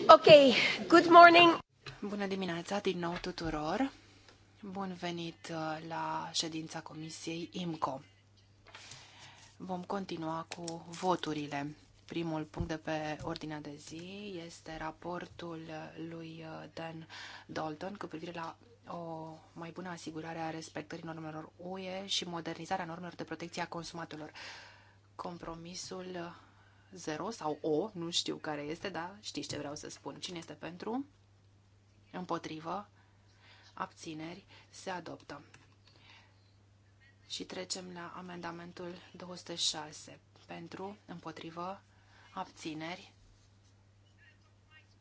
Ok, good morning! Bună dimineața din nou tuturor! Bun venit uh, la ședința Comisiei IMCO. Vom continua cu voturile. Primul punct de pe ordinea de zi este raportul lui uh, Dan Dalton cu privire la o mai bună asigurare a respectării normelor UE și modernizarea normelor de protecție a consumatorilor. Compromisul 0 sau O, nu știu care este, dar știți ce vreau să spun. Cine este pentru? Împotrivă? Abțineri? Se adoptă. Și trecem la amendamentul 206. Pentru? Împotrivă? Abțineri?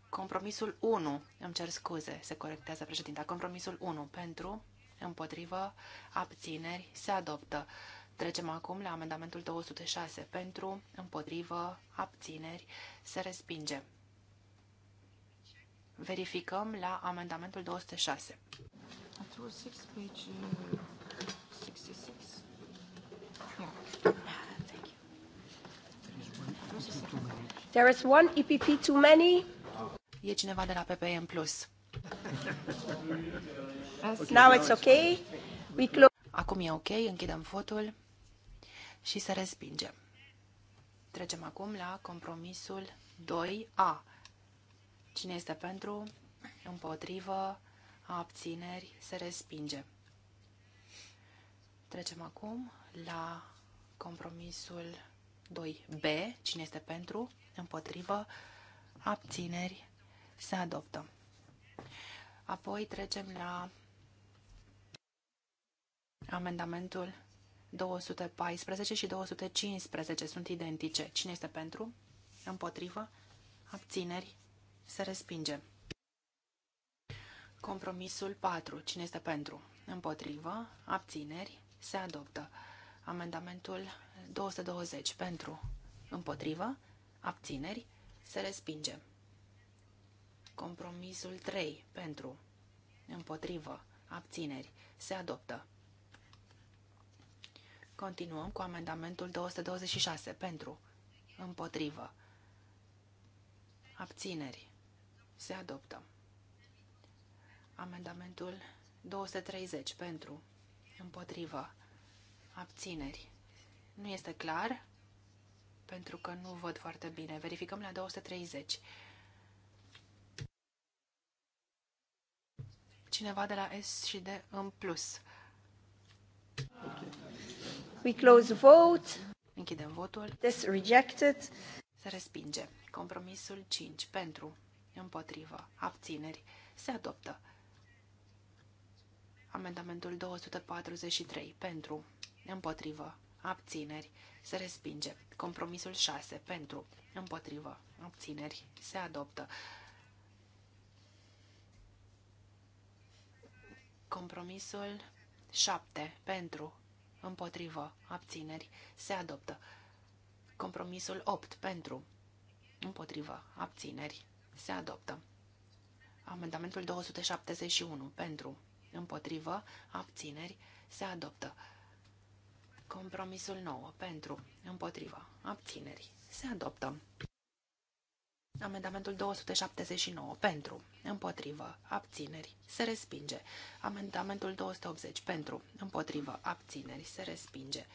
Compromisul 1. Îmi cer scuze, se corectează președinta. Compromisul 1. Pentru? Împotrivă? Abțineri? Se adoptă. Trecem acum la amendamentul 206. Pentru, împotrivă, abțineri, se respinge. Verificăm la amendamentul 206. There is one EPP too many. E cineva de la PPE în plus. Now it's okay. We close. Acum e ok, închidem fotul și se respinge. Trecem acum la compromisul 2A. Cine este pentru, împotrivă, abțineri, se respinge. Trecem acum la compromisul 2B. Cine este pentru, împotrivă, abțineri, se adoptă. Apoi trecem la amendamentul 214 și 215 sunt identice. Cine este pentru? Împotrivă? Abțineri? Se respinge. Compromisul 4. Cine este pentru? Împotrivă? Abțineri? Se adoptă. Amendamentul 220. Pentru? Împotrivă? Abțineri? Se respinge. Compromisul 3. Pentru? Împotrivă? Abțineri? Se adoptă. Continuăm cu amendamentul 226. Pentru. Împotrivă. Abțineri. Se adoptă. Amendamentul 230. Pentru. Împotrivă. Abțineri. Nu este clar, pentru că nu văd foarte bine. Verificăm la 230. Cineva de la S și de în plus. Okay. We close vote. Închidem votul. This rejected. Se respinge. Compromisul 5 pentru, împotrivă, abțineri, se adoptă. Amendamentul 243 pentru, împotrivă, abțineri, se respinge. Compromisul 6 pentru, împotrivă, abțineri, se adoptă. Compromisul 7 pentru, împotrivă, abțineri, se adoptă. Compromisul 8 pentru, împotrivă, abțineri, se adoptă. Amendamentul 271 pentru, împotrivă, abțineri, se adoptă. Compromisul 9 pentru, împotrivă, abțineri, se adoptă. Amendamentul 279 pentru, împotrivă, abțineri, se respinge. Amendamentul 280 pentru, împotrivă, abțineri, se respinge.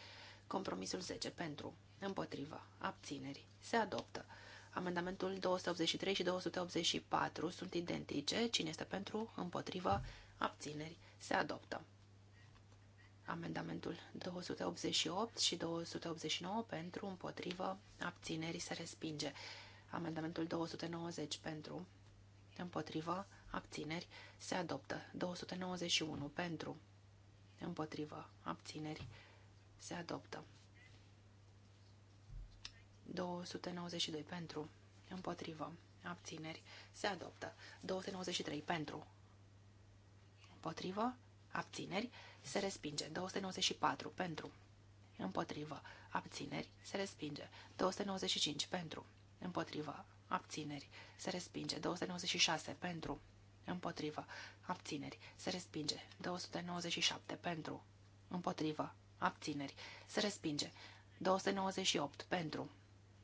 Compromisul 10 pentru, împotrivă, abțineri, se adoptă. Amendamentul 283 și 284 sunt identice. Cine este pentru, împotrivă, abțineri, se adoptă. Amendamentul 288 și 289 pentru, împotrivă, abțineri, se respinge. Amendamentul 290 pentru, împotrivă, abțineri, se adoptă. 291 pentru, împotrivă, abțineri, se adoptă. 292 pentru, împotrivă, abțineri, se adoptă. 293 pentru, împotrivă, abțineri, se respinge. 294 pentru, împotrivă, abțineri, se respinge. 295 pentru, împotriva, abțineri, se respinge. 296 pentru, împotriva, abțineri, se respinge. 297 pentru, împotriva, abțineri, se respinge. 298 pentru,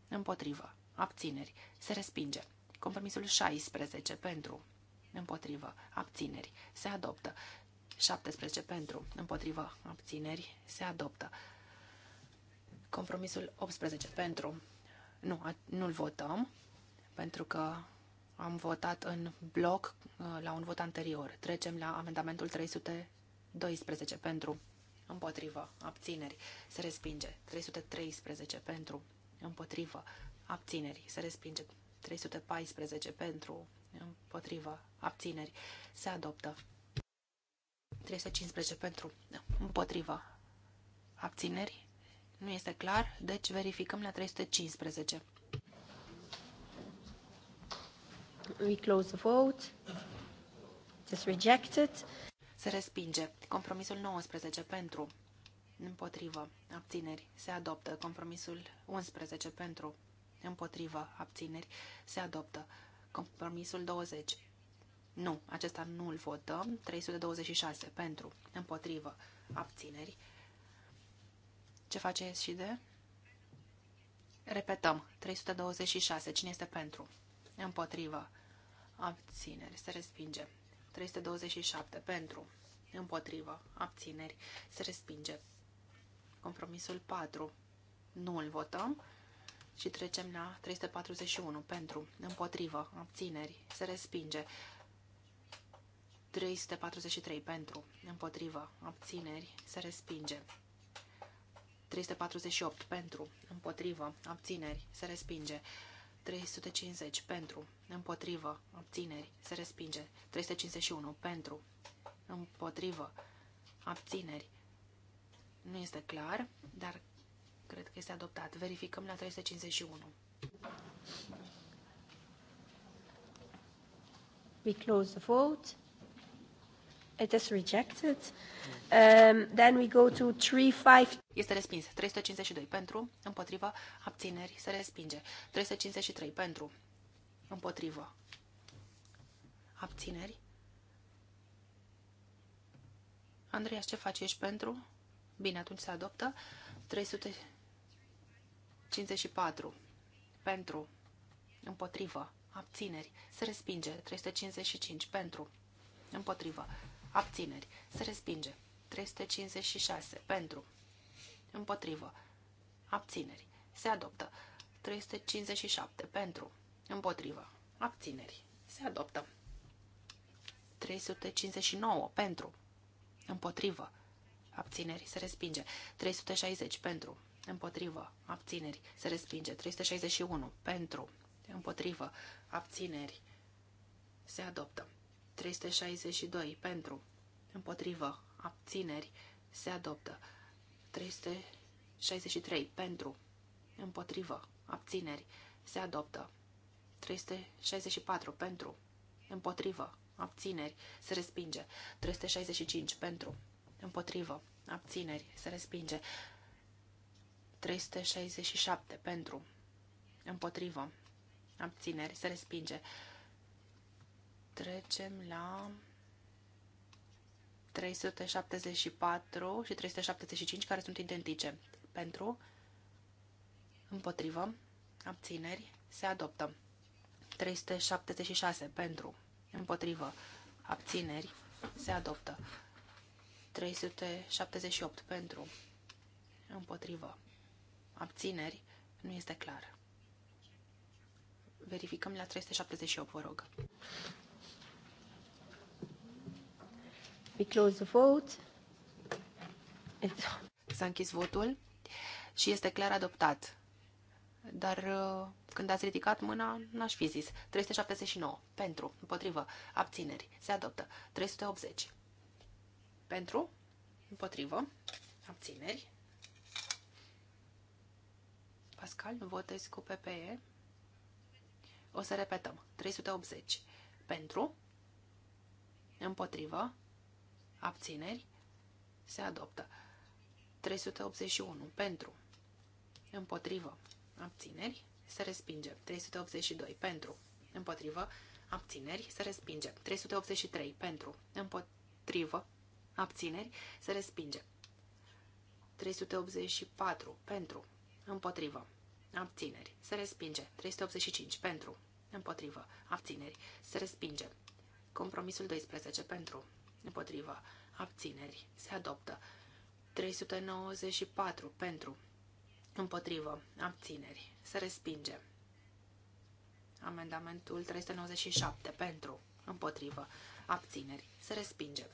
împotriva, abțineri, se respinge. Compromisul 16 pentru, împotrivă, abțineri, se adoptă. 17 pentru, împotrivă, abțineri, se adoptă. Compromisul 18 pentru, nu, nu-l votăm, pentru că am votat în bloc uh, la un vot anterior. Trecem la amendamentul 312 pentru, împotrivă, abțineri, se respinge. 313 pentru, împotrivă, abțineri, se respinge. 314 pentru, împotrivă, abțineri, se adoptă. 315 pentru, împotrivă, abțineri, nu este clar, deci verificăm la 315. We close the vote. Just rejected. Se respinge. Compromisul 19 pentru. Împotrivă. Abțineri. Se adoptă. Compromisul 11 pentru. Împotrivă. Abțineri. Se adoptă. Compromisul 20. Nu, acesta nu îl votăm. 326 pentru. Împotrivă. Abțineri ce face și de? Repetăm. 326. Cine este pentru? Împotrivă. Abțineri. Se respinge. 327. Pentru. Împotrivă. Abțineri. Se respinge. Compromisul 4. Nu îl votăm. Și trecem la 341. Pentru. Împotrivă. Abțineri. Se respinge. 343. Pentru. Împotrivă. Abțineri. Se respinge. 348 pentru, împotrivă, abțineri, se respinge. 350 pentru, împotrivă, abțineri, se respinge. 351 pentru, împotrivă, abțineri. Nu este clar, dar cred că este adoptat. Verificăm la 351. We close the vote. It is rejected. Um, then we go to 35. Este respins. 352 pentru, împotriva, abțineri, se respinge. 353 pentru, împotriva, abțineri. Andreea, ce faci? Ești pentru? Bine, atunci se adoptă. 354 pentru, împotriva, abțineri, se respinge. 355 pentru, împotriva, Abțineri. Se respinge. 356. Pentru. Împotrivă. Abțineri. Se adoptă. 357. Pentru. Împotrivă. Abțineri. Se adoptă. 359. Pentru. Împotrivă. Abțineri. Se respinge. 360. Pentru. Împotrivă. Abțineri. Se respinge. 361. Pentru. Împotrivă. Abțineri. Se adoptă. 362 pentru, împotrivă, abțineri, se adoptă. 363 pentru, împotrivă, abțineri, se adoptă. 364 pentru, împotrivă, abțineri, se respinge. 365 pentru, împotrivă, abțineri, se respinge. 367 pentru, împotrivă, abțineri, se respinge. Trecem la 374 și 375, care sunt identice. Pentru, împotrivă, abțineri, se adoptă. 376, pentru, împotrivă, abțineri, se adoptă. 378, pentru, împotrivă, abțineri, nu este clar. Verificăm la 378, vă rog. We close the vote. S-a închis votul și este clar adoptat. Dar uh, când ați ridicat mâna, n-aș fi zis. 379. Pentru. Împotrivă. Abțineri. Se adoptă. 380. Pentru. Împotrivă. Abțineri. Pascal, nu votezi cu PPE. O să repetăm. 380. Pentru. Împotrivă. Abțineri. Se adoptă. 381. Pentru. Împotrivă. Abțineri. Se respinge. 382. Pentru. Împotrivă. Abțineri. Se respinge. 383. Pentru. Împotrivă. Abțineri. Se respinge. 384. Pentru. Împotrivă. Abțineri. Se respinge. 385. Pentru. Împotrivă. Abțineri. Se respinge. Compromisul 12. Pentru. Împotrivă. Abțineri. Se adoptă. 394. Pentru. Împotrivă. Abțineri. Se respinge. Amendamentul 397. Pentru. Împotrivă. Abțineri. Se respinge.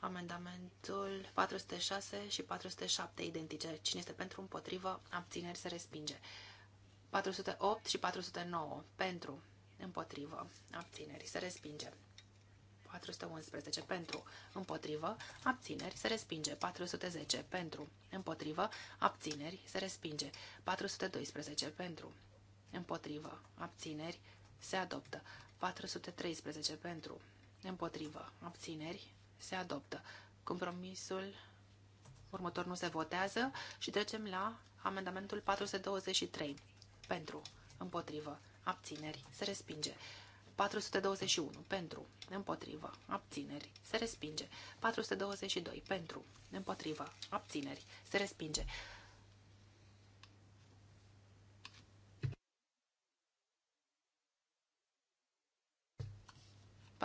Amendamentul 406 și 407 identice. Cine este pentru, împotrivă, abțineri se respinge. 408 și 409 pentru, împotrivă, abțineri, se respinge. 411 pentru, împotrivă, abțineri, se respinge. 410 pentru, împotrivă, abțineri, se respinge. 412 pentru, împotrivă, abțineri, se adoptă. 413 pentru, împotrivă, abțineri, se adoptă. Compromisul următor nu se votează și trecem la amendamentul 423 pentru, împotrivă, abțineri, se respinge. 421 pentru, împotrivă, abțineri, se respinge. 422 pentru, împotrivă, abțineri, se respinge.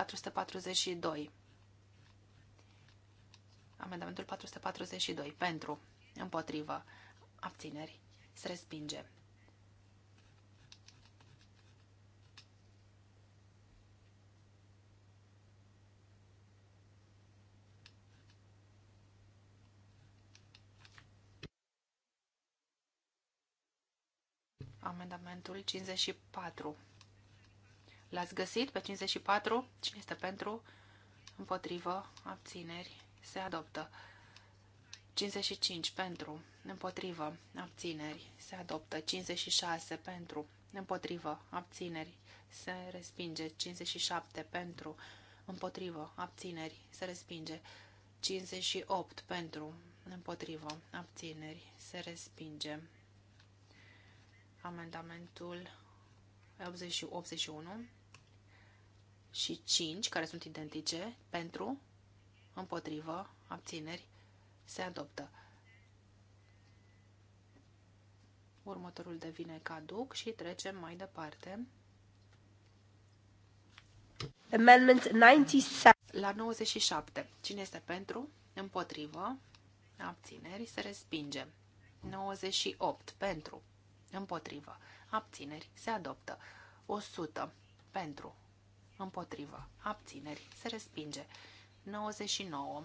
...442. Amendamentul 442. Pentru. Împotrivă. Abțineri. Se respinge. amendamentul 54. L-ați găsit pe 54? Cine este pentru? Împotrivă. Abțineri. Se adoptă. 55 pentru. Împotrivă. Abțineri. Se adoptă. 56 pentru. Împotrivă. Abțineri. Se respinge. 57 pentru. Împotrivă. Abțineri. Se respinge. 58 pentru. Împotrivă. Abțineri. Se respinge amendamentul 81 și 5, care sunt identice, pentru, împotrivă, abțineri, se adoptă. Următorul devine caduc și trecem mai departe. Amendment 97. La 97. Cine este pentru? Împotrivă. Abțineri. Se respinge. 98. Pentru. Împotrivă. Abțineri. Se adoptă. 100. Pentru. Împotrivă. Abțineri. Se respinge. 99.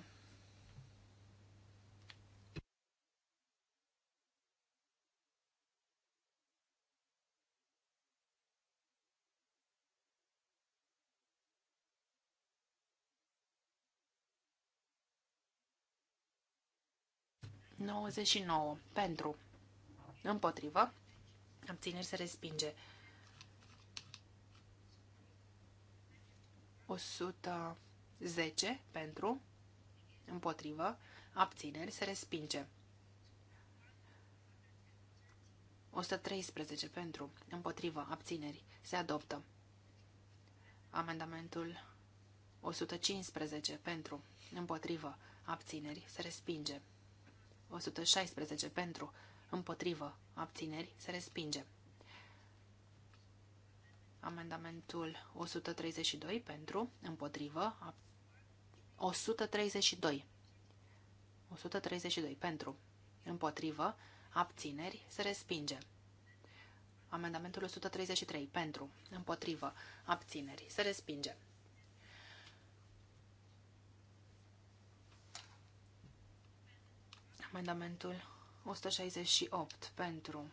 Nouăzeci și nouă. Pentru. Împotrivă. Abțineri se respinge. 110 pentru, împotrivă, abțineri se respinge. 113 pentru, împotrivă, abțineri, se adoptă. Amendamentul 115 pentru, împotrivă, abțineri, se respinge. 116 pentru, împotrivă, abțineri, se respinge. Amendamentul 132 pentru, împotrivă, 132. 132 pentru, împotrivă, abțineri, se respinge. Amendamentul 133 pentru, împotrivă, abțineri, se respinge. Amendamentul 168 pentru.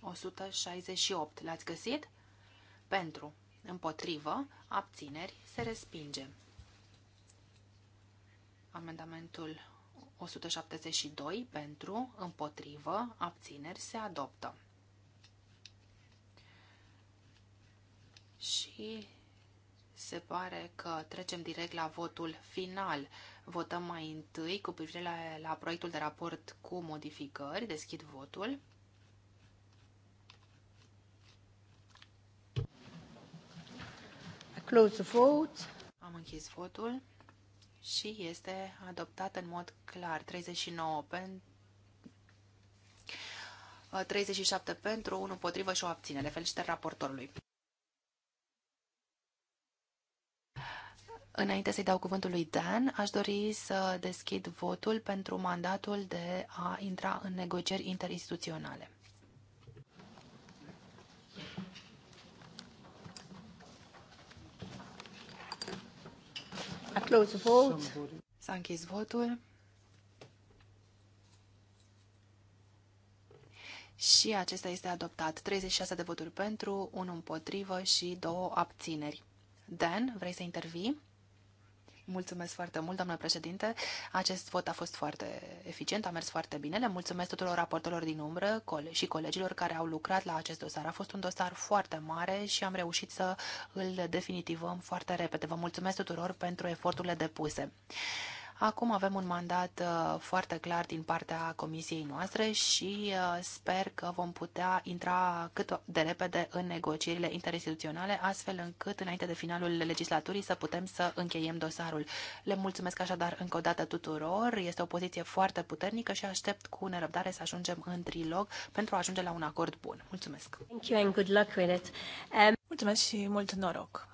168. L-ați găsit? Pentru. Împotrivă. Abțineri. Se respinge. Amendamentul 172 pentru, împotrivă, abțineri se adoptă. Și se pare că trecem direct la votul final Votăm mai întâi cu privire la, la proiectul de raport cu modificări. Deschid votul. Close vote. Am închis votul și este adoptat în mod clar 39 pentru 37 pentru, 1 împotrivă și o abținere. Felicitări raportorului. Înainte să-i dau cuvântul lui Dan, aș dori să deschid votul pentru mandatul de a intra în negocieri interinstituționale. S-a închis votul. Și acesta este adoptat. 36 de voturi pentru, 1 împotrivă și 2 abțineri. Dan, vrei să intervii? Mulțumesc foarte mult, doamnă președinte. Acest vot a fost foarte eficient, a mers foarte bine. Le mulțumesc tuturor raportorilor din umbră și colegilor care au lucrat la acest dosar. A fost un dosar foarte mare și am reușit să îl definitivăm foarte repede. Vă mulțumesc tuturor pentru eforturile depuse. Acum avem un mandat uh, foarte clar din partea comisiei noastre și uh, sper că vom putea intra cât de repede în negocierile interinstituționale, astfel încât înainte de finalul legislaturii să putem să încheiem dosarul. Le mulțumesc așadar încă o dată tuturor, este o poziție foarte puternică și aștept cu nerăbdare să ajungem în trilog pentru a ajunge la un acord bun. Mulțumesc! Thank you and good luck with it. Um... Mulțumesc și mult noroc!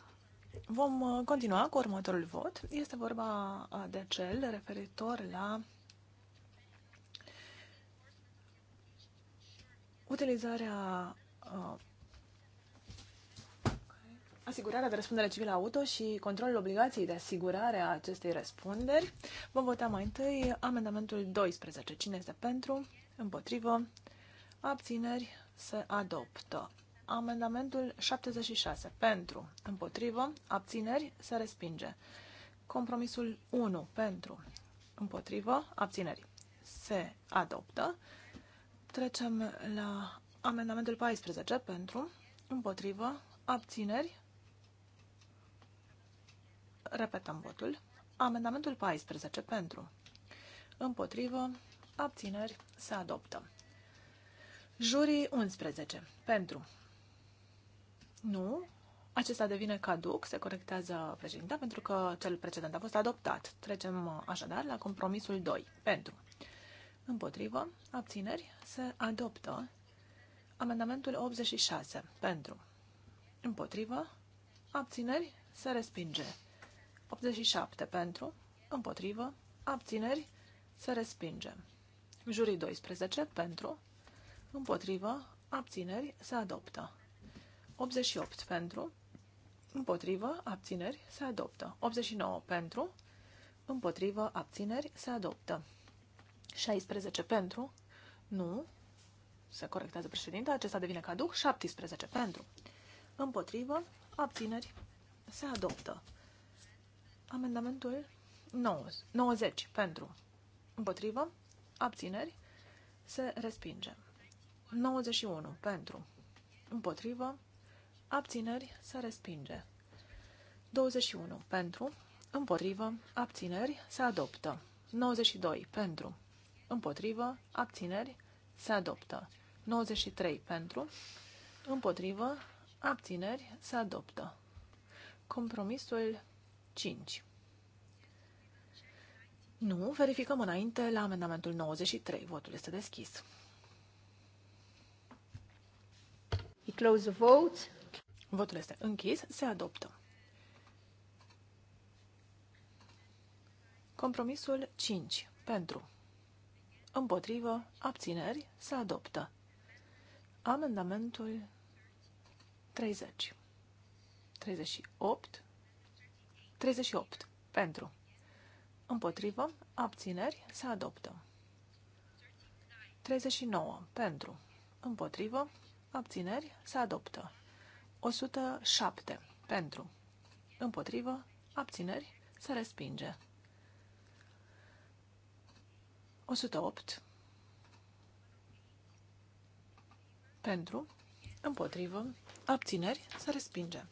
Vom uh, continua cu următorul vot. Este vorba uh, de cel referitor la utilizarea uh, asigurarea de răspundere civilă auto și controlul obligației de asigurare a acestei răspunderi. Vom vota mai întâi amendamentul 12. Cine este pentru? Împotrivă? Abțineri? Se adoptă amendamentul 76. Pentru. Împotrivă. Abțineri. Se respinge. Compromisul 1. Pentru. Împotrivă. Abțineri. Se adoptă. Trecem la amendamentul 14. Pentru. Împotrivă. Abțineri. Repetăm votul. Amendamentul 14. Pentru. Împotrivă. Abțineri. Se adoptă. Jurii 11. Pentru. Nu. Acesta devine caduc, se corectează președinta, pentru că cel precedent a fost adoptat. Trecem uh, așadar la compromisul 2. Pentru. Împotrivă. Abțineri. Se adoptă amendamentul 86. Pentru. Împotrivă. Abțineri. Se respinge. 87. Pentru. Împotrivă. Abțineri. Se respinge. Jurii 12. Pentru. Împotrivă. Abțineri. Se adoptă. 88 pentru, împotrivă, abțineri, se adoptă. 89 pentru, împotrivă, abțineri, se adoptă. 16 pentru, nu, se corectează președinte, acesta devine caduc, 17 pentru, împotrivă, abțineri, se adoptă. Amendamentul 90 pentru, împotrivă, abțineri, se respinge. 91 pentru, împotrivă, abțineri, se respinge. 21. Pentru, împotrivă, abțineri, se adoptă. 92. Pentru, împotrivă, abțineri, se adoptă. 93. Pentru, împotrivă, abțineri, se adoptă. Compromisul 5. Nu, verificăm înainte la amendamentul 93. Votul este deschis. We close the vote. Votul este închis. Se adoptă. Compromisul 5. Pentru. Împotrivă. Abțineri. Se adoptă. Amendamentul 30. 38. 38. Pentru. Împotrivă. Abțineri. Se adoptă. 39. Pentru. Împotrivă. Abțineri. Se adoptă. 107. Pentru. Împotrivă. Abțineri. Se respinge. 108. Pentru. Împotrivă. Abțineri. Se respinge.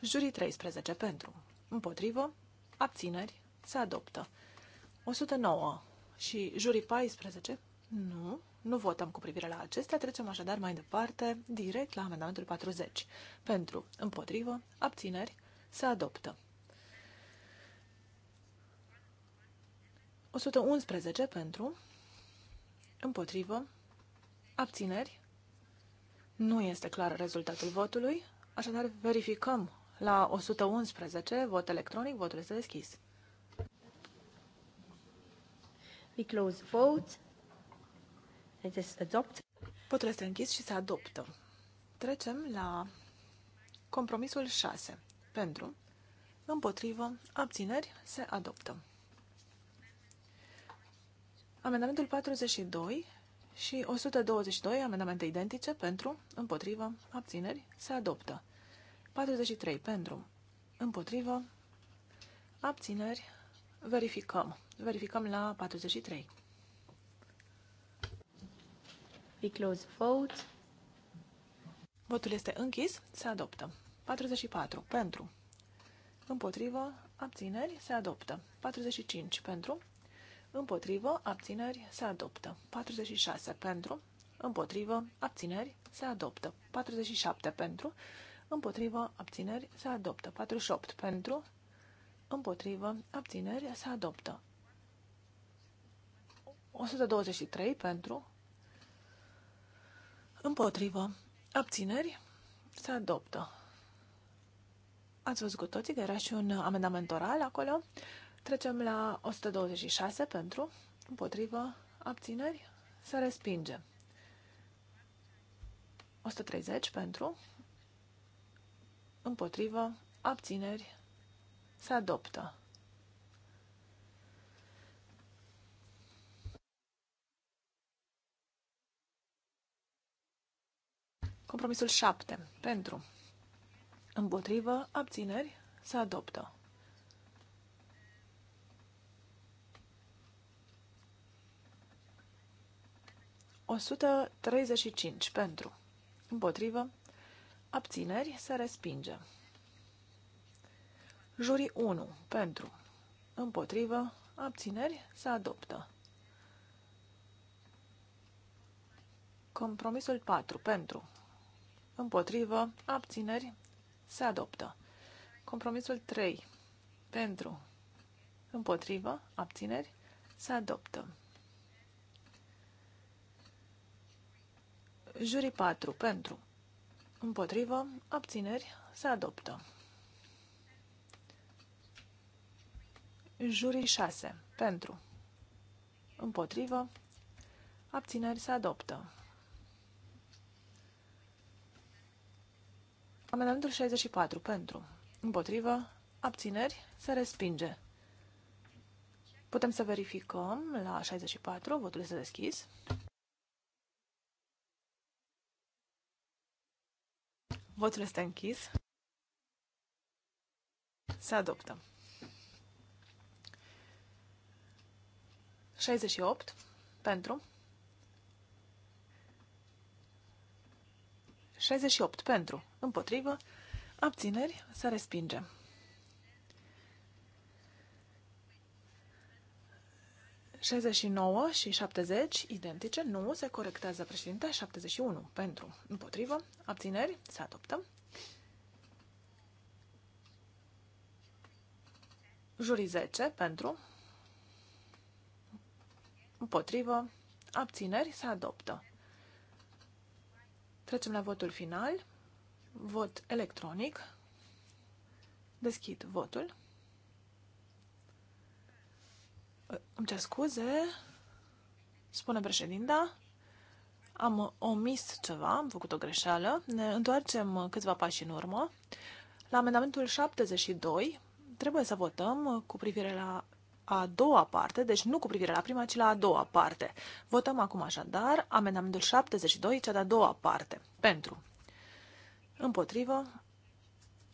Jurii 13. Pentru. Împotrivă. Abțineri. Se adoptă. 109. Și jurii 14. Nu. Nu votăm cu privire la acestea, trecem așadar mai departe, direct la amendamentul 40. Pentru, împotrivă, abțineri, se adoptă. 111 pentru, împotrivă, abțineri, nu este clar rezultatul votului, așadar verificăm la 111 vot electronic, votul este deschis. We close vote. It is este închis și se adoptă. Trecem la compromisul 6. Pentru, împotrivă, abțineri, se adoptă. Amendamentul 42 și 122, amendamente identice, pentru, împotrivă, abțineri, se adoptă. 43 pentru, împotrivă, abțineri, verificăm. Verificăm la 43. We close vote. Votul este închis. Se adoptă. 44. Pentru. Împotrivă. Abțineri. Se adoptă. 45. Pentru. Împotrivă. Abțineri. Se adoptă. 46. Pentru. Împotrivă. Abțineri. Se adoptă. 47. Pentru. Împotrivă. Abțineri. Se adoptă. 48. Pentru. Împotrivă. Abțineri. Se adoptă. 123 pentru, Împotrivă. Abțineri. Se adoptă. Ați văzut cu toții că era și un amendament oral acolo. Trecem la 126 pentru. Împotrivă. Abțineri. Se respinge. 130 pentru. Împotrivă. Abțineri. Se adoptă. Compromisul 7. Pentru. Împotrivă. Abțineri. Se adoptă. O cinci pentru. Împotrivă. Abțineri. Se respinge. Jurii 1. Pentru. Împotrivă. Abțineri. Se adoptă. Compromisul 4. Pentru împotrivă, abțineri, se adoptă. Compromisul 3, pentru, împotrivă, abțineri, se adoptă. Jurii 4, pentru, împotrivă, abțineri, se adoptă. Jurii 6, pentru, împotrivă, abțineri, se adoptă. Amendamentul 64 pentru. Împotrivă. Abțineri. Se respinge. Putem să verificăm la 64. Votul este deschis. Votul este închis. Se adoptă. 68 pentru 68 pentru, împotrivă, abțineri, să respingem. ...69 și 70, identice, nu, se corectează președinte, 71 pentru, împotrivă, abțineri, se adoptă. Jurii 10 pentru, împotrivă, abțineri, se adoptă. Trecem la votul final. Vot electronic. Deschid votul. Îmi cer scuze, spune președinta. Am omis ceva, am făcut o greșeală. Ne întoarcem câțiva pași în urmă. La amendamentul 72 trebuie să votăm cu privire la a doua parte, deci nu cu privire la prima, ci la a doua parte. Votăm acum așadar amendamentul 72, cea de-a doua parte. Pentru. Împotrivă.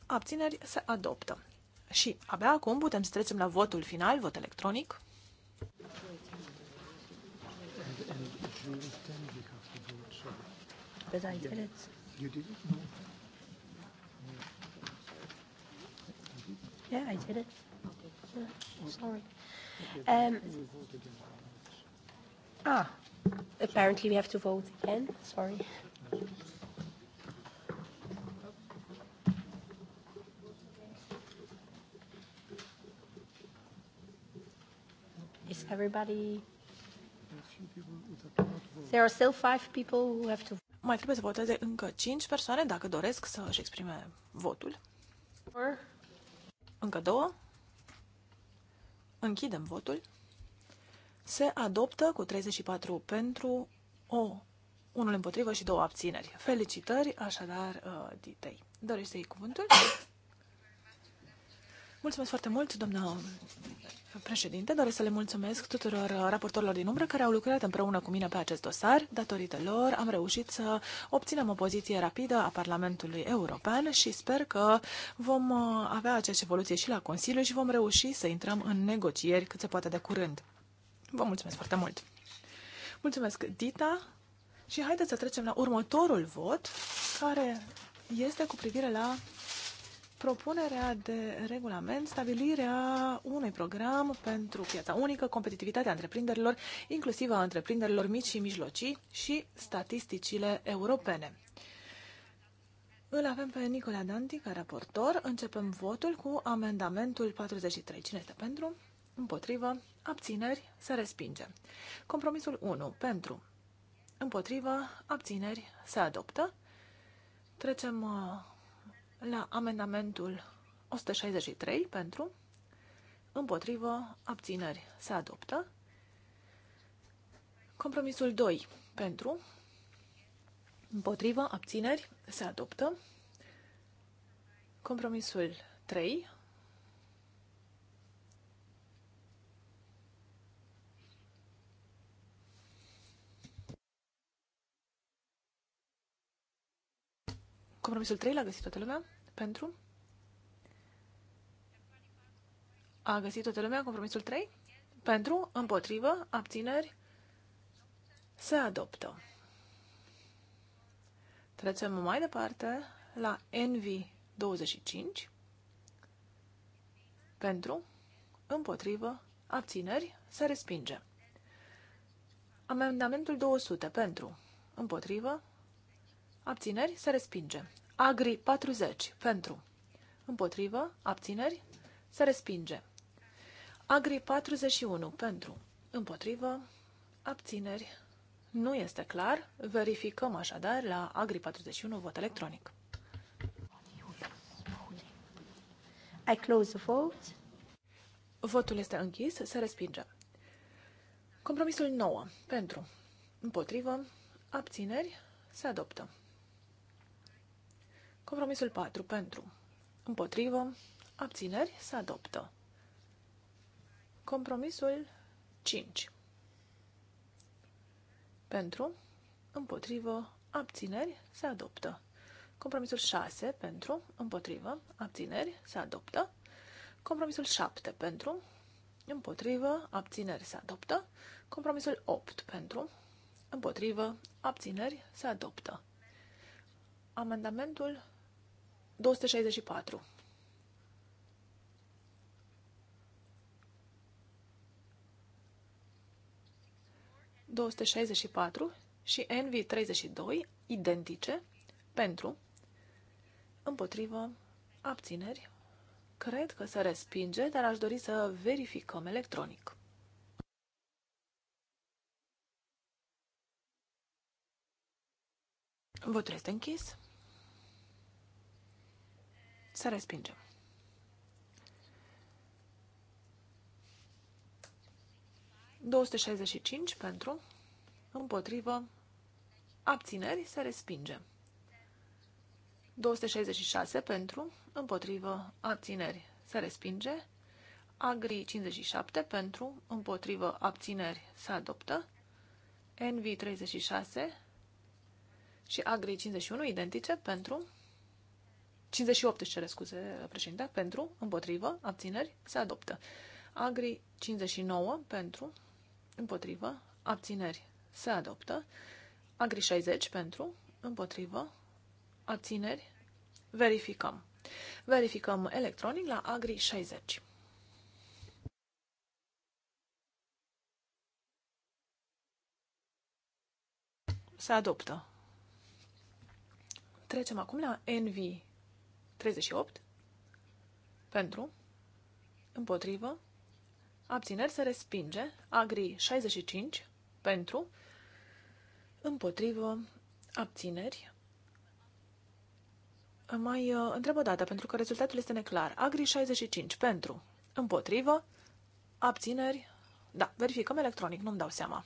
Abțineri se adoptă. Și abia acum putem să trecem la votul final, vot electronic. But I did it. Yeah, I did it. Yeah, sorry. Um, ah, apparently we have to vote again. Sorry. Is everybody? There are still five people who have to. Mai trebuie să voteze încă cinci persoane dacă doresc să își exprime votul. Or... Încă două. Închidem votul. Se adoptă cu 34 pentru o, unul împotrivă și două abțineri. Felicitări, așadar, uh, Ditei. Dorești să iei cuvântul? Mulțumesc foarte mult, doamna președinte. Doresc să le mulțumesc tuturor raportorilor din umbră care au lucrat împreună cu mine pe acest dosar. Datorită lor am reușit să obținem o poziție rapidă a Parlamentului European și sper că vom avea aceeași evoluție și la Consiliu și vom reuși să intrăm în negocieri cât se poate de curând. Vă mulțumesc foarte mult! Mulțumesc, Dita! Și haideți să trecem la următorul vot, care este cu privire la propunerea de regulament, stabilirea unui program pentru piața unică, competitivitatea întreprinderilor, inclusiv a întreprinderilor mici și mijlocii și statisticile europene. Îl avem pe Nicolae Danti ca raportor. Începem votul cu amendamentul 43. Cine este pentru? Împotrivă. Abțineri. Se respinge. Compromisul 1. Pentru. Împotrivă. Abțineri. Se adoptă. Trecem uh, la amendamentul 163 pentru, împotrivă, abțineri se adoptă. Compromisul 2 pentru, împotrivă, abțineri se adoptă. Compromisul 3 Compromisul 3 l-a găsit toată lumea? Pentru? A găsit toată lumea compromisul 3? Pentru, împotrivă, abțineri, se adoptă. Trecem mai departe la NV25. Pentru, împotrivă, abțineri, se respinge. Amendamentul 200. Pentru, împotrivă, abțineri, se respinge. Agri 40 pentru. Împotrivă. Abțineri. Se respinge. Agri 41 pentru. Împotrivă. Abțineri. Nu este clar. Verificăm așadar la Agri 41 vot electronic. I close the vote. Votul este închis. Se respinge. Compromisul 9. Pentru. Împotrivă. Abțineri. Se adoptă. Compromisul 4 pentru. Împotrivă. Abțineri se adoptă. Compromisul 5 pentru. Împotrivă. Abțineri se adoptă. Compromisul 6 pentru. Împotrivă. Abțineri se adoptă. Compromisul 7 pentru. Împotrivă. Abțineri se adoptă. Compromisul 8 pentru. Împotrivă. Abțineri se adoptă. Amendamentul 264. patru și NV32 identice pentru împotrivă abțineri. Cred că se respinge, dar aș dori să verificăm electronic. Votul este închis. Să respingem. cinci pentru, împotrivă, abțineri, să respinge. 266 pentru, împotrivă, abțineri, să respinge. Agri 57 pentru, împotrivă, abțineri, să adoptă. NV 36 și Agri 51 identice pentru, 58 își cere scuze, președinte, pentru, împotrivă, abțineri, se adoptă. Agri 59 pentru, împotrivă, abțineri, se adoptă. Agri 60 pentru, împotrivă, abțineri, verificăm. Verificăm electronic la Agri 60. Se adoptă. Trecem acum la NV 38. Pentru. Împotrivă. Abțineri se respinge. Agri 65. Pentru. Împotrivă. Abțineri. Mai uh, întreb o dată, pentru că rezultatul este neclar. Agri 65. Pentru. Împotrivă. Abțineri. Da, verificăm electronic, nu-mi dau seama.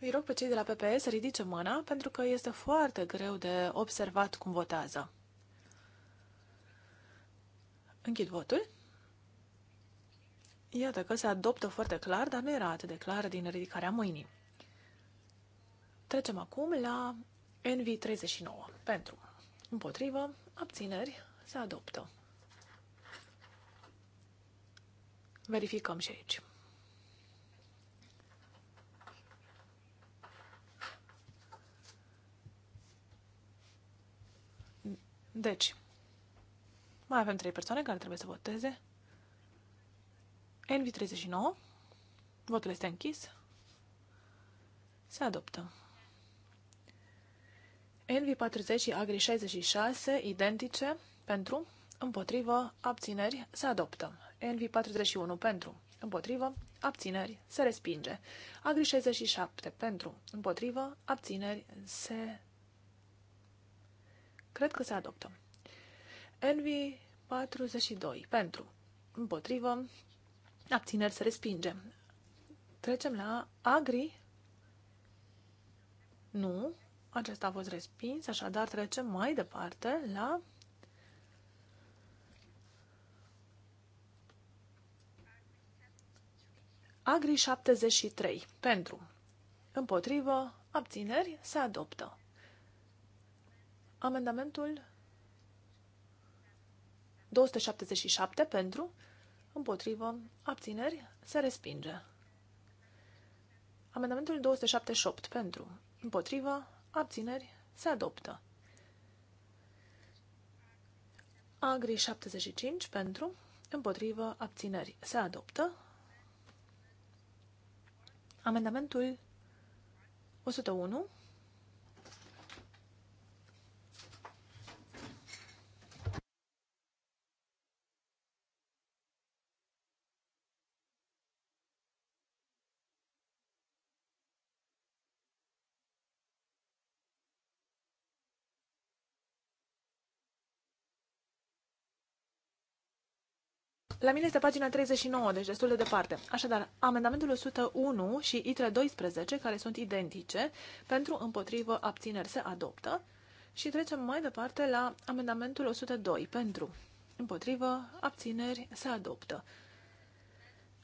Îi rog pe cei de la PPS să ridice mâna, pentru că este foarte greu de observat cum votează. Închid votul. Iată că se adoptă foarte clar, dar nu era atât de clar din ridicarea mâinii. Trecem acum la NV39. Pentru, împotrivă, abțineri, se adoptă. Verificăm și aici. Deci, mai avem trei persoane care trebuie să voteze. Envi 39 Votul este închis. Se adoptă. Envi 40 și Agri66, identice, pentru, împotrivă, abțineri, se adoptă. Envi 41 pentru, împotrivă, abțineri, se respinge. Agri67 pentru, împotrivă, abțineri, se... Cred că se adoptă. Envy 42. Pentru. Împotrivă. Abțineri se respinge. Trecem la Agri. Nu. Acesta a fost respins, așadar trecem mai departe la Agri 73. Pentru. Împotrivă. Abțineri se adoptă. Amendamentul 277 pentru, împotrivă, abțineri, se respinge. Amendamentul 278 pentru, împotrivă, abțineri, se adoptă. Agri 75 pentru, împotrivă, abțineri, se adoptă. Amendamentul 101 La mine este pagina 39, deci destul de departe. Așadar, amendamentul 101 și ITRE 12, care sunt identice, pentru împotrivă abțineri se adoptă. Și trecem mai departe la amendamentul 102, pentru împotrivă abțineri se adoptă.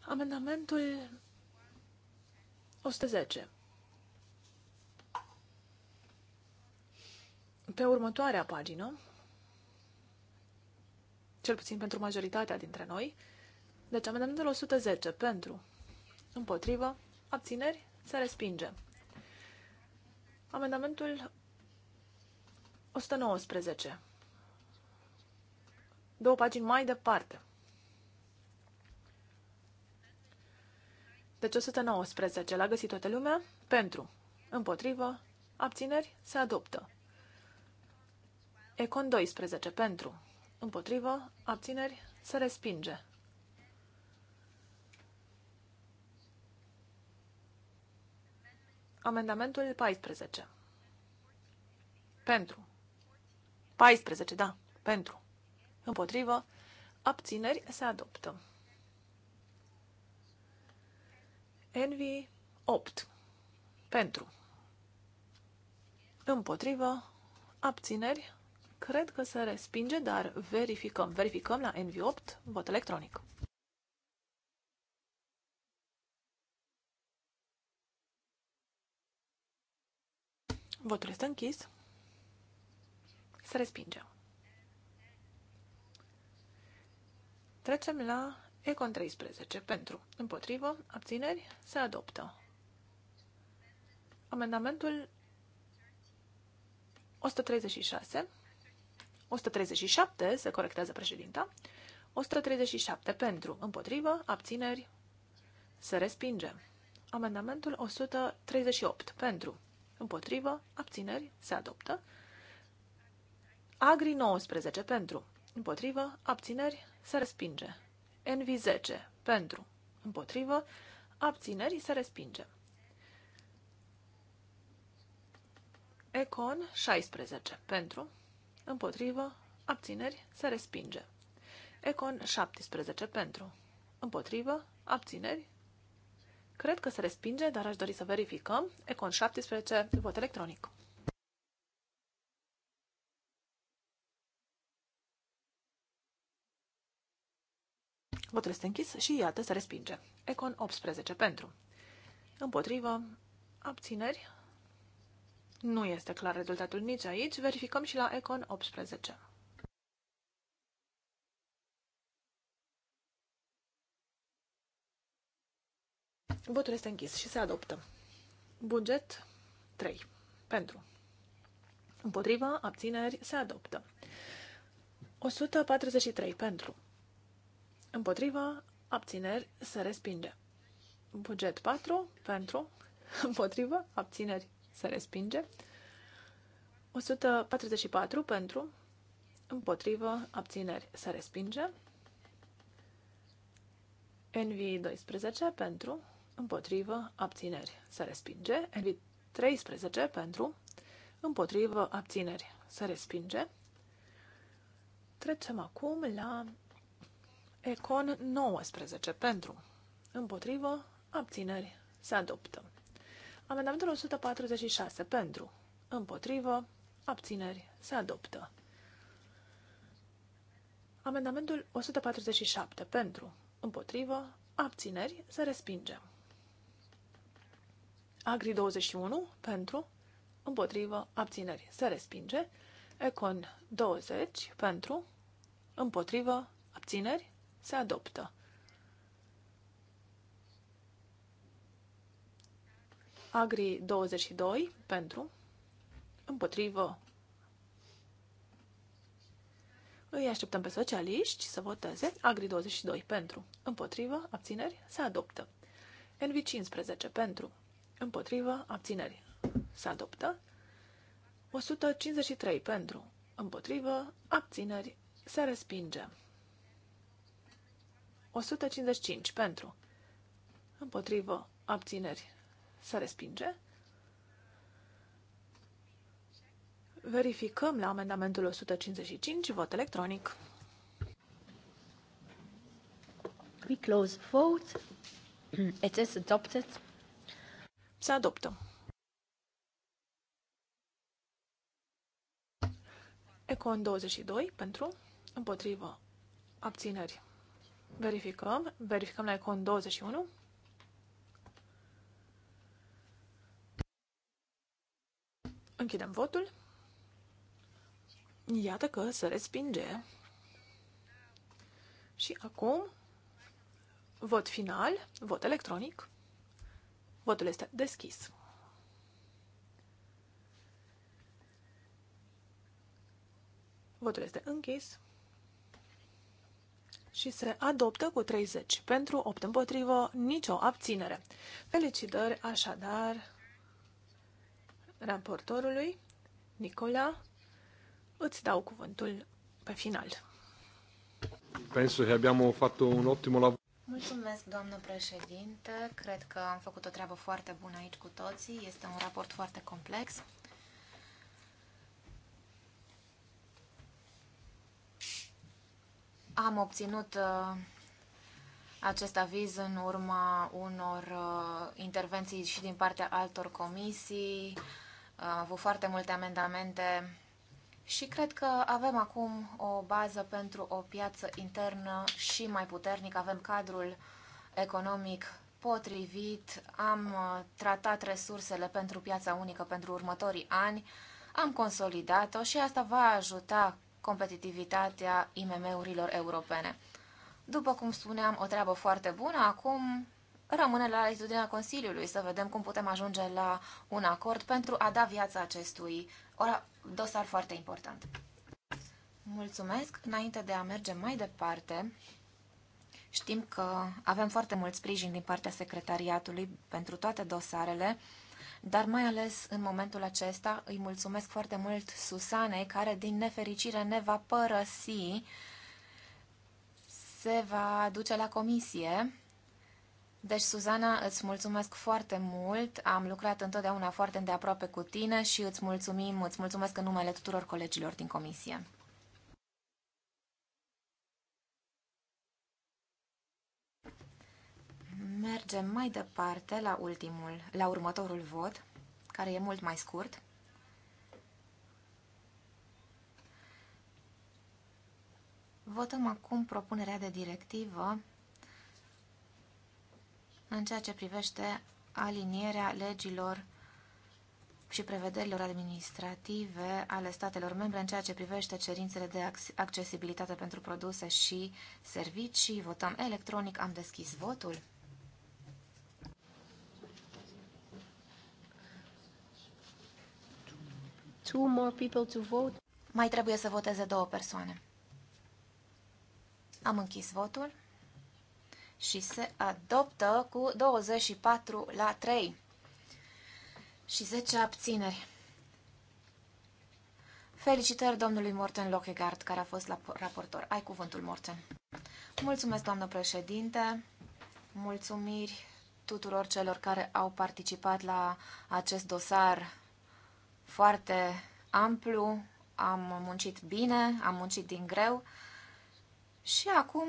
Amendamentul 110. Pe următoarea pagină, cel puțin pentru majoritatea dintre noi. Deci amendamentul 110 pentru, împotrivă, abțineri, se respinge. Amendamentul 119. Două pagini mai departe. Deci 119. L-a găsit toată lumea? Pentru. Împotrivă. Abțineri. Se adoptă. Econ 12. Pentru împotrivă, abțineri, se respinge. Amendamentul 14. Pentru. 14, da, pentru. Împotrivă, abțineri, se adoptă. Envi 8. Pentru. Împotrivă, abțineri, Cred că se respinge, dar verificăm. Verificăm la NV8, vot electronic. Votul este închis. Se respinge. Trecem la Econ 13. Pentru, împotrivă, abțineri, se adoptă. Amendamentul 136 137, se corectează președinta. 137 pentru, împotrivă, abțineri, se respinge. Amendamentul 138 pentru, împotrivă, abțineri, se adoptă. Agri 19 pentru, împotrivă, abțineri, se respinge. Envi 10 pentru, împotrivă, abțineri, se respinge. Econ 16 pentru, împotrivă, abțineri, se respinge. Econ 17 pentru, împotrivă, abțineri, cred că se respinge, dar aș dori să verificăm. Econ 17, vot electronic. Votul este închis și iată se respinge. Econ 18 pentru. Împotrivă, abțineri, nu este clar rezultatul nici aici. Verificăm și la Econ 18. Votul este închis și se adoptă. Buget 3. Pentru. Împotriva, abțineri, se adoptă. 143. Pentru. Împotriva, abțineri, se respinge. Buget 4. Pentru. Împotriva, abțineri, se respinge. 144 pentru, împotrivă, abțineri, se respinge. NV 12 pentru, împotrivă, abțineri, se respinge. NV 13 pentru, împotrivă, abțineri, se respinge. Trecem acum la Econ 19 pentru, împotrivă, abțineri, se adoptă. Amendamentul 146 pentru, împotrivă, abțineri, se adoptă. Amendamentul 147 pentru, împotrivă, abțineri, se respinge. Agri 21 pentru, împotrivă, abțineri, se respinge. Econ 20 pentru, împotrivă, abțineri, se adoptă. Agri 22 pentru, împotrivă. Îi așteptăm pe socialiști să voteze. Agri 22 pentru, împotrivă, abțineri, se adoptă. NV 15 pentru, împotrivă, abțineri, se adoptă. 153 pentru, împotrivă, abțineri, se respinge. 155 pentru, împotrivă, abțineri, se respinge. Verificăm la amendamentul 155 vot electronic. We close vote. It is adopted. Se adoptă. Econ 22 pentru, împotrivă, abțineri. Verificăm. Verificăm la Econ 21. Închidem votul. Iată că se respinge. Și acum, vot final, vot electronic. Votul este deschis. Votul este închis și se adoptă cu 30 pentru 8 împotrivă, nicio abținere. Felicitări așadar raportorului. Nicola, îți dau cuvântul pe final. Penso che abbiamo fatto un ottimo lavoro. Mulțumesc, doamnă președinte. Cred că am făcut o treabă foarte bună aici cu toții. Este un raport foarte complex. Am obținut uh, acest aviz în urma unor uh, intervenții și din partea altor comisii, am avut foarte multe amendamente și cred că avem acum o bază pentru o piață internă și mai puternică. Avem cadrul economic potrivit, am uh, tratat resursele pentru piața unică pentru următorii ani, am consolidat-o și asta va ajuta competitivitatea IMM-urilor europene. După cum spuneam, o treabă foarte bună, acum rămâne la latitudinea Consiliului să vedem cum putem ajunge la un acord pentru a da viața acestui dosar foarte important. Mulțumesc! Înainte de a merge mai departe, știm că avem foarte mult sprijin din partea secretariatului pentru toate dosarele, dar mai ales în momentul acesta îi mulțumesc foarte mult Susanei, care din nefericire ne va părăsi, se va duce la comisie deci, Suzana, îți mulțumesc foarte mult. Am lucrat întotdeauna foarte îndeaproape cu tine și îți mulțumim, îți mulțumesc în numele tuturor colegilor din comisie. Mergem mai departe la ultimul, la următorul vot, care e mult mai scurt. Votăm acum propunerea de directivă în ceea ce privește alinierea legilor și prevederilor administrative ale statelor membre în ceea ce privește cerințele de accesibilitate pentru produse și servicii. Votăm electronic. Am deschis votul. Two more people to vote. Mai trebuie să voteze două persoane. Am închis votul și se adoptă cu 24 la 3 și 10 abțineri. Felicitări domnului Morten Lockegaard, care a fost la raportor. Ai cuvântul, Morten. Mulțumesc, doamnă președinte. Mulțumiri tuturor celor care au participat la acest dosar foarte amplu. Am muncit bine, am muncit din greu și acum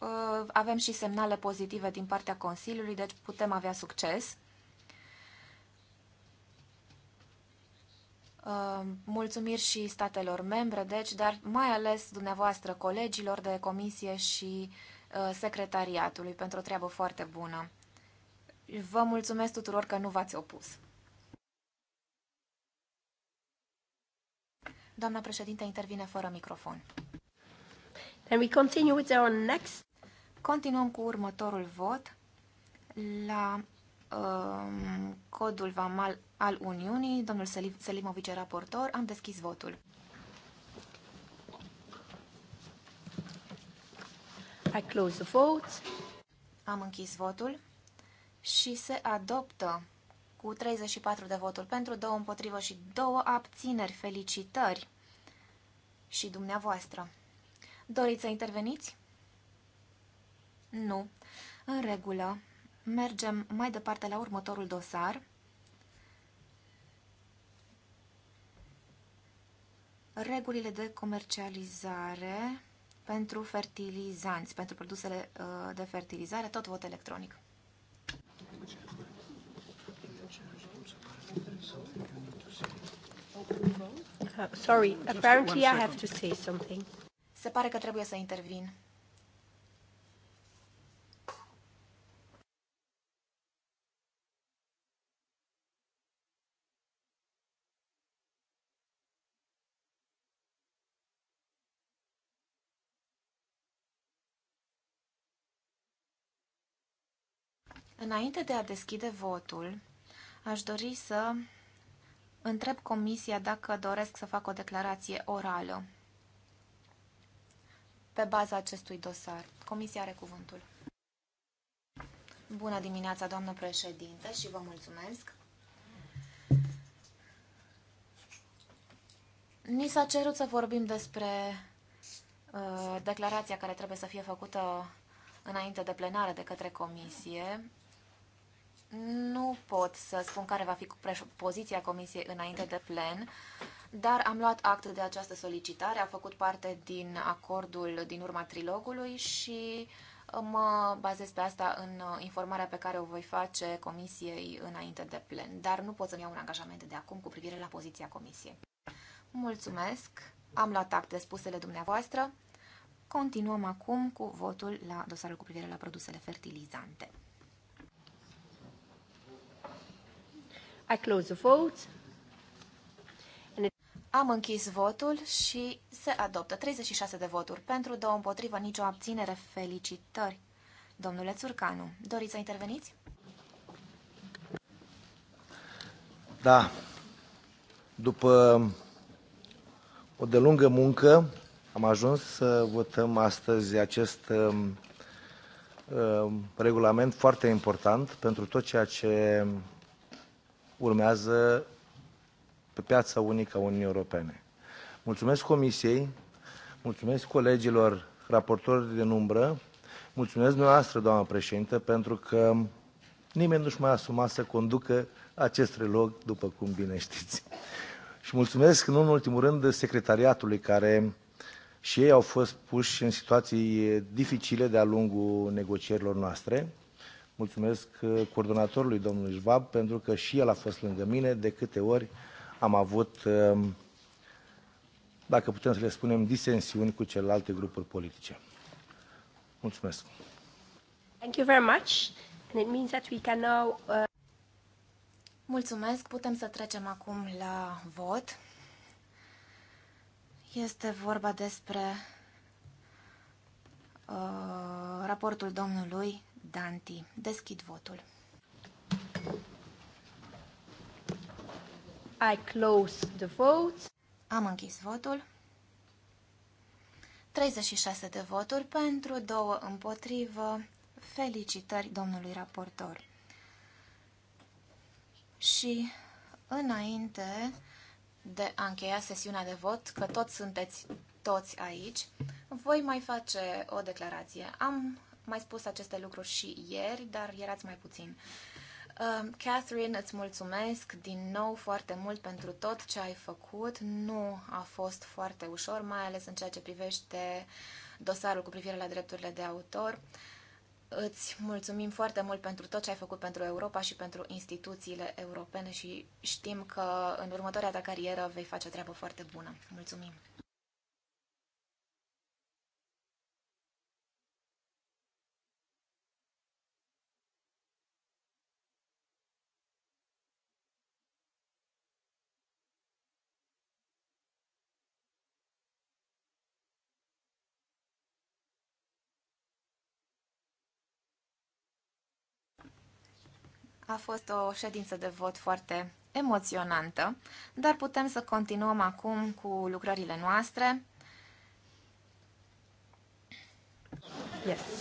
Uh, avem și semnale pozitive din partea Consiliului, deci putem avea succes. Uh, mulțumiri și statelor membre, deci, dar mai ales dumneavoastră, colegilor de comisie și uh, secretariatului pentru o treabă foarte bună. Vă mulțumesc tuturor că nu v-ați opus. Doamna președinte intervine fără microfon. Then we continue with our next... Continuăm cu următorul vot la um, codul VAMAL al Uniunii. Domnul Selimovic raportor. Am deschis votul. I close the vote. Am închis votul și se adoptă cu 34 de voturi pentru, două împotrivă și două abțineri. Felicitări și dumneavoastră. Doriți să interveniți? Nu. În regulă. Mergem mai departe la următorul dosar. Regulile de comercializare pentru fertilizanți, pentru produsele uh, de fertilizare, tot vot electronic. Uh, sorry, apparently I have to say something. Se pare că trebuie să intervin. Înainte de a deschide votul, aș dori să întreb comisia dacă doresc să fac o declarație orală pe baza acestui dosar. Comisia are cuvântul. Bună dimineața, doamnă președinte, și vă mulțumesc. Ni s-a cerut să vorbim despre uh, declarația care trebuie să fie făcută înainte de plenară de către comisie nu pot să spun care va fi poziția comisiei înainte de plen, dar am luat act de această solicitare, a făcut parte din acordul din urma trilogului și uh, mă bazez pe asta în uh, informarea pe care o voi face comisiei înainte de plen, dar nu pot să-mi iau un angajament de acum cu privire la poziția comisiei. Mulțumesc, am luat act de spusele dumneavoastră. Continuăm acum cu votul la dosarul cu privire la produsele fertilizante. I close the vote. Am închis votul și se adoptă 36 de voturi pentru, două împotrivă, nicio abținere. Felicitări! Domnule Țurcanu, doriți să interveniți? Da. După o delungă muncă am ajuns să votăm astăzi acest um, um, regulament foarte important pentru tot ceea ce urmează pe piața unică a Uniunii Europene. Mulțumesc Comisiei, mulțumesc colegilor raportori de umbră, mulțumesc dumneavoastră, doamnă președintă, pentru că nimeni nu-și mai asuma să conducă acest relog, după cum bine știți. Și mulțumesc, nu în ultimul rând, secretariatului care și ei au fost puși în situații dificile de-a lungul negocierilor noastre mulțumesc uh, coordonatorului domnului Schwab pentru că și el a fost lângă mine de câte ori am avut, um, dacă putem să le spunem, disensiuni cu celelalte grupuri politice. Mulțumesc. Thank you very much. And it means that we can now, uh... Mulțumesc. Putem să trecem acum la vot. Este vorba despre uh, raportul domnului Danti. Deschid votul. I close the vote. Am închis votul. 36 de voturi pentru, 2 împotrivă. Felicitări domnului raportor. Și înainte de a încheia sesiunea de vot, că toți sunteți toți aici, voi mai face o declarație. Am mai spus aceste lucruri și ieri, dar erați mai puțin. Uh, Catherine, îți mulțumesc din nou foarte mult pentru tot ce ai făcut. Nu a fost foarte ușor, mai ales în ceea ce privește dosarul cu privire la drepturile de autor. Îți mulțumim foarte mult pentru tot ce ai făcut pentru Europa și pentru instituțiile europene și știm că în următoarea ta carieră vei face o treabă foarte bună. Mulțumim! A fost o ședință de vot foarte emoționantă, dar putem să continuăm acum cu lucrările noastre. Yes.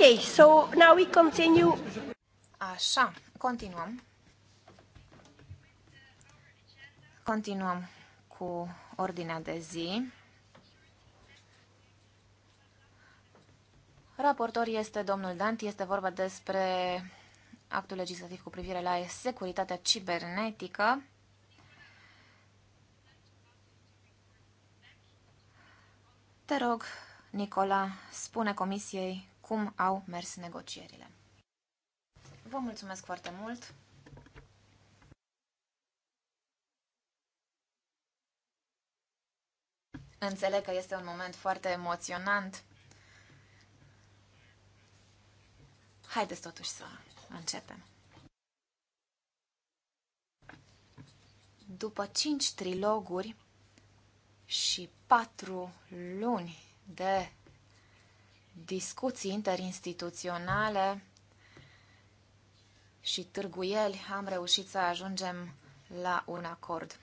Ok, so now we continue. Așa, continuăm. Continuăm cu ordinea de zi. Raportor este domnul Dant, este vorba despre actul legislativ cu privire la securitatea cibernetică. Te rog, Nicola, spune comisiei cum au mers negocierile. Vă mulțumesc foarte mult! Înțeleg că este un moment foarte emoționant. Haideți totuși să începem. După cinci triloguri și patru luni de discuții interinstituționale și târguieli am reușit să ajungem la un acord.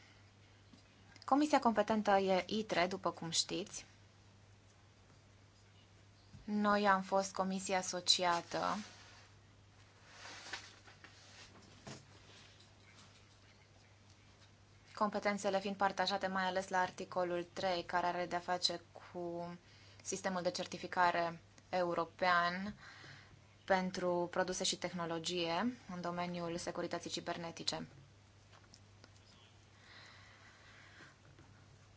Comisia competentă e ITRE, după cum știți. Noi am fost comisia asociată competențele fiind partajate mai ales la articolul 3, care are de-a face cu sistemul de certificare european pentru produse și tehnologie în domeniul securității cibernetice.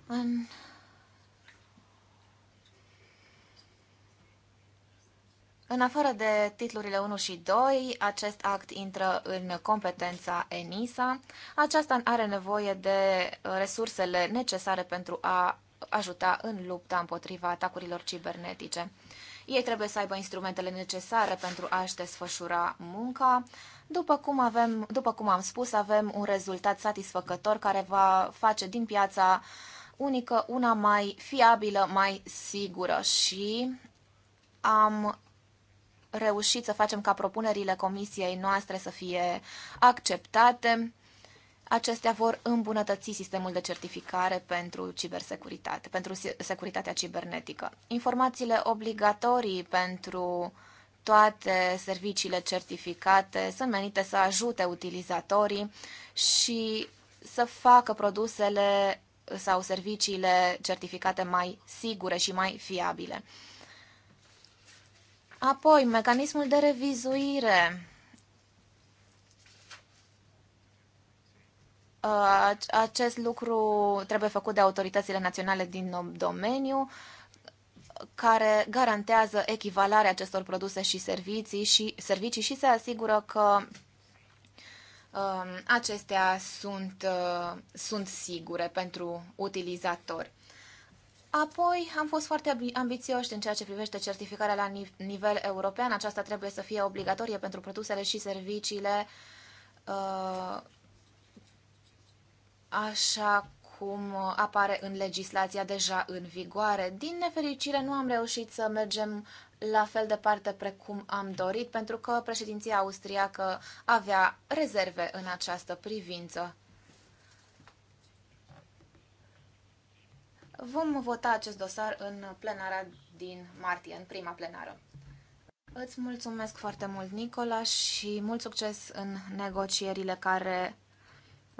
În În afară de titlurile 1 și 2, acest act intră în competența ENISA. Aceasta are nevoie de resursele necesare pentru a ajuta în lupta împotriva atacurilor cibernetice. Ei trebuie să aibă instrumentele necesare pentru a-și desfășura munca. După cum, avem, după cum am spus, avem un rezultat satisfăcător care va face din piața unică una mai fiabilă, mai sigură și am reușit să facem ca propunerile comisiei noastre să fie acceptate acestea vor îmbunătăți sistemul de certificare pentru cibersecuritate, pentru securitatea cibernetică. Informațiile obligatorii pentru toate serviciile certificate sunt menite să ajute utilizatorii și să facă produsele sau serviciile certificate mai sigure și mai fiabile. Apoi, mecanismul de revizuire Uh, acest lucru trebuie făcut de autoritățile naționale din domeniu, care garantează echivalarea acestor produse și servicii și, servicii și se asigură că um, acestea sunt, uh, sunt sigure pentru utilizatori. Apoi am fost foarte ambițioși în ceea ce privește certificarea la nivel european. Aceasta trebuie să fie obligatorie pentru produsele și serviciile uh, așa cum apare în legislația deja în vigoare. Din nefericire, nu am reușit să mergem la fel de departe precum am dorit, pentru că președinția austriacă avea rezerve în această privință. Vom vota acest dosar în plenara din martie, în prima plenară. Îți mulțumesc foarte mult, Nicola, și mult succes în negocierile care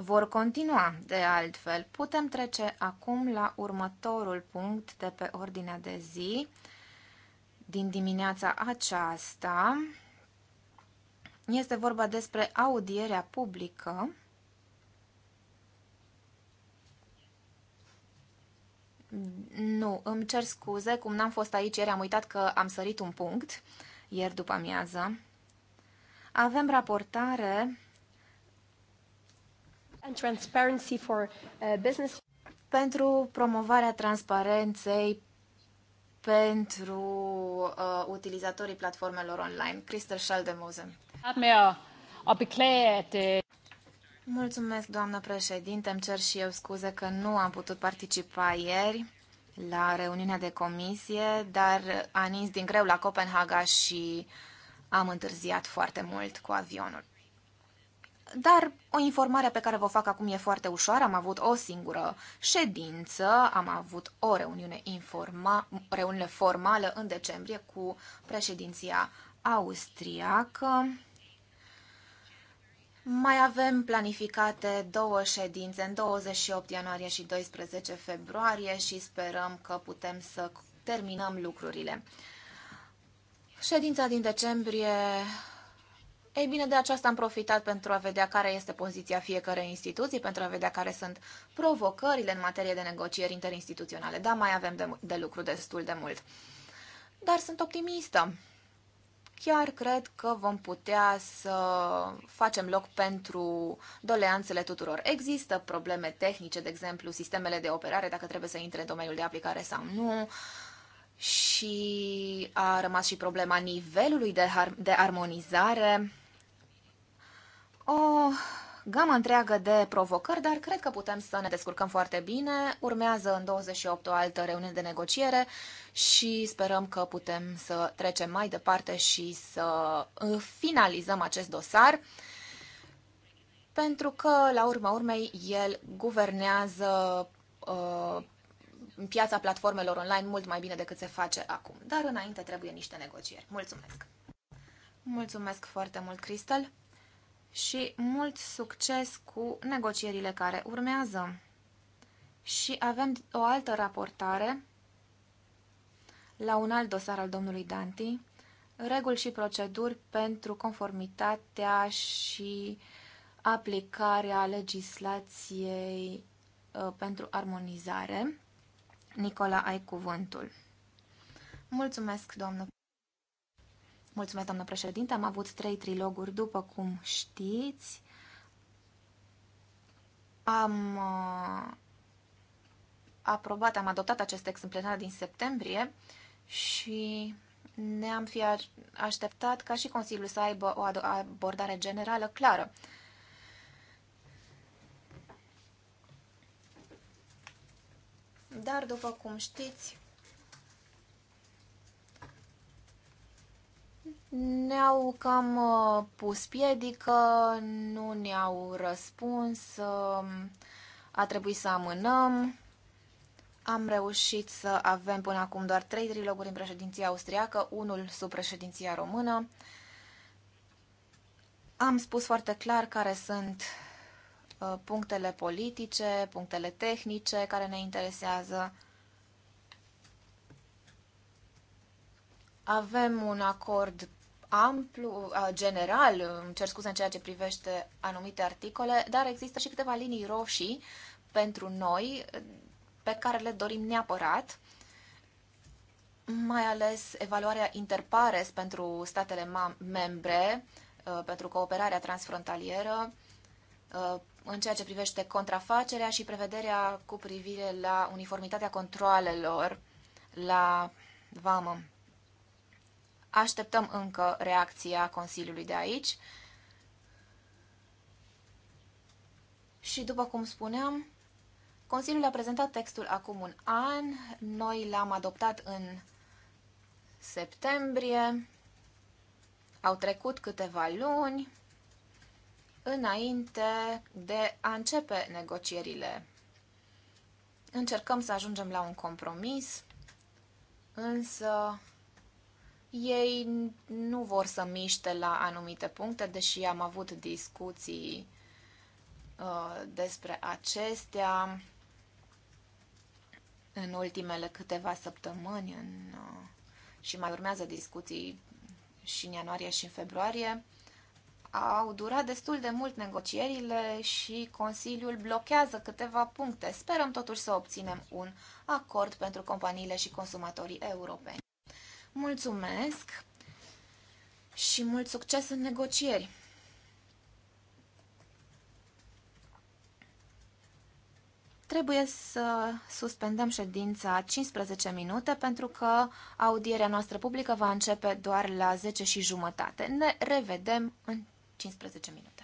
vor continua. De altfel, putem trece acum la următorul punct de pe ordinea de zi din dimineața aceasta. Este vorba despre audierea publică Nu, îmi cer scuze, cum n-am fost aici ieri, am uitat că am sărit un punct ieri după amiază. Avem raportare and transparency for uh, business. Pentru promovarea transparenței pentru uh, utilizatorii platformelor online. Christel Schaldemose. Uh, Mulțumesc, doamnă președinte. Îmi cer și eu scuze că nu am putut participa ieri la reuniunea de comisie, dar a nins din greu la Copenhaga și am întârziat foarte mult cu avionul. Dar o informare pe care vă fac acum e foarte ușoară. Am avut o singură ședință, am avut o reuniune, informa, reuniune formală în decembrie cu președinția austriacă. Mai avem planificate două ședințe în 28 ianuarie și 12 februarie și sperăm că putem să terminăm lucrurile. Ședința din decembrie ei bine, de aceasta am profitat pentru a vedea care este poziția fiecărei instituții, pentru a vedea care sunt provocările în materie de negocieri interinstituționale. Da, mai avem de, de lucru destul de mult. Dar sunt optimistă. Chiar cred că vom putea să facem loc pentru doleanțele tuturor. Există probleme tehnice, de exemplu, sistemele de operare, dacă trebuie să intre în domeniul de aplicare sau nu și a rămas și problema nivelului de, har- de armonizare o gamă întreagă de provocări, dar cred că putem să ne descurcăm foarte bine. Urmează în 28 o altă reuniune de negociere și sperăm că putem să trecem mai departe și să uh, finalizăm acest dosar, pentru că, la urma urmei, el guvernează uh, piața platformelor online mult mai bine decât se face acum. Dar înainte trebuie niște negocieri. Mulțumesc! Mulțumesc foarte mult, Cristel! și mult succes cu negocierile care urmează. Și avem o altă raportare la un alt dosar al domnului Danti, reguli și proceduri pentru conformitatea și aplicarea legislației uh, pentru armonizare. Nicola, ai cuvântul. Mulțumesc, doamnă Mulțumesc, doamnă președinte. Am avut trei triloguri, după cum știți. Am uh, aprobat, am adoptat acest text în plenar din septembrie și ne-am fi așteptat ca și Consiliul să aibă o abordare generală clară. Dar, după cum știți, ne-au cam uh, pus piedică, nu ne-au răspuns, um, a trebuit să amânăm. Am reușit să avem până acum doar trei triloguri în președinția austriacă, unul sub președinția română. Am spus foarte clar care sunt uh, punctele politice, punctele tehnice care ne interesează. Avem un acord amplu, uh, general, îmi cer scuze în ceea ce privește anumite articole, dar există și câteva linii roșii pentru noi pe care le dorim neapărat, mai ales evaluarea interpares pentru statele membre, uh, pentru cooperarea transfrontalieră, uh, în ceea ce privește contrafacerea și prevederea cu privire la uniformitatea controalelor la vamă. Așteptăm încă reacția Consiliului de aici. Și după cum spuneam, Consiliul a prezentat textul acum un an, noi l-am adoptat în septembrie, au trecut câteva luni înainte de a începe negocierile. Încercăm să ajungem la un compromis, însă ei nu vor să miște la anumite puncte, deși am avut discuții uh, despre acestea în ultimele câteva săptămâni în, uh, și mai urmează discuții și în ianuarie și în februarie. Au durat destul de mult negocierile și Consiliul blochează câteva puncte. Sperăm totuși să obținem un acord pentru companiile și consumatorii europeni. Mulțumesc și mult succes în negocieri! Trebuie să suspendăm ședința 15 minute pentru că audierea noastră publică va începe doar la 10 și jumătate. Ne revedem în 15 minute.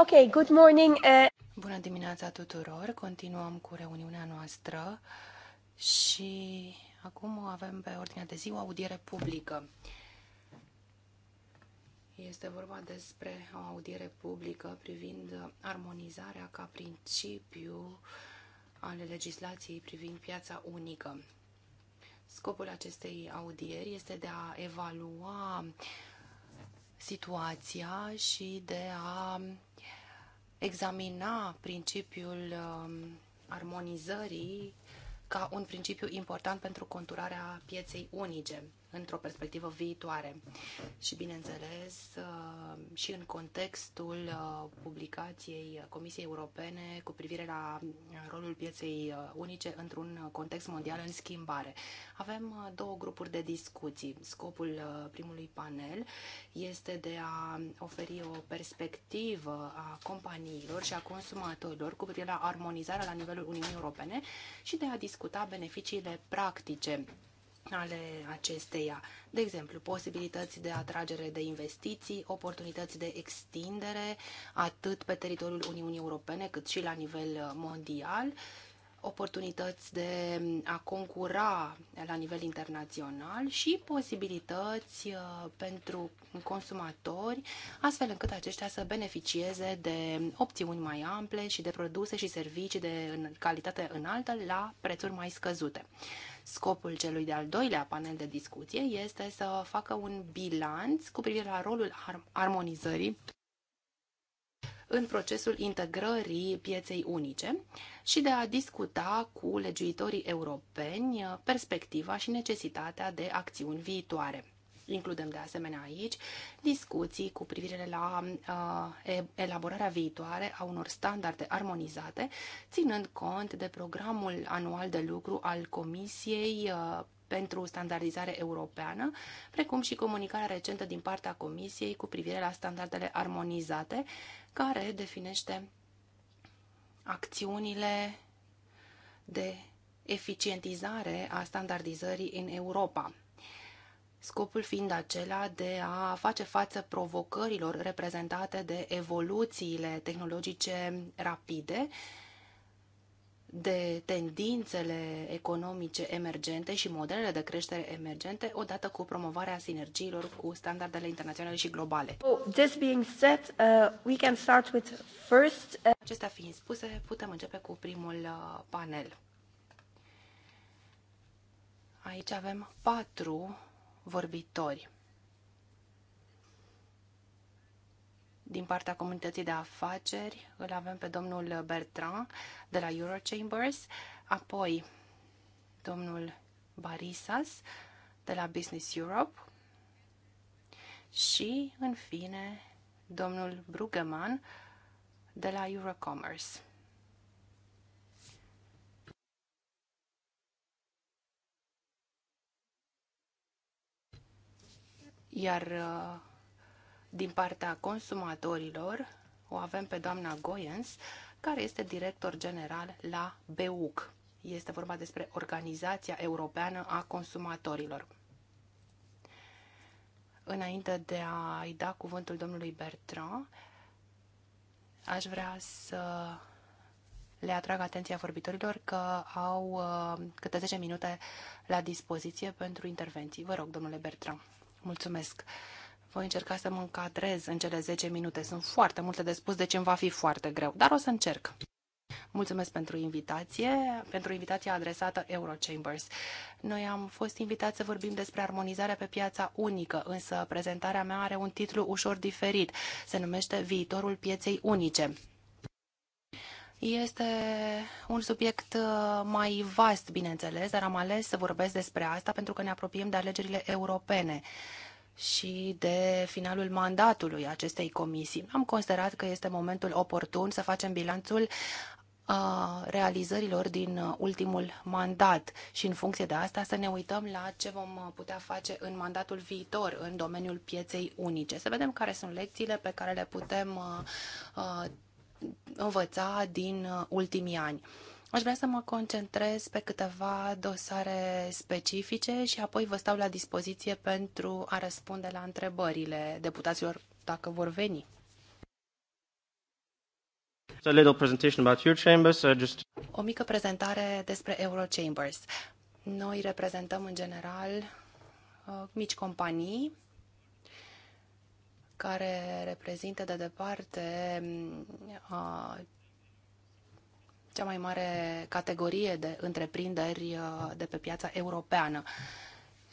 Ok, good morning. Uh... Bună dimineața tuturor. Continuăm cu reuniunea noastră și acum avem pe ordinea de zi o audiere publică. Este vorba despre o audiere publică privind armonizarea ca principiu ale legislației privind piața unică. Scopul acestei audieri este de a evalua situația și de a examina principiul um, armonizării ca un principiu important pentru conturarea pieței unice într-o perspectivă viitoare și, bineînțeles, uh, și în contextul uh, publicației Comisiei Europene cu privire la uh, rolul pieței unice într-un context mondial în schimbare. Avem două grupuri de discuții. Scopul primului panel este de a oferi o perspectivă a companiilor și a consumatorilor cu privire la armonizarea la nivelul Uniunii Europene și de a discuta beneficiile practice ale acesteia. De exemplu, posibilități de atragere de investiții, oportunități de extindere, atât pe teritoriul Uniunii Europene, cât și la nivel mondial, oportunități de a concura la nivel internațional și posibilități uh, pentru consumatori, astfel încât aceștia să beneficieze de opțiuni mai ample și de produse și servicii de calitate înaltă la prețuri mai scăzute. Scopul celui de-al doilea panel de discuție este să facă un bilanț cu privire la rolul armonizării în procesul integrării pieței unice și de a discuta cu legiuitorii europeni uh, perspectiva și necesitatea de acțiuni viitoare includem de asemenea aici discuții cu privire la uh, elaborarea viitoare a unor standarde armonizate, ținând cont de programul anual de lucru al Comisiei uh, pentru standardizare europeană, precum și comunicarea recentă din partea Comisiei cu privire la standardele armonizate, care definește acțiunile de eficientizare a standardizării în Europa scopul fiind acela de a face față provocărilor reprezentate de evoluțiile tehnologice rapide, de tendințele economice emergente și modelele de creștere emergente, odată cu promovarea sinergiilor cu standardele internaționale și globale. This being said, uh, we can start with first. Uh, Acestea fiind spuse, putem începe cu primul uh, panel. Aici avem patru vorbitori din partea comunității de afaceri. Îl avem pe domnul Bertrand de la Eurochambers, apoi domnul Barisas de la Business Europe și, în fine, domnul Brugeman de la Eurocommerce. Iar uh, din partea consumatorilor o avem pe doamna Goyens, care este director general la BEUC. Este vorba despre Organizația Europeană a Consumatorilor. Înainte de a-i da cuvântul domnului Bertrand, aș vrea să le atrag atenția vorbitorilor că au uh, câte 10 minute la dispoziție pentru intervenții. Vă rog, domnule Bertrand. Mulțumesc. Voi încerca să mă încadrez în cele 10 minute. Sunt foarte multe de spus, deci îmi va fi foarte greu, dar o să încerc. Mulțumesc pentru invitație, pentru invitația adresată Eurochambers. Noi am fost invitați să vorbim despre armonizarea pe piața unică, însă prezentarea mea are un titlu ușor diferit. Se numește Viitorul pieței unice. Este un subiect uh, mai vast, bineînțeles, dar am ales să vorbesc despre asta pentru că ne apropiem de alegerile europene și de finalul mandatului acestei comisii. Am considerat că este momentul oportun să facem bilanțul uh, realizărilor din ultimul mandat și în funcție de asta să ne uităm la ce vom putea face în mandatul viitor în domeniul pieței unice. Să vedem care sunt lecțiile pe care le putem uh, învăța din uh, ultimii ani. Aș vrea să mă concentrez pe câteva dosare specifice și apoi vă stau la dispoziție pentru a răspunde la întrebările deputaților dacă vor veni. A little presentation about your chambers, uh, just... O mică prezentare despre Eurochambers. Noi reprezentăm în general uh, mici companii care reprezintă de departe mm, cea mai mare categorie de întreprinderi de pe piața europeană.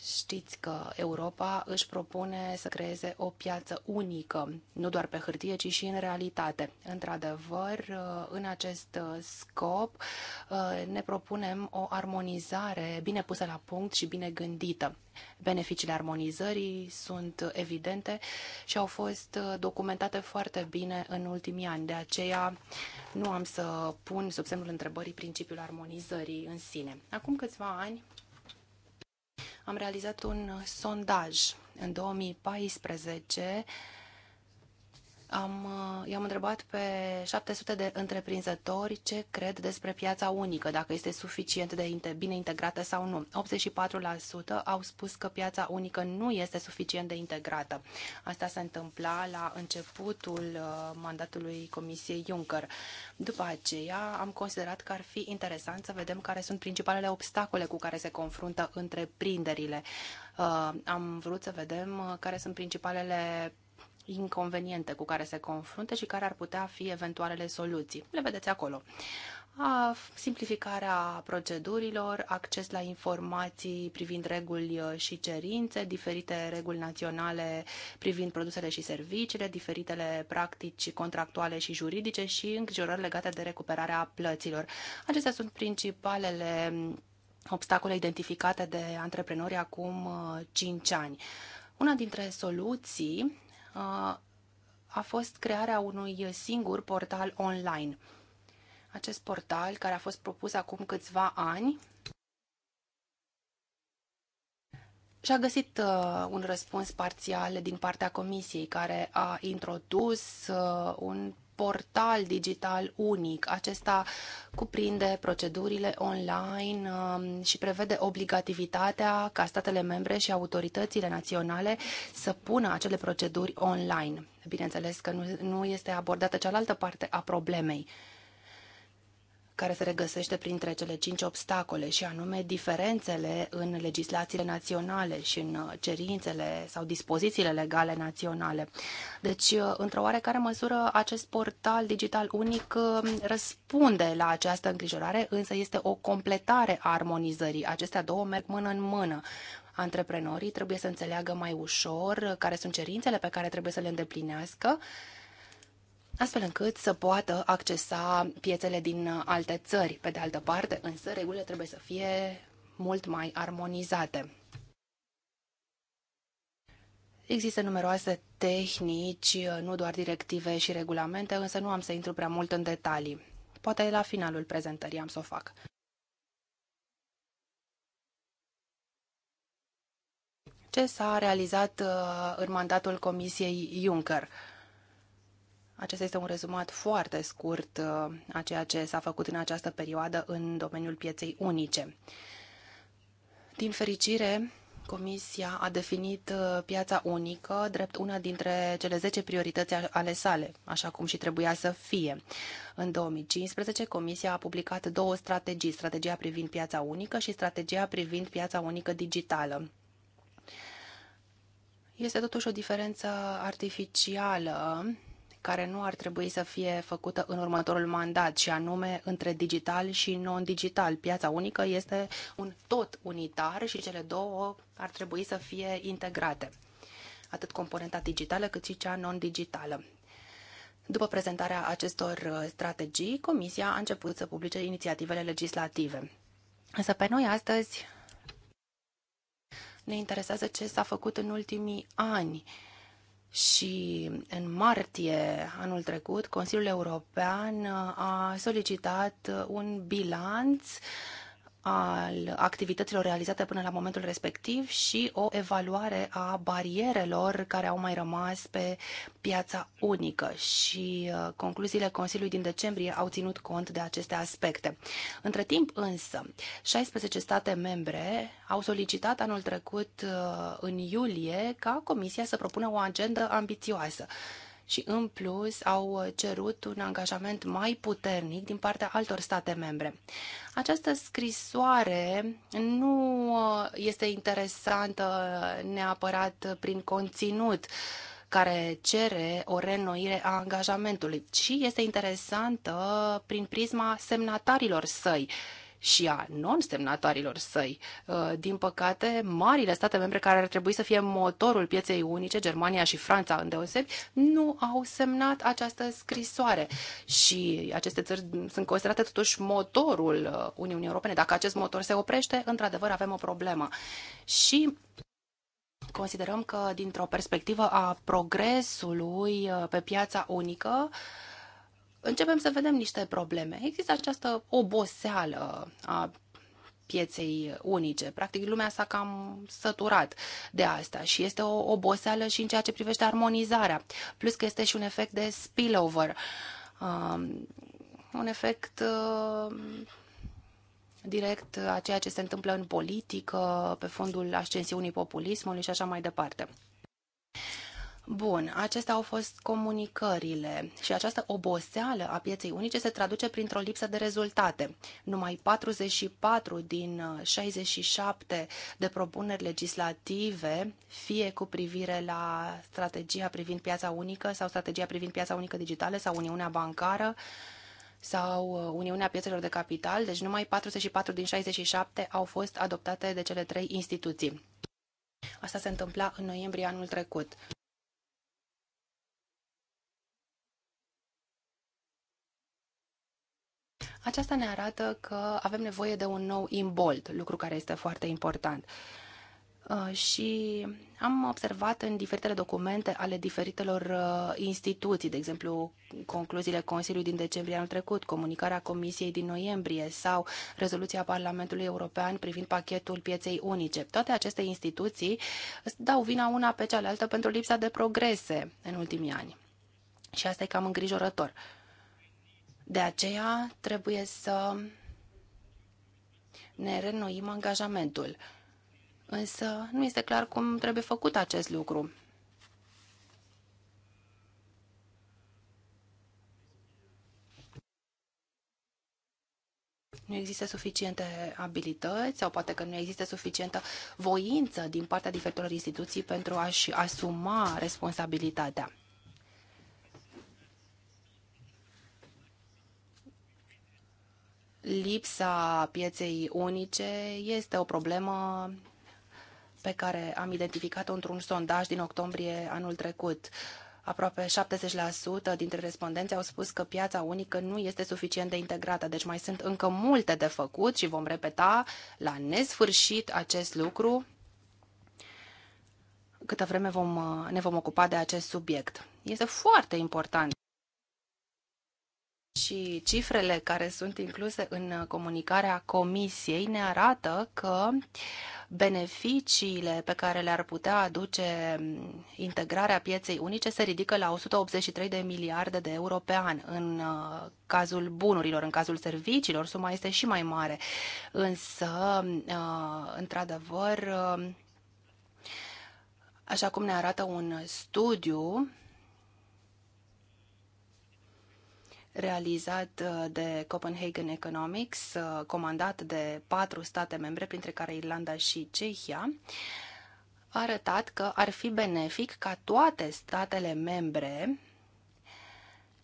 Știți că Europa își propune să creeze o piață unică, nu doar pe hârtie, ci și în realitate. Într-adevăr, uh, în acest uh, scop uh, ne propunem o armonizare bine pusă la punct și bine gândită. Beneficiile armonizării sunt evidente și au fost documentate foarte bine în ultimii ani. De aceea nu am să pun sub semnul întrebării principiul armonizării în sine. Acum câțiva ani, am realizat un sondaj în 2014 am, uh, i-am întrebat pe 700 de întreprinzători ce cred despre piața unică, dacă este suficient de bine integrată sau nu. 84% au spus că piața unică nu este suficient de integrată. Asta se întâmpla la începutul uh, mandatului Comisiei Juncker. După aceea am considerat că ar fi interesant să vedem care sunt principalele obstacole cu care se confruntă întreprinderile. Uh, am vrut să vedem care sunt principalele inconveniente cu care se confruntă și care ar putea fi eventualele soluții. Le vedeți acolo. A, simplificarea procedurilor, acces la informații privind reguli uh, și cerințe, diferite reguli naționale privind produsele și serviciile, diferitele practici contractuale și juridice și îngrijorări legate de recuperarea plăților. Acestea sunt principalele mm, obstacole identificate de antreprenori acum 5 uh, ani. Una dintre soluții a fost crearea unui singur portal online. Acest portal, care a fost propus acum câțiva ani, și-a găsit uh, un răspuns parțial din partea comisiei, care a introdus uh, un portal digital unic. Acesta cuprinde procedurile online um, și prevede obligativitatea ca statele membre și autoritățile naționale să pună acele proceduri online. Bineînțeles că nu, nu este abordată cealaltă parte a problemei care se regăsește printre cele cinci obstacole, și anume diferențele în legislațiile naționale și în uh, cerințele sau dispozițiile legale naționale. Deci, uh, într-o oarecare măsură, acest portal digital unic uh, răspunde la această îngrijorare, însă este o completare a armonizării. Acestea două merg mână în mână antreprenorii trebuie să înțeleagă mai ușor care sunt cerințele pe care trebuie să le îndeplinească astfel încât să poată accesa piețele din alte țări. Pe de altă parte, însă, regulile trebuie să fie mult mai armonizate. Există numeroase tehnici, nu doar directive și regulamente, însă nu am să intru prea mult în detalii. Poate la finalul prezentării am să o fac. Ce s-a realizat uh, în mandatul Comisiei Juncker? Acesta este un rezumat foarte scurt uh, a ceea ce s-a făcut în această perioadă în domeniul pieței unice. Din fericire, Comisia a definit uh, piața unică drept una dintre cele 10 priorități ale sale, așa cum și trebuia să fie. În 2015, Comisia a publicat două strategii, strategia privind piața unică și strategia privind piața unică digitală. Este totuși o diferență artificială care nu ar trebui să fie făcută în următorul mandat, și anume între digital și non-digital. Piața unică este un tot unitar și cele două ar trebui să fie integrate, atât componenta digitală cât și cea non-digitală. După prezentarea acestor uh, strategii, Comisia a început să publice inițiativele legislative. Însă pe noi astăzi ne interesează ce s-a făcut în ultimii ani și în martie anul trecut, Consiliul European a solicitat un bilanț al activităților realizate până la momentul respectiv și o evaluare a barierelor care au mai rămas pe piața unică și uh, concluziile Consiliului din decembrie au ținut cont de aceste aspecte. Între timp însă, 16 state membre au solicitat anul trecut uh, în iulie ca Comisia să propună o agendă ambițioasă și, în plus, au uh, cerut un angajament mai puternic din partea altor state membre. Această scrisoare nu uh, este interesantă neapărat prin conținut, care cere o reînnoire a angajamentului, ci este interesantă prin prisma semnatarilor săi și a non-semnatarilor săi. Uh, din păcate, marile state membre care ar trebui să fie motorul pieței unice, Germania și Franța deosebi, nu au semnat această scrisoare și aceste țări sunt considerate totuși motorul uh, Uniunii Europene. Dacă acest motor se oprește, într-adevăr avem o problemă. Și considerăm că dintr-o perspectivă a progresului uh, pe piața unică, începem să vedem niște probleme. Există această oboseală a pieței unice. Practic, lumea s-a cam săturat de asta și este o oboseală și în ceea ce privește armonizarea. Plus că este și un efect de spillover, um, un efect uh, direct a ceea ce se întâmplă în politică, pe fondul ascensiunii populismului și așa mai departe. Bun, acestea au fost comunicările și această oboseală a pieței unice se traduce printr-o lipsă de rezultate. Numai 44 din 67 uh, de propuneri legislative, fie cu privire la strategia privind piața unică sau strategia privind piața unică digitală sau Uniunea Bancară, sau uh, Uniunea Piețelor de Capital, deci numai 44 din 67 au fost adoptate de cele trei instituții. Asta se întâmpla în noiembrie anul trecut. Aceasta ne arată că avem nevoie de un nou imbold, lucru care este foarte important. Uh, și am observat în diferitele documente ale diferitelor uh, instituții, de exemplu concluziile Consiliului din decembrie anul trecut, comunicarea Comisiei din noiembrie sau rezoluția Parlamentului European privind pachetul pieței unice. Toate aceste instituții dau vina una pe cealaltă pentru lipsa de progrese în ultimii ani. Și asta e cam îngrijorător. De aceea trebuie să ne renoim angajamentul. Însă nu este clar cum trebuie făcut acest lucru. nu există suficiente abilități sau poate că nu există suficientă voință din partea diferitelor instituții pentru a-și asuma responsabilitatea. Lipsa pieței unice este o problemă pe care am identificat-o într-un sondaj din octombrie anul trecut. Aproape 70% dintre respondenți au spus că piața unică nu este suficient de integrată, deci mai sunt încă multe de făcut și vom repeta la nesfârșit acest lucru câtă vreme vom, ne vom ocupa de acest subiect. Este foarte important. Și cifrele care sunt incluse în uh, comunicarea comisiei ne arată că beneficiile pe care le-ar putea aduce mm, integrarea pieței unice se ridică la 183 de miliarde de euro pe an. În uh, cazul bunurilor, în cazul serviciilor, suma este și mai mare. Însă, mm, uh, într-adevăr, mm, așa cum ne arată un studiu, realizat uh, de Copenhagen Economics, uh, comandat de patru state membre, printre care Irlanda și Cehia, a arătat că ar fi benefic ca toate statele membre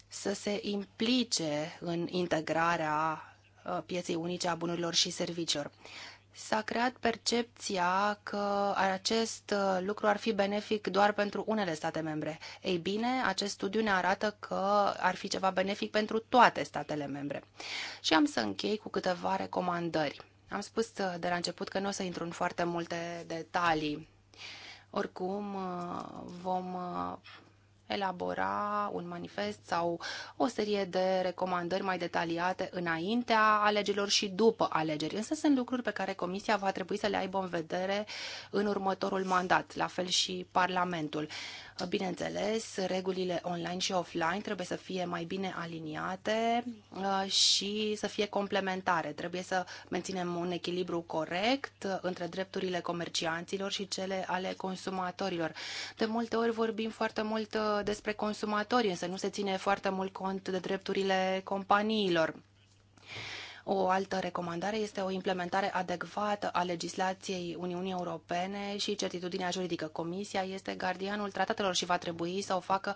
să se implice în integrarea uh, pieței unice a bunurilor și serviciilor. S-a creat percepția că acest uh, lucru ar fi benefic doar pentru unele state membre. Ei bine, acest studiu ne arată că ar fi ceva benefic pentru toate statele membre. Și am să închei cu câteva recomandări. Am spus uh, de la început că nu o să intru în foarte multe detalii. Oricum, uh, vom elabora un manifest sau o serie de recomandări mai detaliate înaintea alegerilor și după alegeri. Însă sunt lucruri pe care Comisia va trebui să le aibă în vedere în următorul mandat, la fel și Parlamentul. Uh, bineînțeles, regulile online și offline trebuie să fie mai bine aliniate uh, și să fie complementare. Trebuie să menținem un echilibru corect uh, între drepturile comercianților și cele ale consumatorilor. De multe ori vorbim foarte mult despre consumatori, însă nu se ține foarte mult cont de drepturile companiilor o altă recomandare este o implementare adecvată a legislației Uniunii Europene și certitudinea juridică. Comisia este gardianul tratatelor și va trebui să o facă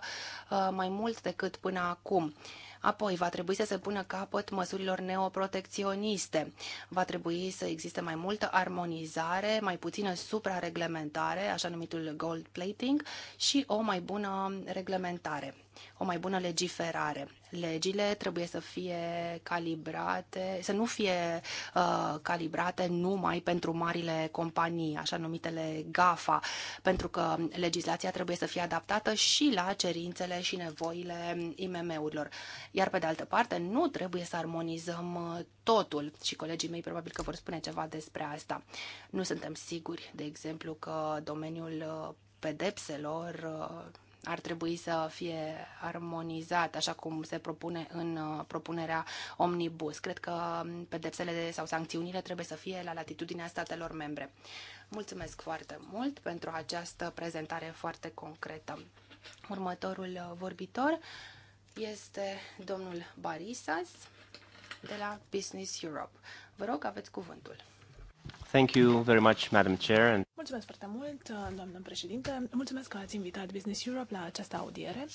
uh, mai mult decât până acum. Apoi, va trebui să se pună capăt măsurilor neoprotecționiste. Va trebui să existe mai multă armonizare, mai puțină suprareglementare, așa numitul gold plating, și o mai bună reglementare o mai bună legiferare. Legile trebuie să fie calibrate, să nu fie uh, calibrate numai pentru marile companii, așa numitele GAFA, pentru că legislația trebuie să fie adaptată și la cerințele și nevoile IMM-urilor. Iar pe de altă parte, nu trebuie să armonizăm totul și colegii mei probabil că vor spune ceva despre asta. Nu suntem siguri, de exemplu, că domeniul pedepselor uh, ar trebui să fie armonizat, așa cum se propune în uh, propunerea omnibus. Cred că um, pedepsele sau sancțiunile trebuie să fie la latitudinea statelor membre. Mulțumesc foarte mult pentru această prezentare foarte concretă. Următorul uh, vorbitor este domnul Barisas de la Business Europe. Vă rog, aveți cuvântul. Thank you very much, Madam Chair. And... Mulțumesc foarte mult, doamnă președinte. Mulțumesc că ați invitat Business Europe la această audiere.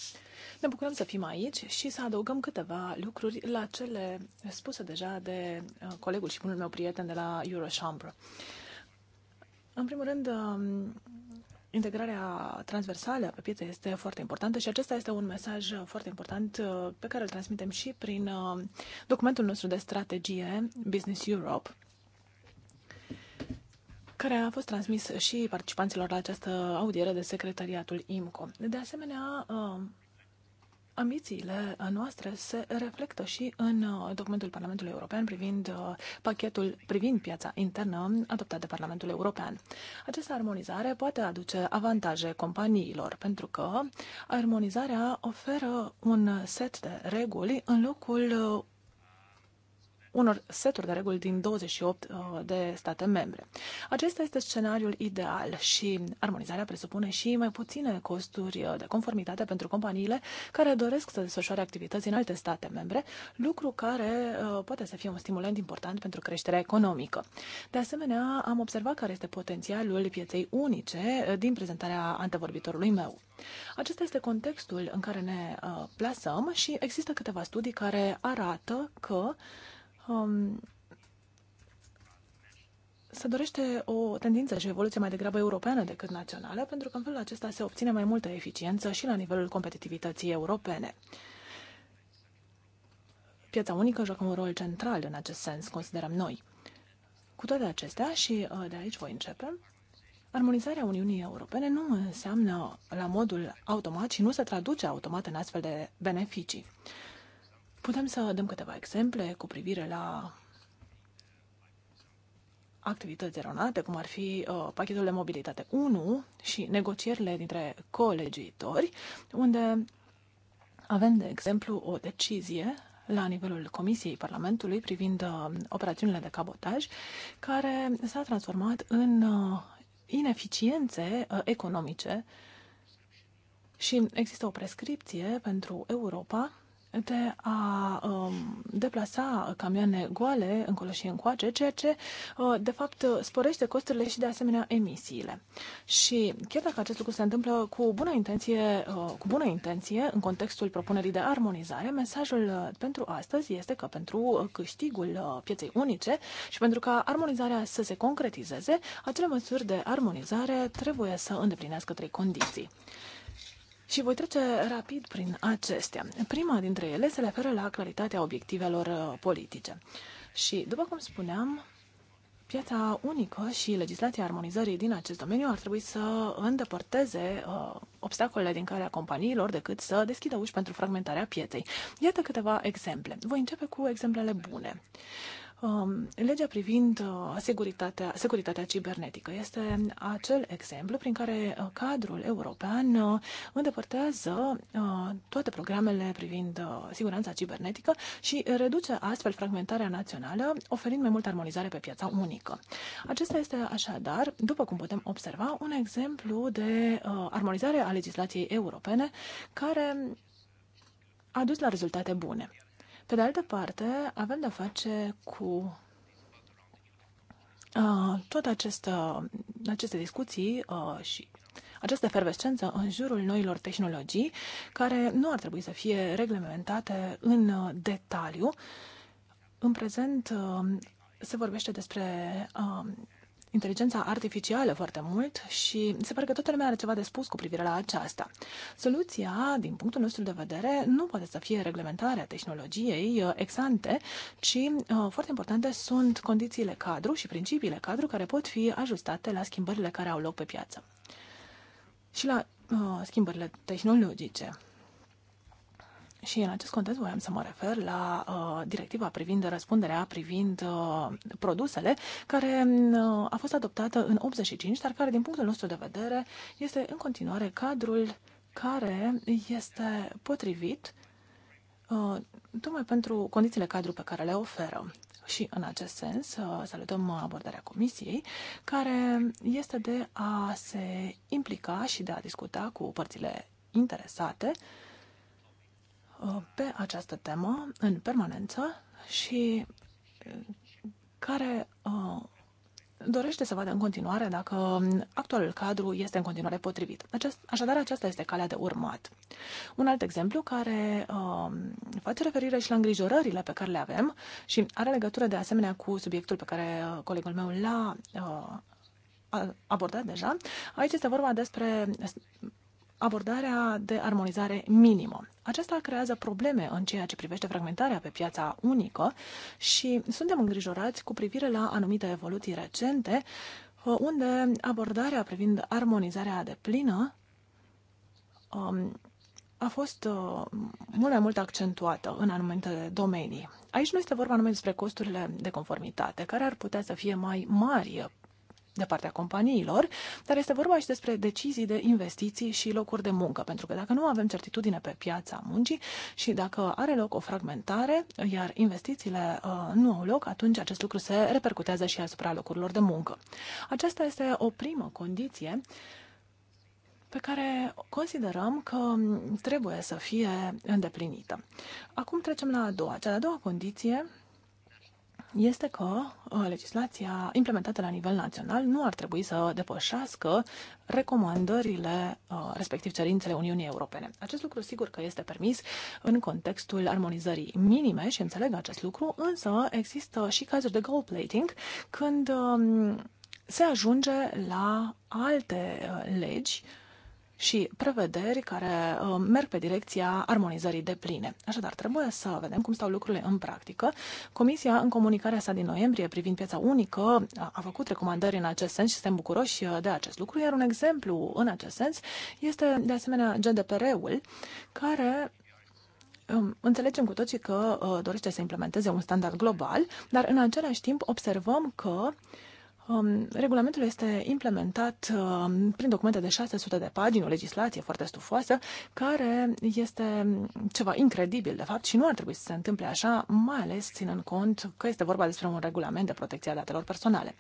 Ne bucurăm să fim aici și să adăugăm câteva lucruri la cele spuse deja de uh, colegul și bunul meu prieten de la Eurochambre. În primul rând, um, integrarea transversală pe piețe este foarte importantă și acesta este un mesaj foarte important uh, pe care îl transmitem și prin uh, documentul nostru de strategie Business Europe care a fost transmis și participanților la această audiere de secretariatul IMCO. De asemenea, uh, ambițiile noastre se reflectă și în uh, documentul Parlamentului European privind uh, pachetul privind piața internă adoptat de Parlamentul European. Această armonizare poate aduce avantaje companiilor, pentru că armonizarea oferă un set de reguli în locul unor seturi de reguli din 28 uh, de state membre. Acesta este scenariul ideal și armonizarea presupune și mai puține costuri uh, de conformitate pentru companiile care doresc să desfășoare activități în alte state membre, lucru care uh, poate să fie un stimulant important pentru creșterea economică. De asemenea, am observat care este potențialul pieței unice din prezentarea antevorbitorului meu. Acesta este contextul în care ne plasăm și există câteva studii care arată că uh, um, se dorește o tendință și evoluție mai degrabă europeană decât națională, pentru că în felul acesta se obține mai multă eficiență și la nivelul competitivității europene. Piața unică joacă un rol central în acest sens, considerăm noi. Cu toate acestea, și uh, de aici voi începe, armonizarea Uniunii Europene nu înseamnă la modul automat și nu se traduce automat în astfel de beneficii. Putem să dăm câteva exemple cu privire la activități eronate, cum ar fi uh, pachetul de mobilitate 1 și negocierile dintre colegiitori, unde avem, de exemplu, o decizie la nivelul Comisiei Parlamentului privind uh, operațiunile de cabotaj, care s-a transformat în uh, ineficiențe uh, economice și există o prescripție pentru Europa de a um, deplasa camioane goale încolo și încoace, ceea ce, uh, de fapt, sporește costurile și, de asemenea, emisiile. Și chiar dacă acest lucru se întâmplă cu bună intenție, uh, cu bună intenție în contextul propunerii de armonizare, mesajul uh, pentru astăzi este că pentru uh, câștigul uh, pieței unice și pentru ca armonizarea să se concretizeze, acele măsuri de armonizare trebuie să îndeplinească trei condiții. Și voi trece rapid prin acestea. Prima dintre ele se referă la claritatea obiectivelor uh, politice. Și, după cum spuneam, piața unică și legislația armonizării din acest domeniu ar trebui să îndepărteze uh, obstacolele din calea companiilor decât să deschidă uși pentru fragmentarea pieței. Iată câteva exemple. Voi începe cu exemplele bune. Uh, Um, legea privind uh, securitatea, securitatea cibernetică este acel exemplu prin care uh, cadrul european uh, îndepărtează toate programele privind siguranța cibernetică și reduce astfel fragmentarea națională, oferind mai multă armonizare pe piața unică. Acesta este așadar, după cum putem observa, un exemplu de armonizare a legislației europene care a dus la rezultate bune. Pe de altă parte, avem de-a face cu uh, toate uh, aceste, discuții uh, și această efervescență în jurul noilor tehnologii, care nu ar trebui să fie reglementate în uh, detaliu. În prezent uh, se vorbește despre inteligența artificială foarte mult și se pare că toată lumea are ceva de spus cu privire la aceasta. Soluția, din punctul nostru de vedere, nu poate să fie reglementarea tehnologiei uh, exante, ci uh, foarte importante sunt condițiile cadru și principiile cadru care pot fi ajustate la schimbările care au loc pe piață și la uh, schimbările tehnologice. Și în acest context voiam să mă refer la uh, directiva privind răspunderea, privind uh, produsele, care uh, a fost adoptată în 85, dar care, din punctul nostru de vedere, este în continuare cadrul care este potrivit uh, tocmai pentru condițiile cadru pe care le oferă. Și în acest sens uh, salutăm abordarea comisiei, care este de a se implica și de a discuta cu părțile interesate uh, pe această temă în permanență și care uh, dorește să vadă în continuare dacă actualul cadru este în continuare potrivit. așadar, aceasta este calea de urmat. Un alt exemplu care uh, face referire și la îngrijorările pe care le avem și are legătură de asemenea cu subiectul pe care uh, colegul meu l-a uh, abordat deja. Aici este vorba despre abordarea de armonizare minimă. Aceasta creează probleme în ceea ce privește fragmentarea pe piața unică și suntem îngrijorați cu privire la anumite evoluții recente, uh, unde abordarea privind armonizarea de plină um, a fost uh, mult mai mult accentuată în anumite domenii. Aici nu este vorba numai despre costurile de conformitate, care ar putea să fie mai mari de partea companiilor, dar este vorba și despre decizii de investiții și locuri de muncă, pentru că dacă nu avem certitudine pe piața muncii și dacă are loc o fragmentare, iar investițiile uh, nu au loc, atunci acest lucru se repercutează și asupra locurilor de muncă. Aceasta este o primă condiție pe care considerăm că trebuie să fie îndeplinită. Acum trecem la a doua. Cea de-a doua condiție este că uh, legislația implementată la nivel național nu ar trebui să depășească recomandările, uh, respectiv cerințele Uniunii Europene. Acest lucru sigur că este permis în contextul armonizării minime și înțeleg acest lucru, însă există și cazuri de gold plating când um, se ajunge la alte uh, legi și prevederi care uh, merg pe direcția armonizării de pline. Așadar, trebuie să vedem cum stau lucrurile în practică. Comisia, în comunicarea sa din noiembrie privind piața unică, a făcut recomandări în acest sens și suntem bucuroși uh, de acest lucru, iar un exemplu în acest sens este, de asemenea, GDPR-ul, care um, Înțelegem cu toții că uh, dorește să implementeze un standard global, dar în același timp observăm că uh, Um, regulamentul este implementat um, prin documente de 600 de pagini, o legislație foarte stufoasă, care este ceva incredibil, de fapt, și nu ar trebui să se întâmple așa, mai ales ținând cont că este vorba despre un regulament de protecție a datelor personale.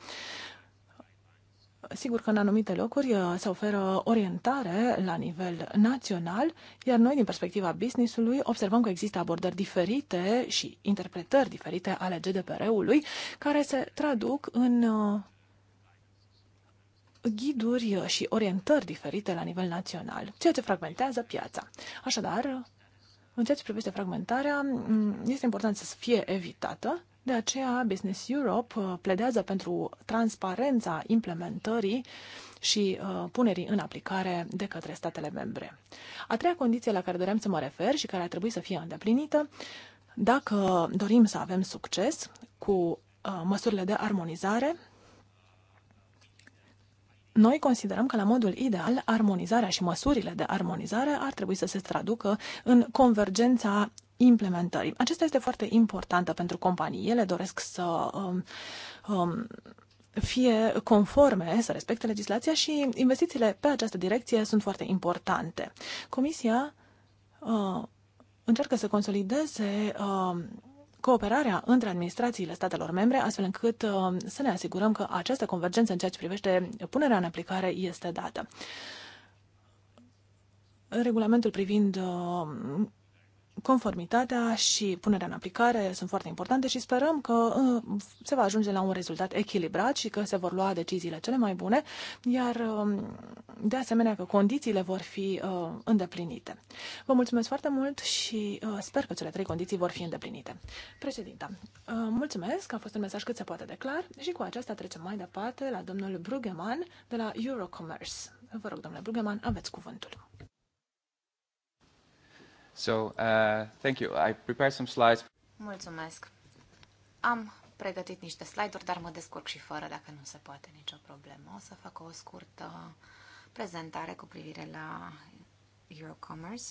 Sigur că în anumite locuri uh, se oferă orientare la nivel național, iar noi, din perspectiva businessului, observăm că există abordări diferite și interpretări diferite ale GDPR-ului, care se traduc în uh, ghiduri uh, și orientări diferite la nivel național, ceea ce fragmentează piața. Așadar, în ceea ce privește fragmentarea, este important să fie evitată, de aceea Business Europe uh, pledează pentru transparența implementării și uh, punerii în aplicare de către statele membre. A treia condiție la care doream să mă refer și care ar trebui să fie îndeplinită, dacă dorim să avem succes cu uh, măsurile de armonizare, noi considerăm că, la modul ideal, armonizarea și măsurile de armonizare ar trebui să se traducă în convergența implementării. Acesta este foarte importantă pentru companii. Ele doresc să um, um, fie conforme, să respecte legislația și investițiile pe această direcție sunt foarte importante. Comisia uh, încearcă să consolideze uh, cooperarea între administrațiile statelor membre, astfel încât uh, să ne asigurăm că această convergență în ceea ce privește punerea în aplicare este dată. Regulamentul privind uh, conformitatea și punerea în aplicare sunt foarte importante și sperăm că uh, se va ajunge la un rezultat echilibrat și că se vor lua deciziile cele mai bune, iar um, de asemenea că condițiile vor fi uh, îndeplinite. Vă mulțumesc foarte mult și uh, sper că cele trei condiții vor fi îndeplinite. Președinta, mulțumesc, a fost un mesaj cât se poate de clar și cu aceasta trecem mai departe la domnul Brugeman de la Eurocommerce. Vă rog, domnule Brugeman, aveți cuvântul. So, uh, thank you. I prepared some slides. Mulțumesc. Am pregătit niște slide-uri, dar mă descurc și fără, dacă nu se poate nicio problemă. O să fac o scurtă prezentare cu privire la Eurocommerce.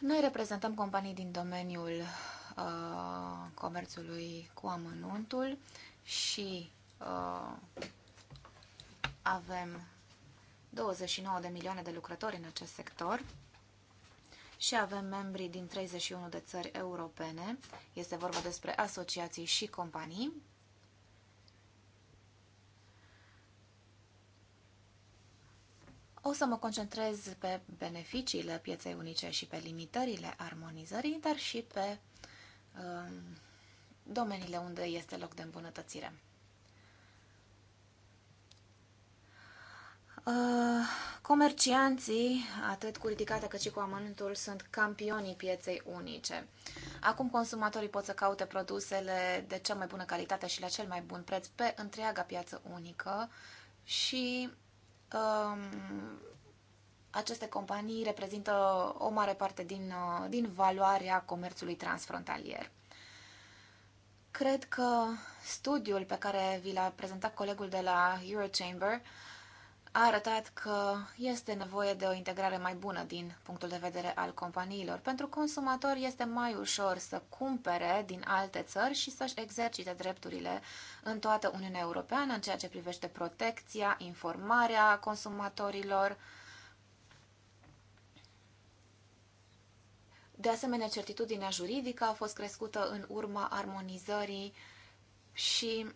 Noi reprezentăm companii din domeniul uh, comerțului cu amănuntul și uh, avem 29 de milioane de lucrători în acest sector și avem membri din 31 de țări europene. Este vorba despre asociații și companii. O să mă concentrez pe beneficiile pieței unice și pe limitările armonizării, dar și pe um, domeniile unde este loc de îmbunătățire. Uh, comercianții, atât cu ridicată cât și cu amănântul, sunt campionii pieței unice. Acum consumatorii pot să caute produsele de cea mai bună calitate și la cel mai bun preț pe întreaga piață unică și um, aceste companii reprezintă o mare parte din, uh, din valoarea comerțului transfrontalier. Cred că studiul pe care vi l-a prezentat colegul de la Eurochamber a arătat că este nevoie de o integrare mai bună din punctul de vedere al companiilor. Pentru consumator este mai ușor să cumpere din alte țări și să-și exercite drepturile în toată Uniunea Europeană în ceea ce privește protecția, informarea consumatorilor. De asemenea, certitudinea juridică a fost crescută în urma armonizării și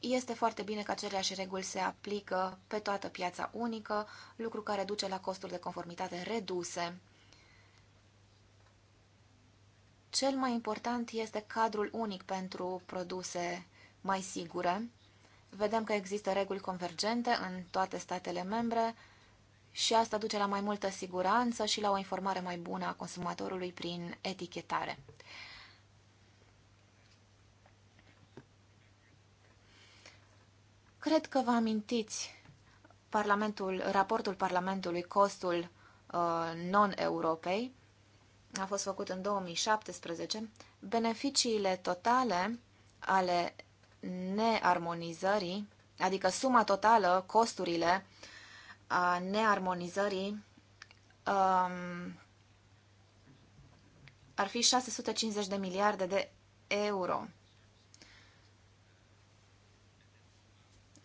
este foarte bine că aceleași reguli se aplică pe toată piața unică, lucru care duce la costuri de conformitate reduse. Cel mai important este cadrul unic pentru produse mai sigure. Vedem că există reguli convergente în toate statele membre și asta duce la mai multă siguranță și la o informare mai bună a consumatorului prin etichetare. cred că vă amintiți Parlamentul, raportul Parlamentului Costul uh, non-europei, a fost făcut în 2017, beneficiile totale ale nearmonizării, adică suma totală, costurile a nearmonizării, um, ar fi 650 de miliarde de euro.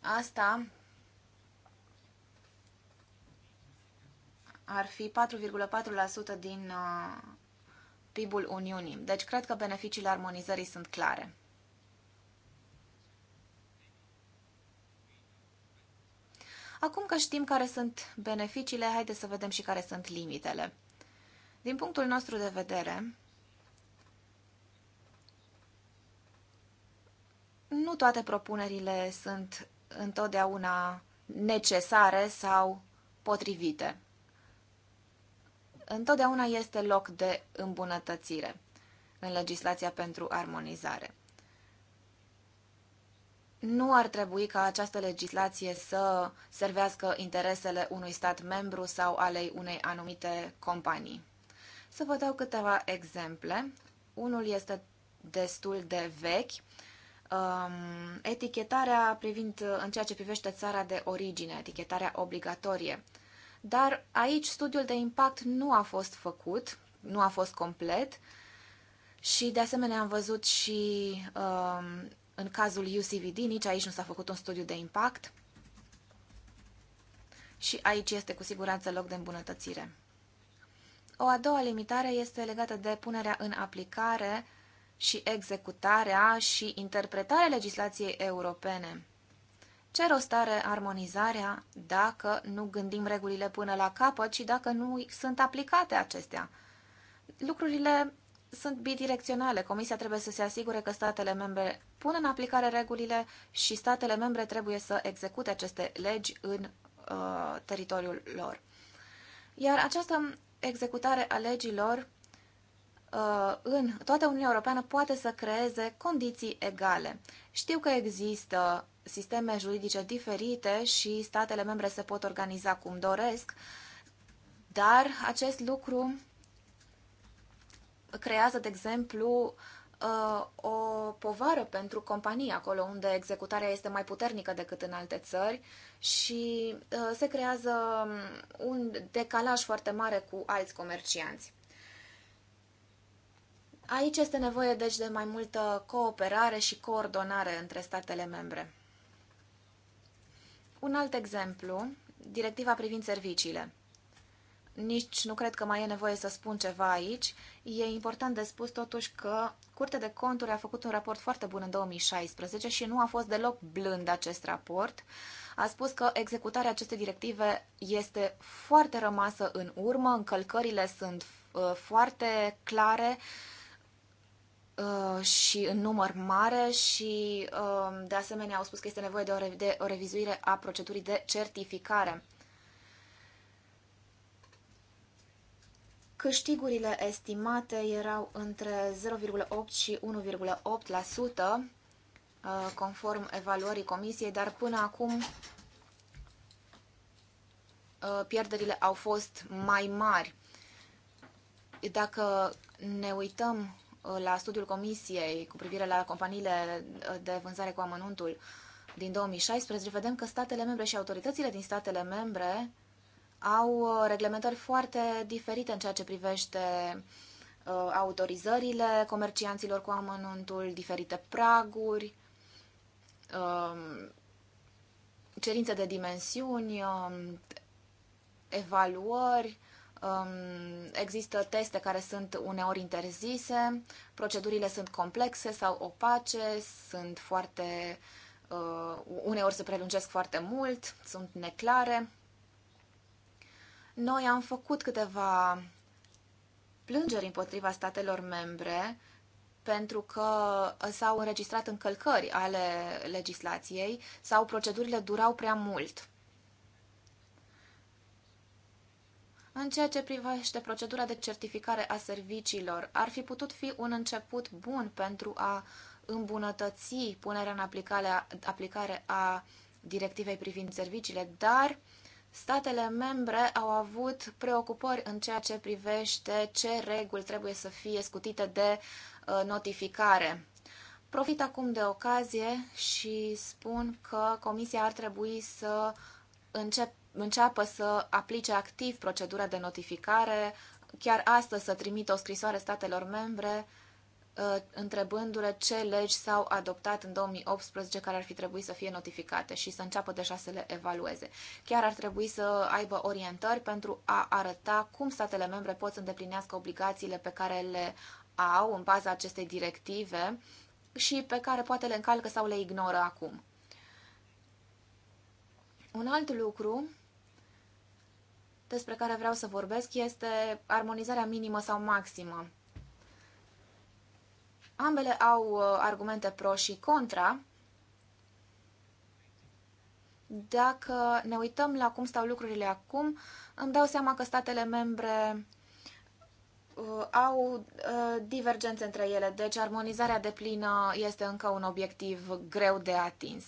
Asta ar fi 4,4% din uh, PIB-ul Uniunii. Deci cred că beneficiile armonizării sunt clare. Acum că știm care sunt beneficiile, haideți să vedem și care sunt limitele. Din punctul nostru de vedere, nu toate propunerile sunt întotdeauna necesare sau potrivite. Întotdeauna este loc de îmbunătățire în legislația pentru armonizare. Nu ar trebui ca această legislație să servească interesele unui stat membru sau ale unei anumite companii. Să vă dau câteva exemple. Unul este destul de vechi, Um, etichetarea privind în ceea ce privește țara de origine, etichetarea obligatorie. Dar aici studiul de impact nu a fost făcut, nu a fost complet și de asemenea am văzut și um, în cazul UCVD, nici aici nu s-a făcut un studiu de impact și aici este cu siguranță loc de îmbunătățire. O a doua limitare este legată de punerea în aplicare și executarea și interpretarea legislației europene. Ce rost are armonizarea dacă nu gândim regulile până la capăt și dacă nu sunt aplicate acestea? Lucrurile sunt bidirecționale. Comisia trebuie să se asigure că statele membre pun în aplicare regulile și statele membre trebuie să execute aceste legi în uh, teritoriul lor. Iar această executare a legilor Uh, în toată Uniunea Europeană poate să creeze condiții egale. Știu că există sisteme juridice diferite și statele membre se pot organiza cum doresc, dar acest lucru creează, de exemplu, uh, o povară pentru companii acolo unde executarea este mai puternică decât în alte țări și uh, se creează un decalaj foarte mare cu alți comercianți. Aici este nevoie deci de mai multă cooperare și coordonare între statele membre. Un alt exemplu, directiva privind serviciile. Nici nu cred că mai e nevoie să spun ceva aici. E important de spus totuși că Curtea de Conturi a făcut un raport foarte bun în 2016 și nu a fost deloc blând acest raport. A spus că executarea acestei directive este foarte rămasă în urmă, încălcările sunt uh, foarte clare, uh, Uh, și în număr mare și um, de asemenea au spus că este nevoie de o, re- de o revizuire a procedurii de certificare. Câștigurile estimate erau între 0,8 și 1,8% uh, conform evaluării comisiei, dar până acum uh, pierderile au fost mai mari. Dacă ne uităm Uh, la studiul comisiei cu privire la companiile uh, de vânzare cu amănuntul din 2016, vedem că statele membre și autoritățile din statele membre au uh, reglementări foarte diferite în ceea ce privește autorizările comercianților cu amănuntul, diferite praguri, um, cerințe de dimensiuni, um, evaluări, Um, există teste care sunt uneori interzise, procedurile sunt complexe sau opace, sunt foarte. Uh, uneori se prelungesc foarte mult, sunt neclare. Noi am făcut câteva plângeri împotriva statelor membre pentru că s-au înregistrat încălcări ale legislației sau procedurile durau prea mult. În ceea ce privește procedura de certificare a serviciilor, ar fi putut fi un început bun pentru a îmbunătăți punerea în aplicare, aplicare a directivei privind serviciile, dar statele membre au avut preocupări în ceea ce privește ce reguli trebuie să fie scutite de uh, notificare. Profit acum de ocazie și spun că Comisia ar trebui să încep înceapă să aplice activ procedura de notificare, chiar astăzi să trimită o scrisoare statelor membre uh, întrebându-le ce legi s-au adoptat în 2018 care ar fi trebuit să fie notificate și să înceapă deja să le evalueze. Chiar ar trebui să aibă orientări pentru a arăta cum statele membre pot să îndeplinească obligațiile pe care le au în baza acestei directive și pe care poate le încalcă sau le ignoră acum. Un alt lucru despre care vreau să vorbesc este armonizarea minimă sau maximă. Ambele au uh, argumente pro și contra. Dacă ne uităm la cum stau lucrurile acum, îmi dau seama că statele membre uh, au uh, divergențe între ele, deci armonizarea deplină este încă un obiectiv greu de atins.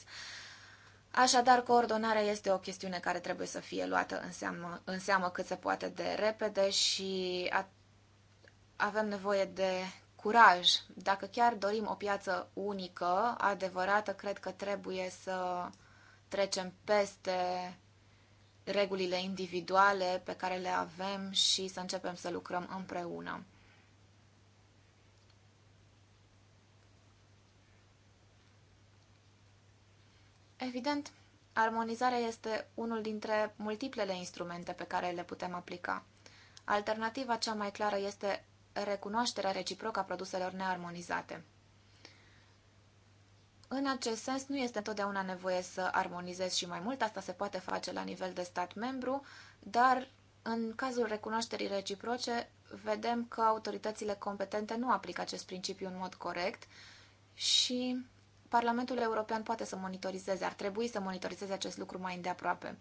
Așadar, coordonarea este o chestiune care trebuie să fie luată în seamă, în seamă cât se poate de repede și a, avem nevoie de curaj. Dacă chiar dorim o piață unică, adevărată, cred că trebuie să trecem peste regulile individuale pe care le avem și să începem să lucrăm împreună. Evident, armonizarea este unul dintre multiplele instrumente pe care le putem aplica. Alternativa cea mai clară este recunoașterea reciprocă a produselor nearmonizate. În acest sens, nu este întotdeauna nevoie să armonizezi și mai mult, asta se poate face la nivel de stat membru, dar în cazul recunoașterii reciproce, vedem că autoritățile competente nu aplică acest principiu în mod corect și Parlamentul European poate să monitorizeze, ar trebui să monitorizeze acest lucru mai îndeaproape.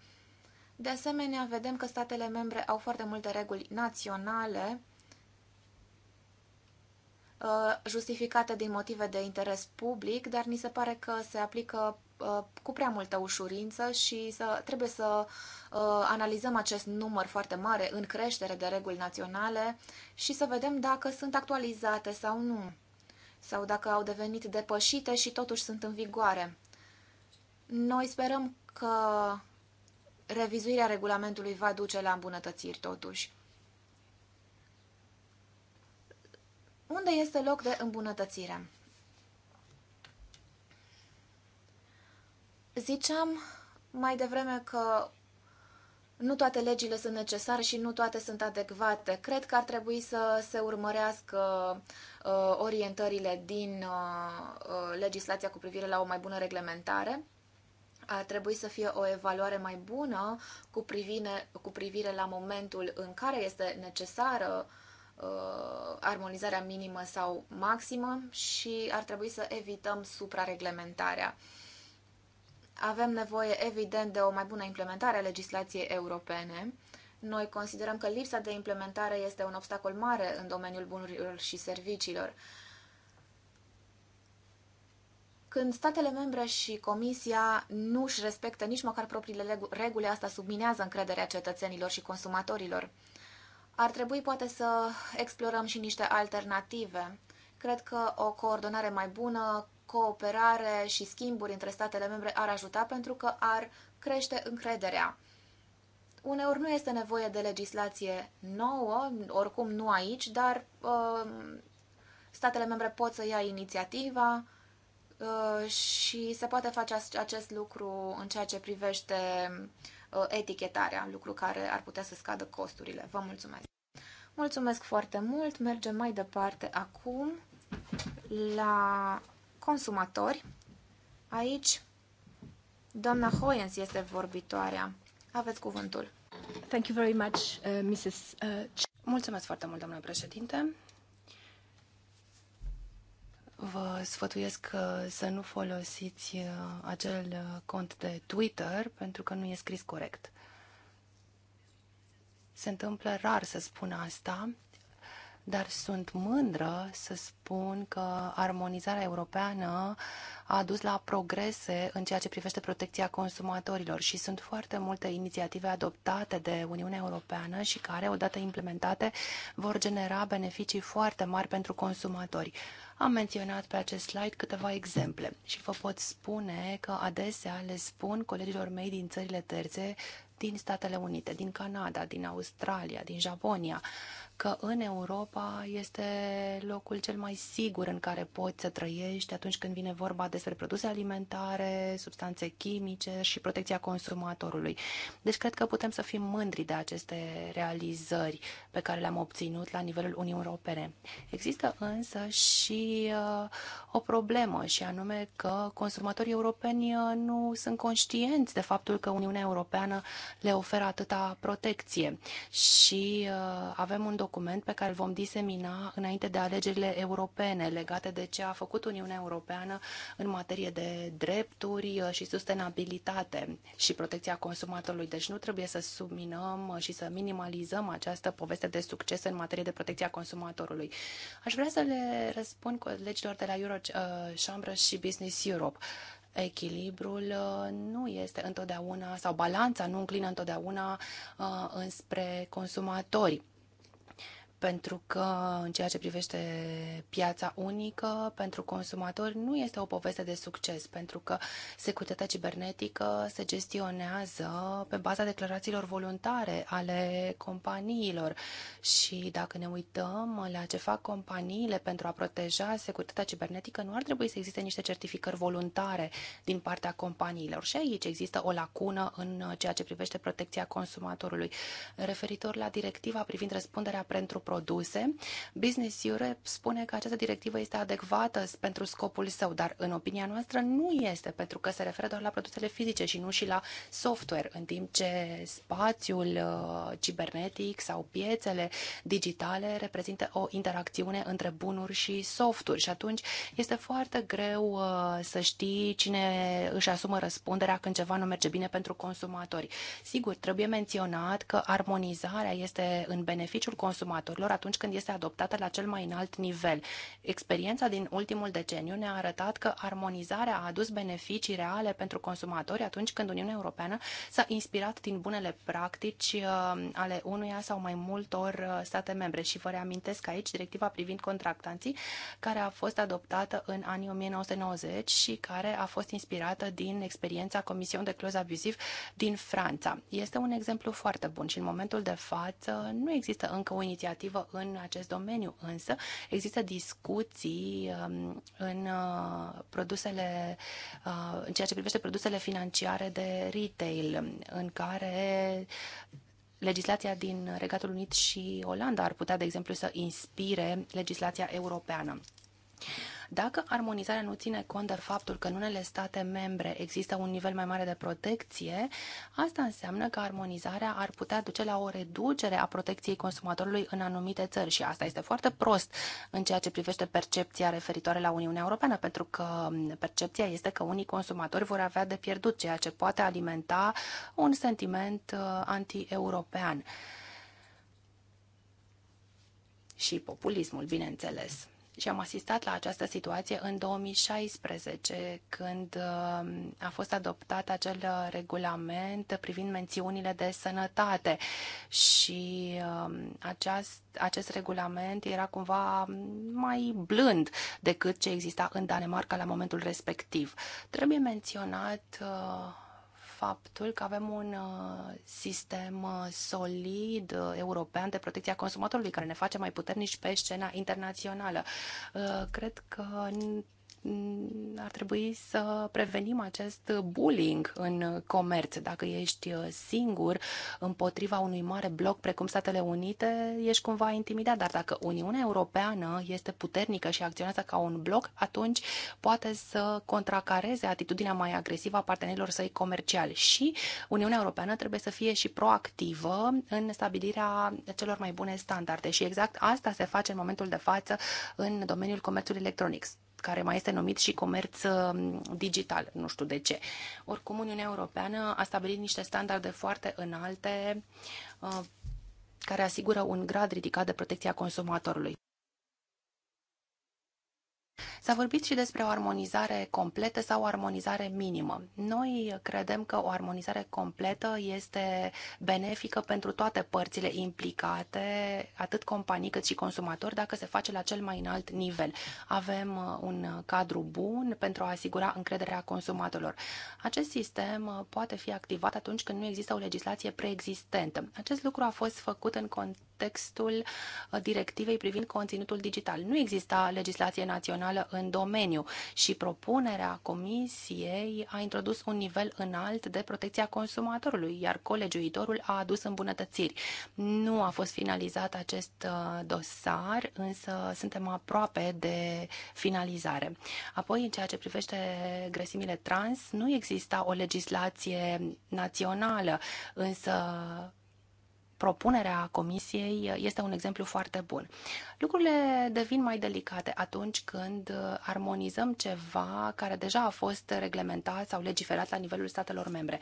De asemenea, vedem că statele membre au foarte multe reguli naționale uh, justificate din motive de interes public, dar ni se pare că se aplică uh, cu prea multă ușurință și să, trebuie să uh, analizăm acest număr foarte mare în creștere de reguli naționale și să vedem dacă sunt actualizate sau nu sau dacă au devenit depășite și totuși sunt în vigoare. Noi sperăm că revizuirea regulamentului va duce la îmbunătățiri totuși. Unde este loc de îmbunătățire? Ziceam mai devreme că nu toate legile sunt necesare și nu toate sunt adecvate. Cred că ar trebui să se urmărească uh, orientările din uh, uh legislația cu privire la o mai bună reglementare. Ar trebui să fie o evaluare mai bună cu privire, cu privire la momentul în care este necesară uh, armonizarea minimă sau maximă și ar trebui să evităm suprareglementarea. Uh, avem nevoie, evident, de o mai bună implementare a legislației europene. Noi considerăm că lipsa de implementare este un obstacol mare în domeniul bunurilor și serviciilor. Când statele membre și Comisia nu își respectă nici măcar propriile reguli, asta subminează încrederea cetățenilor și consumatorilor. Ar trebui poate să explorăm și niște alternative. Cred că o coordonare mai bună cooperare și schimburi între statele membre ar ajuta pentru că ar crește încrederea. Uneori nu este nevoie de legislație nouă, oricum nu aici, dar uh, statele membre pot să ia inițiativa uh, și se poate face acest lucru în ceea ce privește uh, etichetarea, lucru care ar putea să scadă costurile. Vă mulțumesc! Mulțumesc foarte mult! Mergem mai departe acum la consumatori. Aici, doamna Hoyens este vorbitoarea. Aveți cuvântul. Thank you very much, uh, Mrs. Uh, Mulțumesc foarte mult, doamna președinte. Vă sfătuiesc uh, să nu folosiți uh, acel uh, cont de Twitter pentru că nu e scris corect. Se întâmplă rar să spun asta, dar sunt mândră să spun că armonizarea europeană a dus la progrese în ceea ce privește protecția consumatorilor și sunt foarte multe inițiative adoptate de Uniunea Europeană și care, odată implementate, vor genera beneficii foarte mari pentru consumatori. Am menționat pe acest slide câteva exemple și vă pot spune că adesea le spun colegilor mei din țările terțe din Statele Unite, din Canada, din Australia, din Japonia, că în Europa este locul cel mai sigur în care poți să trăiești atunci când vine vorba despre produse alimentare, substanțe chimice și protecția consumatorului. Deci cred că putem să fim mândri de aceste realizări pe care le-am obținut la nivelul Uniunii Europene. Există însă și uh, o problemă și anume că consumatorii europeni uh, nu sunt conștienți de faptul că Uniunea Europeană le oferă atâta protecție și uh, avem un document pe care îl vom disemina înainte de alegerile europene legate de ce a făcut Uniunea Europeană în materie de drepturi uh, și sustenabilitate și protecția consumatorului. Deci nu trebuie să subminăm uh, și să minimalizăm această poveste de succes în materie de protecția consumatorului. Aș vrea să le răspund colegilor de la Eurochambră uh, și Business Europe echilibrul nu este întotdeauna sau balanța nu înclină întotdeauna înspre consumatori pentru că în ceea ce privește piața unică pentru consumatori nu este o poveste de succes, pentru că securitatea cibernetică se gestionează pe baza declarațiilor voluntare ale companiilor și dacă ne uităm la ce fac companiile pentru a proteja securitatea cibernetică, nu ar trebui să existe niște certificări voluntare din partea companiilor și aici există o lacună în ceea ce privește protecția consumatorului. Referitor la directiva privind răspunderea pentru produse. Business Europe spune că această directivă este adecvată pentru scopul său, dar în opinia noastră nu este, pentru că se referă doar la produsele fizice și nu și la software, în timp ce spațiul uh, cibernetic sau piețele digitale reprezintă o interacțiune între bunuri și softuri și atunci este foarte greu uh, să știi cine își asumă răspunderea când ceva nu merge bine pentru consumatori. Sigur, trebuie menționat că armonizarea este în beneficiul consumatorilor drepturilor atunci când este adoptată la cel mai înalt nivel. Experiența din ultimul deceniu ne-a arătat că armonizarea a adus beneficii reale pentru consumatori atunci când Uniunea Europeană s-a inspirat din bunele practici uh, ale unuia sau mai multor uh, state membre. Și vă reamintesc aici directiva privind contractanții, care a fost adoptată în anii 1990 și care a fost inspirată din experiența Comisiei de Cloz Abuziv din Franța. Este un exemplu foarte bun și în momentul de față nu există încă o inițiativă legislativă în acest domeniu, însă există discuții um, în uh, produsele, uh, în ceea ce privește produsele financiare de retail, în care legislația din Regatul Unit și Olanda ar putea, de exemplu, să inspire legislația europeană. Dacă armonizarea nu ține cont de faptul că în unele state membre există un nivel mai mare de protecție, asta înseamnă că armonizarea ar putea duce la o reducere a protecției consumatorului în anumite țări și asta este foarte prost în ceea ce privește percepția referitoare la Uniunea Europeană, pentru că percepția este că unii consumatori vor avea de pierdut, ceea ce poate alimenta un sentiment uh, anti-european. Și populismul, bineînțeles. Și am asistat la această situație în 2016, când um, a fost adoptat acel uh, regulament privind mențiunile de sănătate și um, aceast, acest regulament era cumva mai blând decât ce exista în Danemarca la momentul respectiv. Trebuie menționat uh, faptul că avem un uh, sistem uh, solid uh, european de protecție a consumatorului care ne face mai puternici pe scena internațională. Cred că ar trebui să prevenim acest bullying în comerț. Dacă ești uh, singur împotriva unui mare bloc precum Statele Unite, ești cumva intimidat, dar dacă Uniunea Europeană este puternică și acționează ca un bloc, atunci poate să contracareze atitudinea mai agresivă a partenerilor săi comerciali și Uniunea Europeană trebuie să fie și proactivă în stabilirea celor mai bune standarde și exact asta se face în momentul de față în domeniul comerțului electronic care mai este numit și comerț um, digital, nu știu de ce. Oricum, Uniunea Europeană a stabilit niște standarde foarte înalte uh, care asigură un grad ridicat de protecție a consumatorului. S-a vorbit și despre o armonizare completă sau o armonizare minimă. Noi credem că o armonizare completă este benefică pentru toate părțile implicate, atât companii cât și consumatori, dacă se face la cel mai înalt nivel. Avem uh, un cadru bun pentru a asigura încrederea consumatorilor. Acest sistem uh, poate fi activat atunci când nu există o legislație preexistentă. Acest lucru a fost făcut în context textul uh, directivei privind conținutul digital. Nu exista legislație națională în domeniu și propunerea Comisiei a introdus un nivel înalt de protecția consumatorului, iar colegiuitorul a adus îmbunătățiri. Nu a fost finalizat acest uh, dosar, însă suntem aproape de finalizare. Apoi, în ceea ce privește grăsimile trans, nu exista o legislație națională, însă propunerea comisiei uh, este un exemplu foarte bun. Lucrurile devin mai delicate atunci când uh, armonizăm ceva care deja a fost reglementat sau legiferat la nivelul statelor membre.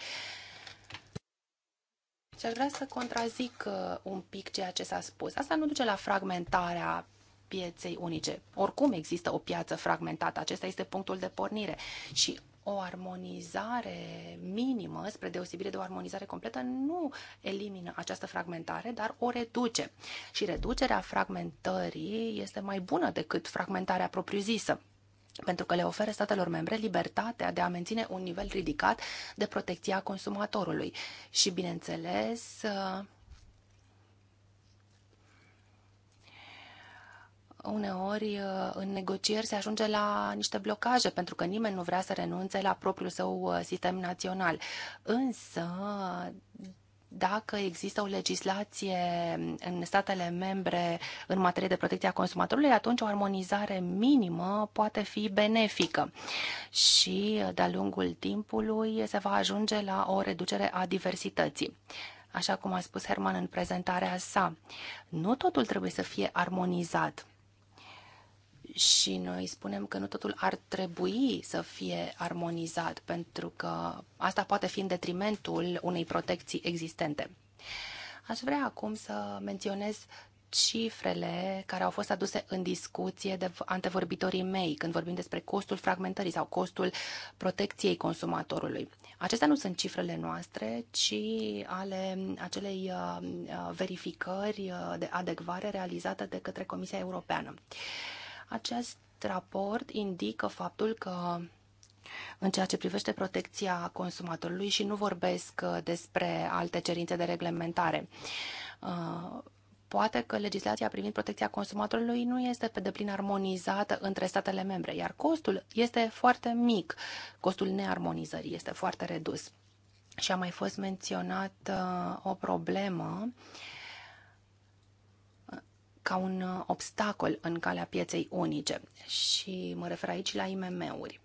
Și aș vrea să contrazic uh, un pic ceea ce s-a spus. Asta nu duce la fragmentarea pieței unice. Oricum există o piață fragmentată, acesta este punctul de pornire. Și o armonizare minimă, spre deosebire de o armonizare completă, nu elimină această fragmentare, dar o reduce. Și reducerea fragmentării este mai bună decât fragmentarea propriu-zisă pentru că le oferă statelor membre libertatea de a menține un nivel ridicat de protecție a consumatorului. Și, bineînțeles, uneori uh, în negocieri se ajunge la niște blocaje pentru că nimeni nu vrea să renunțe la propriul său uh, sistem național. Însă, dacă există o legislație în statele membre în materie de protecție a consumatorului, atunci o armonizare minimă poate fi benefică și uh, de-a lungul timpului se va ajunge la o reducere a diversității așa cum a spus Herman în prezentarea sa. Nu totul trebuie să fie armonizat și noi spunem că nu totul ar trebui să fie armonizat, pentru că asta poate fi în detrimentul unei protecții existente. Aș vrea acum să menționez cifrele care au fost aduse în discuție de antevorbitorii mei când vorbim despre costul fragmentării sau costul protecției consumatorului. Acestea nu sunt cifrele noastre, ci ale acelei uh, uh, verificări uh, de adecvare realizată de către Comisia Europeană. Acest raport indică faptul că în ceea ce privește protecția consumatorului și nu vorbesc uh, despre alte cerințe de reglementare. Uh, poate că legislația privind protecția consumatorului nu este pe deplin armonizată între statele membre, iar costul este foarte mic. Costul nearmonizării este foarte redus. Și a mai fost menționat uh, o problemă uh, ca un uh, obstacol în calea pieței unice și mă refer aici la IMM-uri.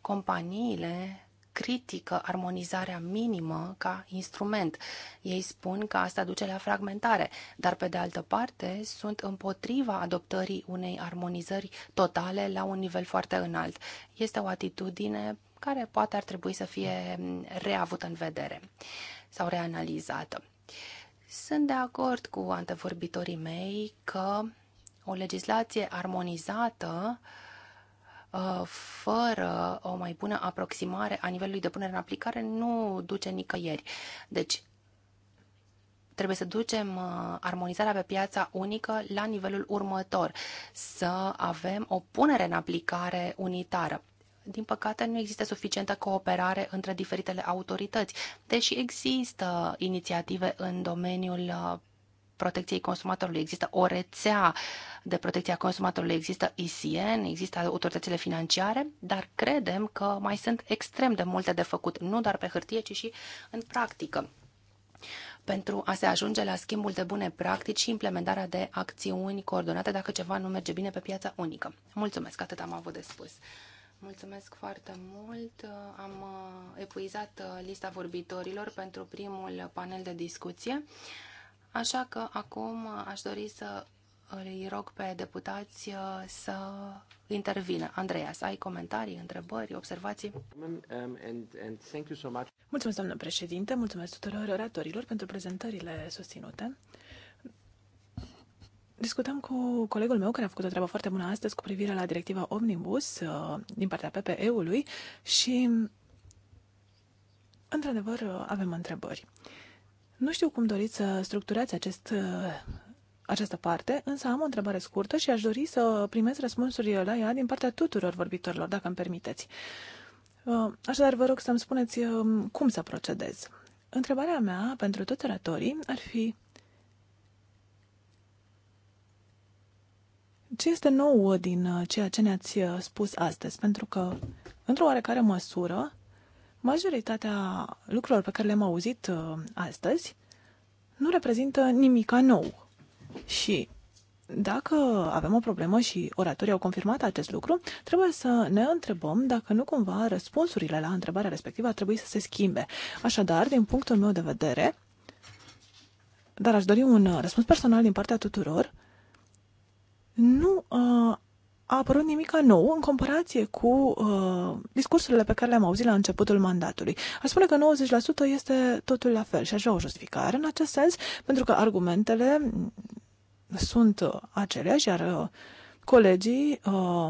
Companiile critică armonizarea minimă ca instrument. Ei spun că asta duce la fragmentare, dar pe de altă parte sunt împotriva adoptării unei armonizări totale la un nivel foarte înalt. Este o atitudine care poate ar trebui să fie mm, reavută în vedere sau reanalizată. Sunt de acord cu antevorbitorii mei că o legislație armonizată uh, fără o mai bună aproximare a nivelului de punere în aplicare nu duce nicăieri. Deci, trebuie să ducem uh, armonizarea pe piața unică la nivelul următor, să avem o punere în aplicare unitară din păcate, nu există suficientă cooperare între diferitele autorități, deși există inițiative în domeniul uh, protecției consumatorului, există o rețea de protecție a consumatorului, există ICN, există autoritățile financiare, dar credem că mai sunt extrem de multe de făcut, nu doar pe hârtie, ci și în practică pentru a se ajunge la schimbul de bune practici și implementarea de acțiuni coordonate dacă ceva nu merge bine pe piața unică. Mulțumesc, atât am avut de spus. Mulțumesc foarte mult. Am uh, epuizat uh, lista vorbitorilor pentru primul panel de discuție, așa că acum uh, aș dori să îi rog pe deputați să intervină. Andreas, ai comentarii, întrebări, observații? Um, um, mulțumesc, doamnă președinte, mulțumesc tuturor oratorilor pentru prezentările susținute. Discutam cu colegul meu care a făcut o treabă foarte bună astăzi cu privire la directiva Omnibus uh, din partea PPE-ului și, într-adevăr, uh, avem întrebări. Nu știu cum doriți să structurați acest, uh, această parte, însă am o întrebare scurtă și aș dori să primesc răspunsuri la ea din partea tuturor vorbitorilor, dacă îmi permiteți. Așadar, vă rog să-mi spuneți um, cum să procedez. Întrebarea mea pentru toți oratorii ar fi Ce este nou din uh, ceea ce ne-ați uh, spus astăzi? Pentru că, într-o oarecare măsură, majoritatea lucrurilor pe care le-am auzit uh, astăzi nu reprezintă nimica nou. Și dacă avem o problemă și oratorii au confirmat acest lucru, trebuie să ne întrebăm dacă nu cumva răspunsurile la întrebarea respectivă ar trebui să se schimbe. Așadar, din punctul meu de vedere, dar aș dori un răspuns personal din partea tuturor, nu uh, a apărut nimic nou în comparație cu uh, discursurile pe care le-am auzit la începutul mandatului. Aș spune că 90% este totul la fel și așa o justificare în acest sens, pentru că argumentele mm, sunt uh, aceleași, iar uh, colegii. Uh,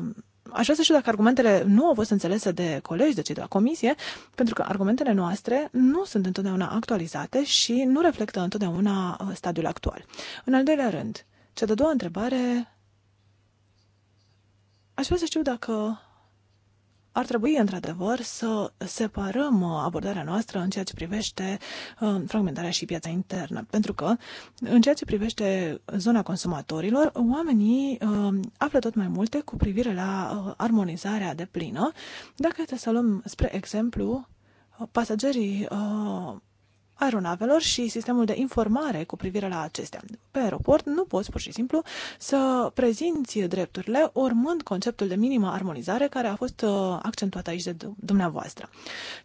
Aș vrea să știu dacă argumentele nu au fost înțelese de colegi, de cei de la comisie, pentru că argumentele noastre nu sunt întotdeauna actualizate și nu reflectă întotdeauna uh, stadiul actual. În al doilea rând, cea de-a doua întrebare Aș vrea să știu dacă ar trebui, într-adevăr, să separăm uh, abordarea noastră în ceea ce privește uh, fragmentarea și piața internă. Pentru că, în ceea ce privește zona consumatorilor, oamenii uh, află tot mai multe cu privire la armonizarea de plină. Dacă este să luăm, spre exemplu, pasagerii aeronavelor și sistemul de informare cu privire la acestea. Pe aeroport nu poți pur și simplu să prezinți drepturile urmând conceptul de minimă armonizare care a fost uh, accentuat aici de dumneavoastră.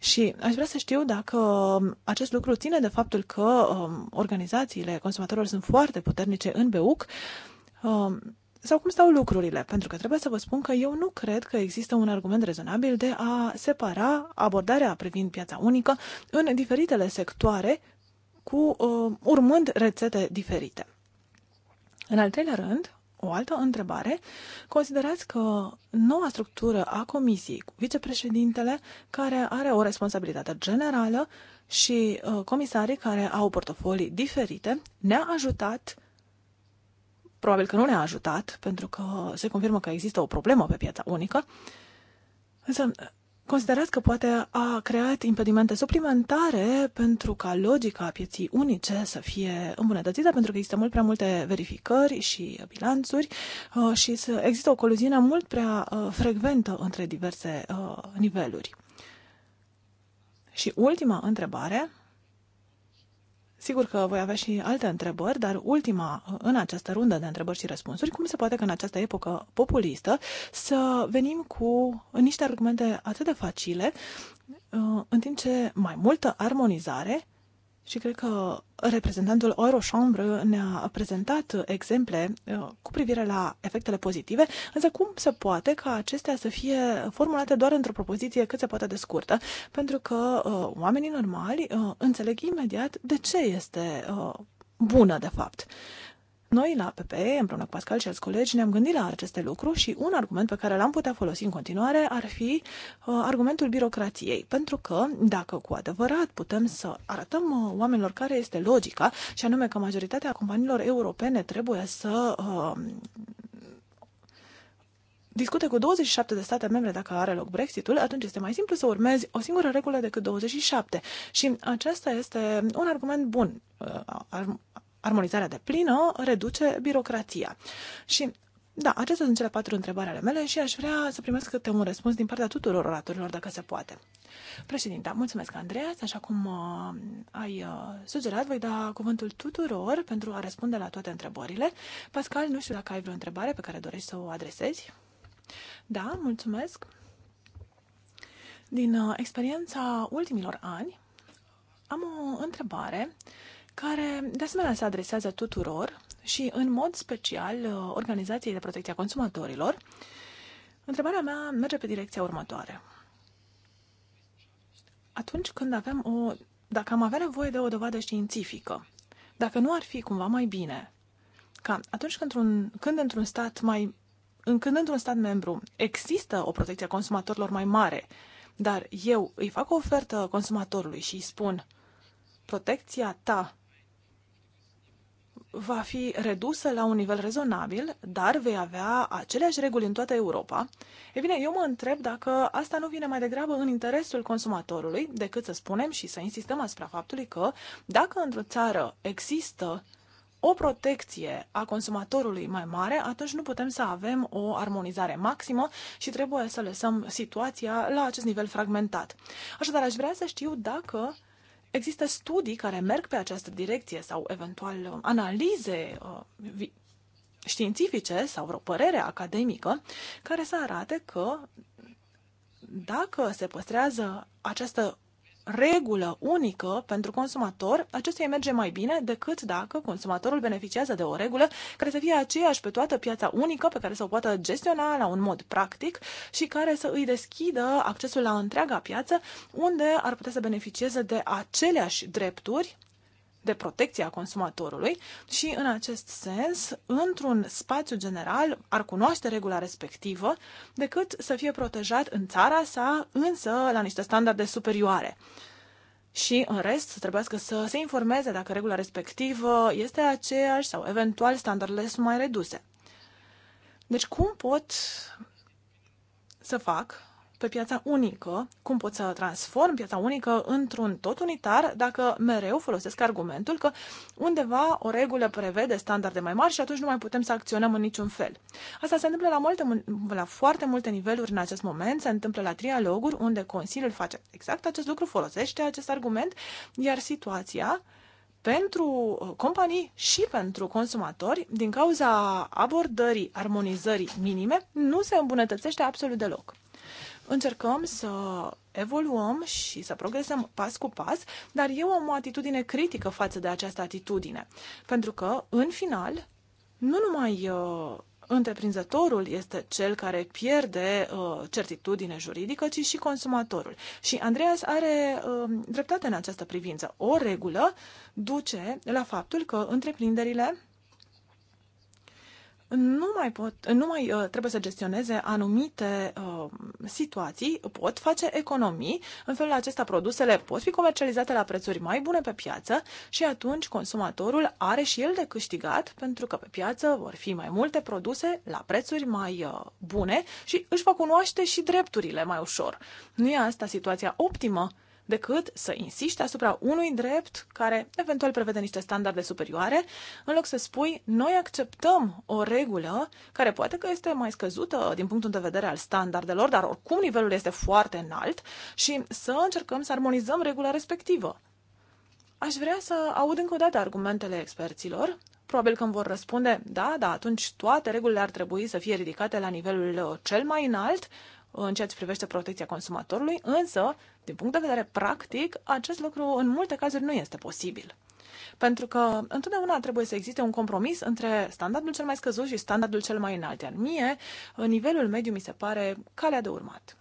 Și aș vrea să știu dacă um, acest lucru ține de faptul că um, organizațiile consumatorilor sunt foarte puternice în BEUC, um, sau cum stau lucrurile, pentru că trebuie să vă spun că eu nu cred că există un argument rezonabil de a separa abordarea privind piața unică în diferitele sectoare cu uh, urmând rețete diferite. În al treilea rând, o altă întrebare, considerați că noua structură a comisiei cu vicepreședintele care are o responsabilitate generală și uh, comisarii care au portofolii diferite ne-a ajutat probabil că nu ne-a ajutat, pentru că se confirmă că există o problemă pe piața unică, însă considerați că poate a creat impedimente suplimentare pentru ca logica pieții unice să fie îmbunătățită, pentru că există mult prea multe verificări și bilanțuri uh, și să există o coluziune mult prea uh, frecventă între diverse uh, niveluri. Și ultima întrebare Sigur că voi avea și alte întrebări, dar ultima în această rundă de întrebări și răspunsuri, cum se poate că în această epocă populistă să venim cu niște argumente atât de facile, uh, în timp ce mai multă armonizare și cred că reprezentantul Euroșombră ne-a prezentat uh, exemple uh, cu privire la efectele pozitive, însă cum se poate ca acestea să fie formulate doar într-o propoziție cât se poate de scurtă, pentru că uh, oamenii normali uh, înțeleg imediat de ce este uh, bună, de fapt. Noi, la PPE, împreună cu Pascal și alți colegi, ne-am gândit la aceste lucruri și un argument pe care l-am putea folosi în continuare ar fi uh, argumentul birocratiei. Pentru că, dacă cu adevărat putem să arătăm uh, oamenilor care este logica, și anume că majoritatea companiilor europene trebuie să uh, discute cu 27 de state membre dacă are loc Brexitul, atunci este mai simplu să urmezi o singură regulă decât 27. Și acesta este un argument bun. Uh, armonizarea de plină reduce birocrația. Și da, acestea sunt cele patru întrebări ale mele și aș vrea să primesc câte un răspuns din partea tuturor oratorilor, dacă se poate. Președinte, mulțumesc, Andreea. Așa cum uh, ai uh, sugerat, voi da cuvântul tuturor pentru a răspunde la toate întrebările. Pascal, nu știu dacă ai vreo întrebare pe care dorești să o adresezi. Da, mulțumesc. Din uh, experiența ultimilor ani, am o întrebare uh, care de asemenea se adresează tuturor și în mod special uh, Organizației de Protecție a Consumatorilor. Întrebarea mea merge pe direcția următoare. Atunci când avem o... Dacă am avea nevoie de o dovadă științifică, dacă nu ar fi cumva mai bine ca atunci când, într-un, când într-un stat mai în când într-un stat membru există o protecție a consumatorilor mai mare, dar eu îi fac o ofertă consumatorului și îi spun protecția ta va fi redusă la un nivel rezonabil, dar vei avea aceleași reguli în toată Europa, e bine, eu mă întreb dacă asta nu vine mai degrabă în interesul consumatorului decât să spunem și să insistăm asupra faptului că dacă într-o țară există o protecție a consumatorului mai mare, atunci nu putem să avem o armonizare maximă și trebuie să lăsăm situația la acest nivel fragmentat. Așadar, aș vrea să știu dacă există studii care merg pe această direcție sau eventual um, analize uh, științifice sau vreo părere academică care să arate că dacă se păstrează această regulă unică pentru consumator, acestuia merge mai bine decât dacă consumatorul beneficiază de o regulă care să fie aceeași pe toată piața unică, pe care să o poată gestiona la un mod practic și care să îi deschidă accesul la întreaga piață, unde ar putea să beneficieze de aceleași drepturi de protecție a consumatorului și, în acest sens, într-un spațiu general ar cunoaște regula respectivă decât să fie protejat în țara sa, însă la niște standarde superioare. Și, în rest, să trebuiască să se informeze dacă regula respectivă este aceeași sau, eventual, standardele sunt mai reduse. Deci, cum pot să fac pe piața unică, cum pot să transform piața unică într-un tot unitar dacă mereu folosesc argumentul că undeva o regulă prevede standarde mai mari și atunci nu mai putem să acționăm în niciun fel. Asta se întâmplă la, multe, la foarte multe niveluri în acest moment, se întâmplă la trialoguri unde Consiliul face exact acest lucru, folosește acest argument, iar situația pentru uh, companii și pentru consumatori, din cauza abordării armonizării minime, nu se îmbunătățește absolut deloc. Încercăm să evoluăm și să progresăm pas cu pas, dar eu am o atitudine critică față de această atitudine. Pentru că, în final, nu numai uh, întreprinzătorul este cel care pierde uh, certitudine juridică, ci și consumatorul. Și Andreas are uh, dreptate în această privință. O regulă duce la faptul că întreprinderile nu mai, pot, nu mai uh, trebuie să gestioneze anumite uh, situații, pot face economii. În felul acesta, produsele pot fi comercializate la prețuri mai bune pe piață și atunci consumatorul are și el de câștigat, pentru că pe piață vor fi mai multe produse la prețuri mai uh, bune și își va cunoaște și drepturile mai ușor. Nu e asta situația optimă? decât să insiști asupra unui drept care eventual prevede niște standarde superioare, în loc să spui noi acceptăm o regulă care poate că este mai scăzută din punctul de vedere al standardelor, dar oricum nivelul este foarte înalt și să încercăm să armonizăm regula respectivă. Aș vrea să aud încă o dată argumentele experților. Probabil că îmi vor răspunde, da, da, atunci toate regulile ar trebui să fie ridicate la nivelul cel mai înalt, în ceea ce privește protecția consumatorului, însă, din punct de vedere practic, acest lucru în multe cazuri nu este posibil. Pentru că întotdeauna trebuie să existe un compromis între standardul cel mai scăzut și standardul cel mai înalt, iar mie nivelul mediu mi se pare calea de urmat.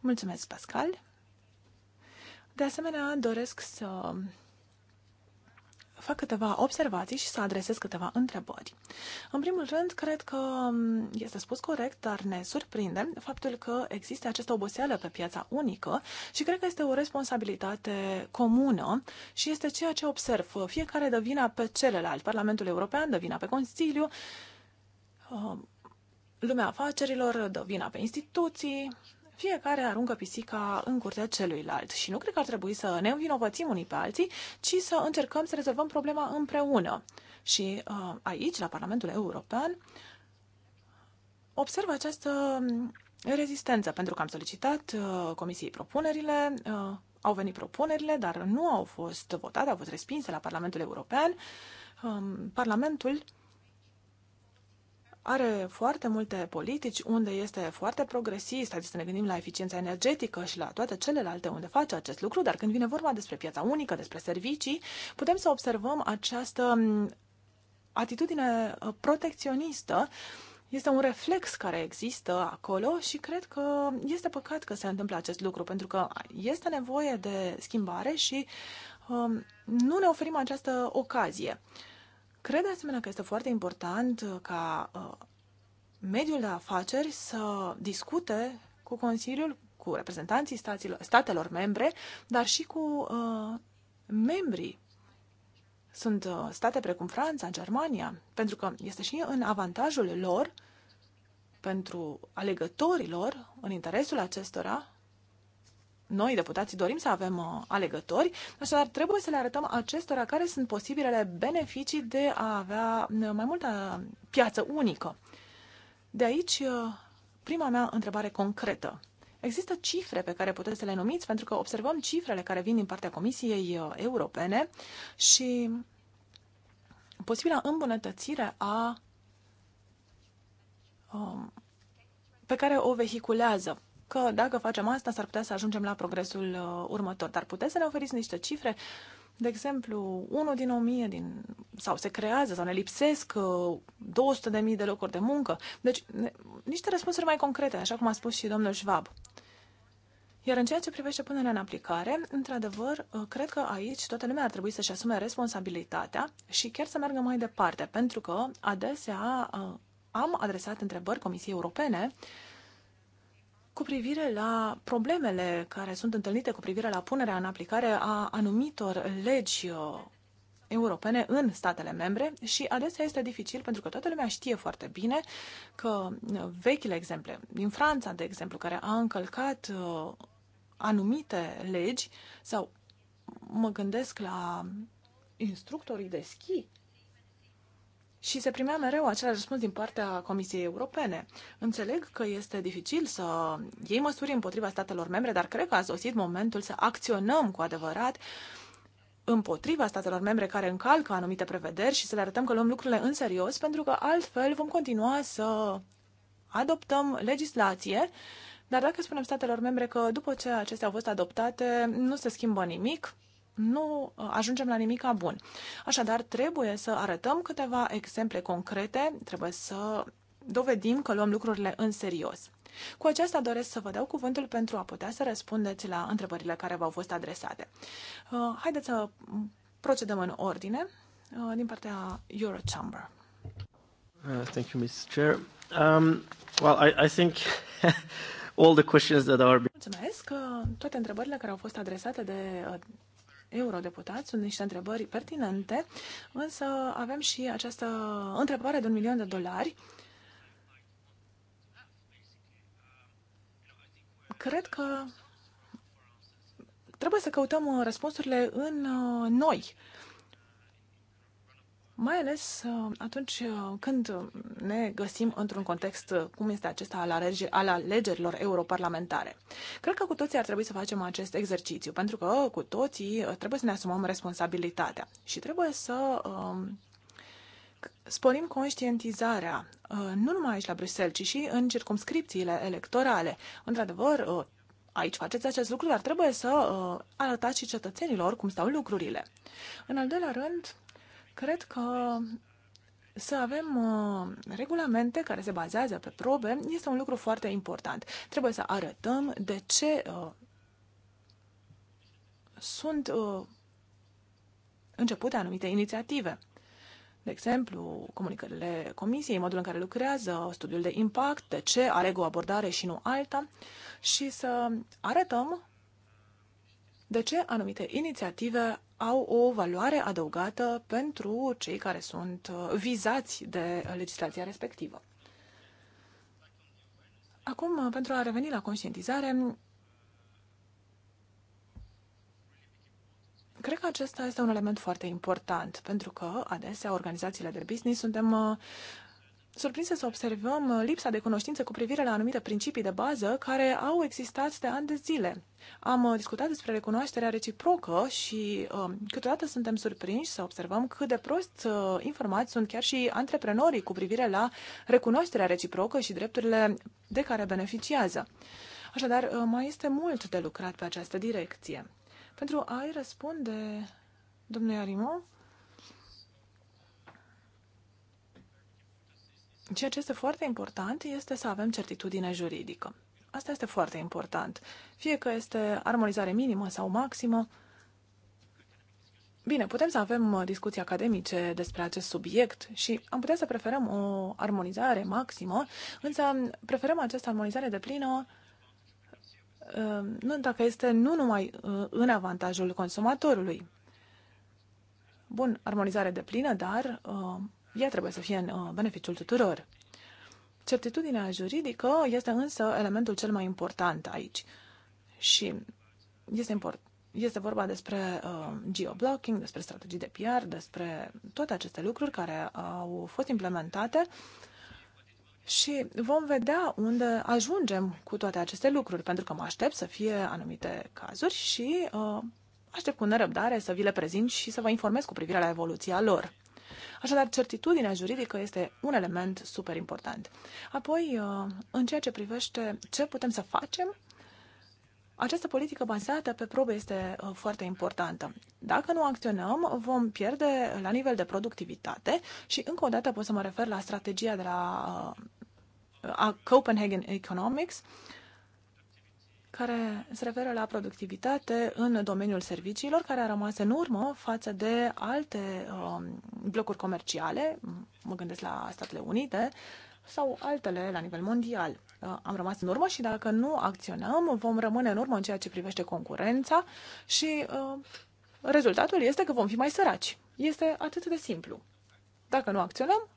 Mulțumesc, Pascal! De asemenea, doresc să fac câteva observații și să adresez câteva întrebări. În primul rând, cred că mm, este spus corect, dar ne surprinde faptul că există această oboseală pe piața unică și cred că este o responsabilitate comună și este ceea ce observ. Fiecare dă vina pe celălalt. Parlamentul European dă vina pe Consiliu, uh, lumea afacerilor dă vina pe instituții, fiecare aruncă pisica în curtea celuilalt și nu cred că ar trebui să ne învinovățim unii pe alții, ci să încercăm să rezolvăm problema împreună. Și uh, aici, la Parlamentul European, observ această mm, rezistență, pentru că am solicitat uh, Comisiei propunerile, uh, au venit propunerile, dar nu au fost votate, au fost respinse la Parlamentul European. Um, Parlamentul are foarte multe politici unde este foarte progresist, adică să ne gândim la eficiența energetică și la toate celelalte unde face acest lucru, dar când vine vorba despre piața unică, despre servicii, putem să observăm această mm, atitudine uh, protecționistă este un reflex care există acolo și cred că este păcat că se întâmplă acest lucru, pentru că este nevoie de schimbare și um, nu ne oferim această ocazie. Uh, Cred de asemenea că este foarte important uh, ca uh, mediul de afaceri să discute cu Consiliul, cu reprezentanții staților, statelor membre, dar și cu uh, membrii. Sunt uh, state precum Franța, Germania, pentru că este și în avantajul lor, pentru alegătorilor, în interesul acestora, noi, deputații, dorim să avem uh, alegători, așadar trebuie să le arătăm acestora care sunt posibilele beneficii de a avea uh, mai multă piață unică. De aici, uh, prima mea întrebare concretă. Există cifre pe care puteți să le numiți, pentru că observăm cifrele care vin din partea Comisiei Europene și posibilă îmbunătățire a, um, pe care o vehiculează că dacă facem asta, s-ar putea să ajungem la progresul uh, următor. Dar puteți să ne oferiți niște cifre? De exemplu, unul din o mie din, sau se creează sau ne lipsesc 200.000 uh, de de locuri de muncă. Deci, ne, niște răspunsuri mai concrete, așa cum a spus și domnul Schwab. Iar în ceea ce privește punerea în aplicare, într-adevăr, uh, cred că aici toată lumea ar trebui să-și asume responsabilitatea și chiar să meargă mai departe, pentru că adesea am adresat întrebări Comisiei Europene uh, cu privire la problemele care sunt întâlnite cu privire la punerea în aplicare a anumitor legi uh, europene în statele membre și adesea este dificil pentru că toată lumea știe foarte bine că uh, vechile exemple, din Franța, de exemplu, care a încălcat uh, anumite legi sau mă gândesc la instructorii de schi și se primea mereu același răspuns din partea Comisiei Europene. Înțeleg că este dificil să iei măsuri împotriva statelor membre, dar cred că a sosit momentul să acționăm cu adevărat împotriva statelor membre care încalcă anumite prevederi și să le arătăm că luăm lucrurile în serios, pentru că altfel vom continua să adoptăm legislație, dar dacă spunem statelor membre că după ce acestea au fost adoptate nu se schimbă nimic, nu uh, ajungem la nimica bun. Așadar, trebuie să arătăm câteva exemple concrete, trebuie să dovedim că luăm lucrurile în serios. Cu aceasta doresc să vă dau cuvântul pentru a putea să răspundeți la întrebările care v-au fost adresate. Uh, haideți să procedăm în ordine uh, din partea Eurochamber. Uh, thank you, Mrs. Chair. Um, well, I, I think all the questions that are... Mulțumesc. Toate întrebările care au fost adresate de eurodeputați. Sunt niște întrebări pertinente, însă avem și această întrebare de un milion de dolari. Cred că trebuie să căutăm uh, răspunsurile în uh, noi mai ales uh, atunci uh, când ne găsim într-un context uh, cum este acesta al, alege- al alegerilor europarlamentare. Cred că cu toții ar trebui să facem acest exercițiu, pentru că cu toții trebuie să ne asumăm responsabilitatea și trebuie să um, sporim conștientizarea, nu numai aici la Bruxelles, ci și în circumscripțiile electorale. Într-adevăr, aici faceți acest lucru, dar trebuie să arătați și cetățenilor cum stau lucrurile. În al doilea rând, Cred că să avem uh, regulamente care se bazează pe probe este un lucru foarte important. Trebuie să arătăm de ce uh, sunt uh, începute anumite inițiative. De exemplu, comunicările comisiei, modul în care lucrează, studiul de impact, de ce aleg o abordare și nu alta și să arătăm de ce anumite inițiative au o valoare adăugată pentru cei care sunt uh, vizați de legislația respectivă. Acum, uh, pentru a reveni la conștientizare, Cred că acesta este un element foarte important, pentru că adesea organizațiile de business suntem uh, surprinse să observăm uh, lipsa de cunoștință cu privire la anumite principii de bază care au existat de ani de zile. Am uh, discutat despre recunoașterea reciprocă și uh, câteodată suntem surprinși să observăm cât de prost informați sunt chiar și antreprenorii cu privire la recunoașterea reciprocă și drepturile de care beneficiază. Așadar, mai este mult de lucrat pe această direcție. Pentru a-i răspunde, domnule Arimo, Ceea ce este foarte important este să avem certitudine juridică. Asta este foarte important. Fie că este armonizare minimă sau maximă, Bine, putem să avem uh, discuții academice despre acest subiect și am putea să preferăm o armonizare maximă, însă preferăm această armonizare de plină uh, nu dacă este nu numai uh, în avantajul consumatorului. Bun, armonizare de plină, dar ea trebuie să fie în uh, beneficiul tuturor. Certitudinea juridică este însă elementul cel mai important aici. Și este, import, este vorba despre uh, geoblocking, despre strategii de PR, despre toate aceste lucruri care au fost implementate și vom vedea unde ajungem cu toate aceste lucruri, pentru că mă aștept să fie anumite cazuri și uh, aștept cu nerăbdare să vi le prezint și să vă informez cu privire la evoluția lor. Așadar, certitudinea juridică este un element super important. Apoi, uh, în ceea ce privește ce putem să facem, această politică bazată pe probe este uh, foarte importantă. Dacă nu acționăm, vom pierde la nivel de productivitate și încă o dată pot să mă refer la strategia de la uh, a Copenhagen Economics, care se referă la productivitate în domeniul serviciilor, care a rămas în urmă față de alte um, blocuri comerciale, mă gândesc la Statele Unite, sau altele la nivel mondial. Uh, am rămas în urmă și dacă nu acționăm, vom rămâne în urmă în ceea ce privește concurența și uh, rezultatul este că vom fi mai săraci. Este atât de simplu. Dacă nu acționăm,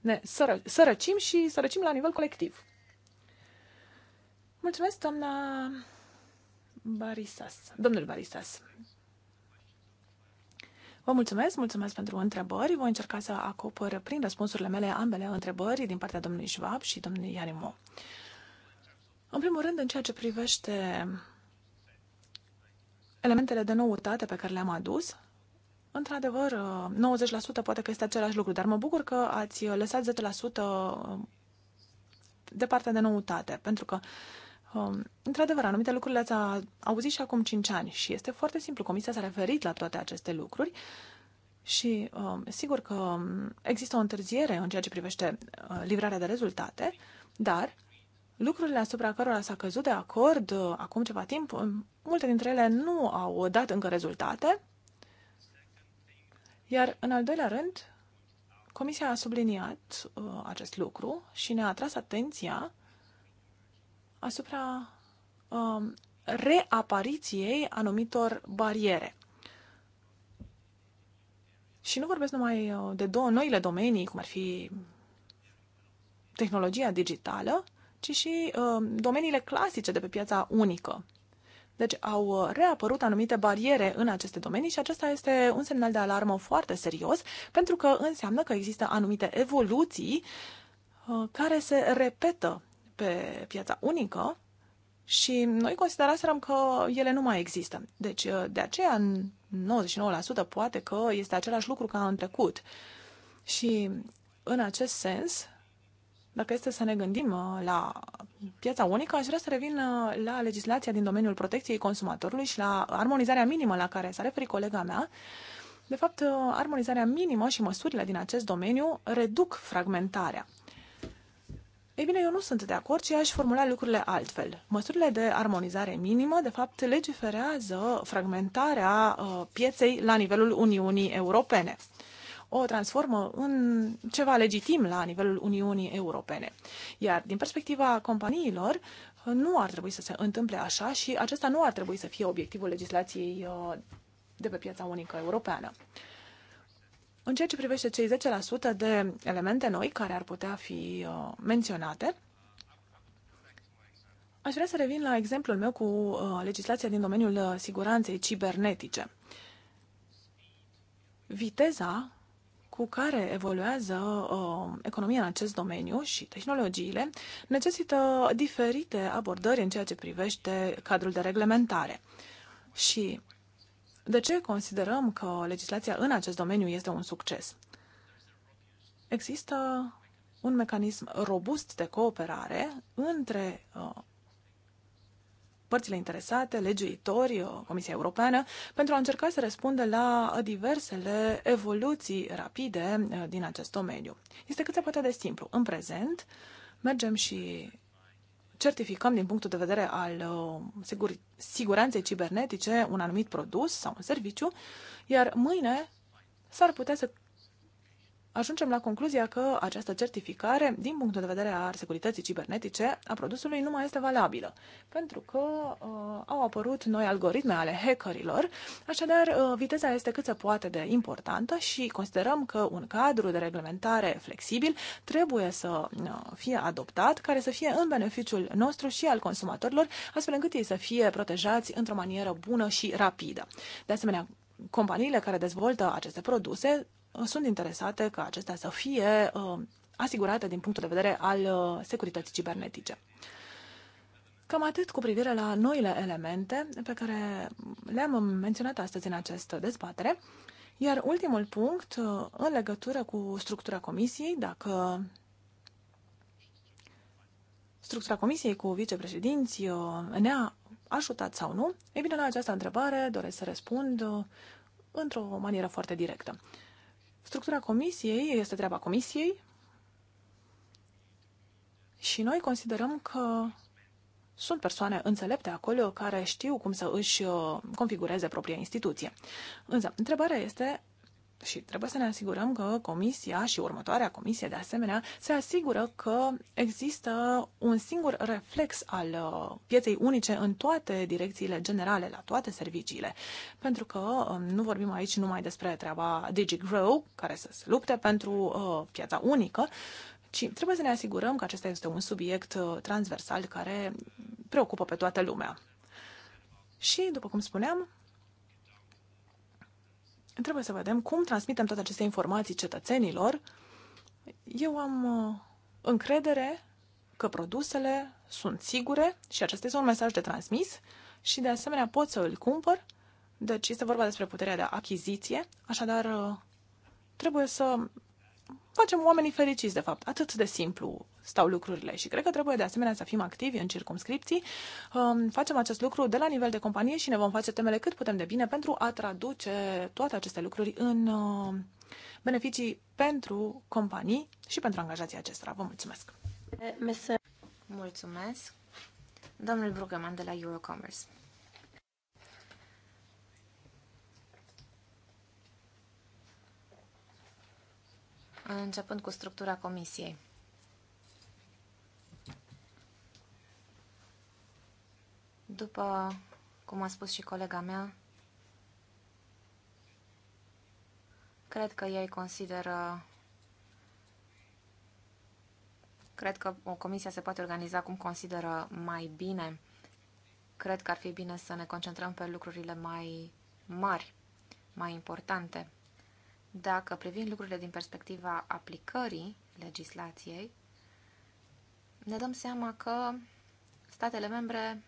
ne sără- sărăcim și sărăcim la nivel colectiv. Mulțumesc, doamna Barisas. Domnul Barisas. Vă mulțumesc, mulțumesc pentru întrebări. Voi încerca să acopăr prin răspunsurile mele ambele întrebări din partea domnului Schwab și domnului Iarimo. În primul rând, în ceea ce privește elementele de noutate pe care le-am adus, într-adevăr, 90% poate că este același lucru, dar mă bucur că ați lăsat 10% de partea de noutate, pentru că Um, într-adevăr, anumite lucruri le-ați auzit și acum 5 ani și este foarte simplu. Comisia s-a referit la toate aceste lucruri și um, sigur că um, există o întârziere în ceea ce privește uh, livrarea de rezultate, dar lucrurile asupra cărora s-a căzut de acord uh, acum ceva timp, um, multe dintre ele nu au dat încă rezultate. Iar în al doilea rând, Comisia a subliniat uh, acest lucru și ne-a atras atenția asupra um, reapariției anumitor bariere. Și nu vorbesc numai uh, de două noile domenii, cum ar fi tehnologia digitală, ci și um, domeniile clasice de pe piața unică. Deci au uh, reapărut anumite bariere în aceste domenii și acesta este un semnal de alarmă foarte serios, pentru că înseamnă că există anumite evoluții uh, care se repetă pe piața unică și noi consideraserăm că ele nu mai există. Deci, uh, de aceea, 99% poate că este același lucru ca în trecut. Și, în acest sens, dacă este să ne gândim uh, la piața unică, aș vrea să revin uh, la legislația din domeniul protecției consumatorului și la armonizarea minimă la care s-a referit colega mea. De fapt, armonizarea minimă și măsurile din acest domeniu reduc fragmentarea. Ei bine, eu nu sunt de acord și aș formula lucrurile altfel. Măsurile de armonizare minimă, de fapt, legiferează fragmentarea uh, pieței la nivelul Uniunii Europene. O transformă în ceva legitim la nivelul Uniunii Europene. Iar din perspectiva companiilor, uh, nu ar trebui să se întâmple așa și acesta nu ar trebui să fie obiectivul legislației uh, de pe piața unică europeană. În ceea ce privește cei 10% de elemente noi care ar putea fi uh, menționate, aș vrea să revin la exemplul meu cu uh, legislația din domeniul uh, siguranței cibernetice. Viteza cu care evoluează uh, economia în acest domeniu și tehnologiile necesită diferite abordări în ceea ce privește cadrul de reglementare. Și de ce considerăm că legislația în acest domeniu este un succes? Există un mecanism robust de cooperare între uh, părțile interesate, legiuitori, uh, Comisia Europeană, pentru a încerca să răspundă la diversele evoluții rapide uh, din acest domeniu. Este cât se poate de simplu. În prezent, mergem și certificăm din punctul de vedere al uh, sigur, siguranței cibernetice un anumit produs sau un serviciu, iar mâine s-ar putea să ajungem la concluzia că această certificare, din punctul de vedere al securității cibernetice a produsului, nu mai este valabilă, pentru că uh, au apărut noi algoritme ale hackerilor, așadar uh, viteza este cât se poate de importantă și considerăm că un cadru de reglementare flexibil trebuie să uh, fie adoptat, care să fie în beneficiul nostru și al consumatorilor, astfel încât ei să fie protejați într-o manieră bună și rapidă. De asemenea, companiile care dezvoltă aceste produse sunt interesate ca acestea să fie uh, asigurate din punctul de vedere al uh, securității cibernetice. Cam atât cu privire la noile elemente pe care le-am menționat astăzi în această dezbatere. Iar ultimul punct, uh, în legătură cu structura comisiei, dacă structura comisiei cu vicepreședinți ne-a ajutat sau nu, e bine, la această întrebare doresc să răspund într-o manieră foarte directă. Structura comisiei este treaba comisiei și noi considerăm că sunt persoane înțelepte acolo care știu cum să își uh, configureze propria instituție. Însă, întrebarea este și trebuie să ne asigurăm că comisia și următoarea comisie de asemenea se asigură că există un singur reflex al uh, pieței unice în toate direcțiile generale, la toate serviciile. Pentru că um, nu vorbim aici numai despre treaba DigiGrow, care să se lupte pentru uh, piața unică, ci trebuie să ne asigurăm că acesta este un subiect uh, transversal care preocupă pe toată lumea. Și, după cum spuneam, Trebuie să vedem cum transmitem toate aceste informații cetățenilor. Eu am uh, încredere că produsele sunt sigure și acesta este un mesaj de transmis și de asemenea pot să îl cumpăr. Deci este vorba despre puterea de achiziție, așadar uh, trebuie să facem oamenii fericiți, de fapt. Atât de simplu stau lucrurile și cred că trebuie de asemenea să fim activi în circumscripții. Um, facem acest lucru de la nivel de companie și ne vom face temele cât putem de bine pentru a traduce toate aceste lucruri în uh, beneficii pentru companii și pentru angajații acestora. Vă mulțumesc! Mulțumesc! Domnul Brugeman de la Eurocommerce. Începând cu structura comisiei. După cum a spus și colega mea, cred că ei consideră cred că o comisia se poate organiza cum consideră mai bine. Cred că ar fi bine să ne concentrăm pe lucrurile mai mari, mai importante. Dacă privim lucrurile din perspectiva aplicării legislației, ne dăm seama că statele membre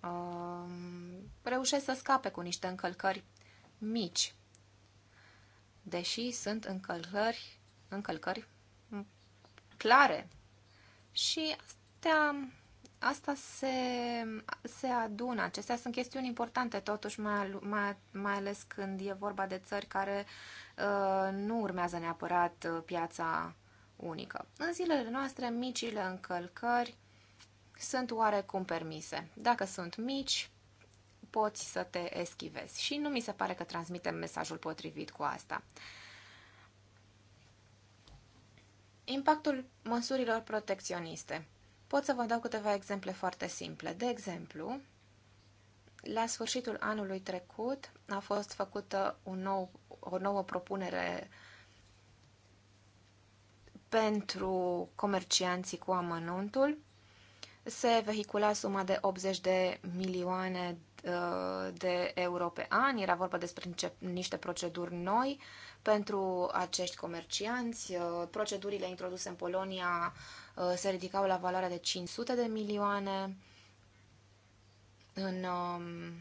Um, reușesc să scape cu niște încălcări mici, deși sunt încălcări, încălcări clare. Și astea, asta se, se adună. Acestea sunt chestiuni importante, totuși, mai, mai, mai ales când e vorba de țări care uh, nu urmează neapărat uh, piața unică. În zilele noastre, micile încălcări sunt oarecum permise. Dacă sunt mici, poți să te eschivezi. Și nu mi se pare că transmitem mesajul potrivit cu asta. Impactul măsurilor protecționiste. Pot să vă dau câteva exemple foarte simple. De exemplu, la sfârșitul anului trecut a fost făcută un nou, o nouă propunere pentru comercianții cu amănuntul se vehicula suma de 80 de milioane uh, de euro pe an. Era vorba despre niște proceduri noi pentru acești comercianți. Uh, procedurile introduse în Polonia uh, se ridicau la valoarea de 500 de milioane. În um,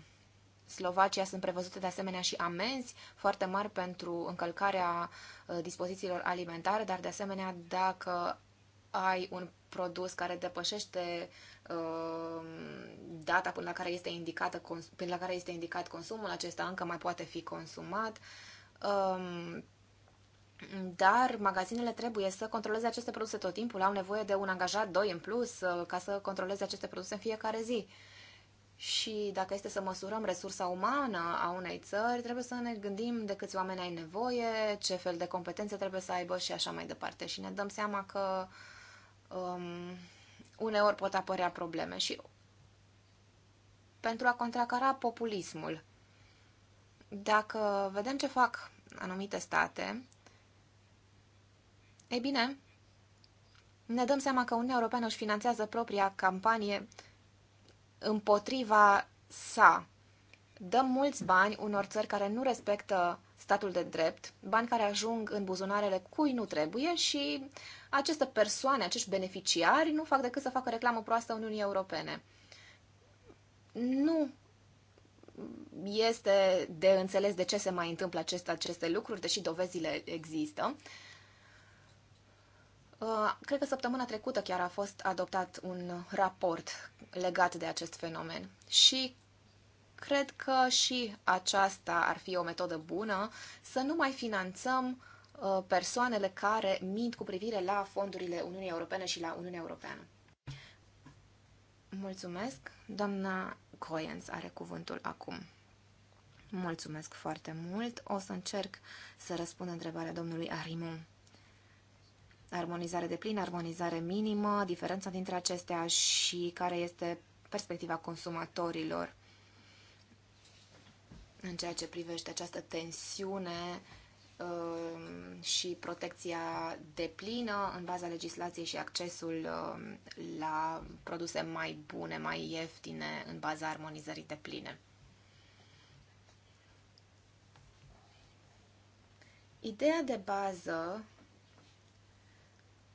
Slovacia sunt prevăzute de asemenea și amenzi foarte mari pentru încălcarea dispozițiilor alimentare, dar de asemenea dacă ai un produs care depășește uh, data până la care este indicată până la care este indicat consumul, acesta încă mai poate fi consumat. Um, dar magazinele trebuie să controleze aceste produse tot timpul, au nevoie de un angajat, doi în plus, uh, ca să controleze aceste produse în fiecare zi. Și dacă este să măsurăm resursa umană a unei țări, trebuie să ne gândim de câți oameni ai nevoie, ce fel de competențe trebuie să aibă și așa mai departe. Și ne dăm seama că uh, um, uneori pot apărea probleme și pentru a contracara populismul. Dacă vedem ce fac anumite state, ei bine, ne dăm seama că Uniunea Europeană își finanțează propria campanie împotriva sa. Dăm mulți bani unor țări care nu respectă statul de drept, bani care ajung în buzunarele cui nu trebuie și aceste persoane, acești beneficiari, nu fac decât să facă reclamă proastă Uniunii Europene. Nu este de înțeles de ce se mai întâmplă aceste, aceste lucruri, deși dovezile există. Uh, cred că săptămâna trecută chiar a fost adoptat un raport legat de acest fenomen și cred că și aceasta ar fi o metodă bună, să nu mai finanțăm uh, persoanele care mint cu privire la fondurile Uniunii Europene și la Uniunea Europeană. Mulțumesc. Doamna Goyens are cuvântul acum. Mulțumesc foarte mult. O să încerc să răspund întrebarea domnului Arimu. Armonizare de plin, armonizare minimă, diferența dintre acestea și care este perspectiva consumatorilor în ceea ce privește această tensiune um, și protecția deplină în baza legislației și accesul um, la produse mai bune, mai ieftine în baza armonizării pline. Ideea de bază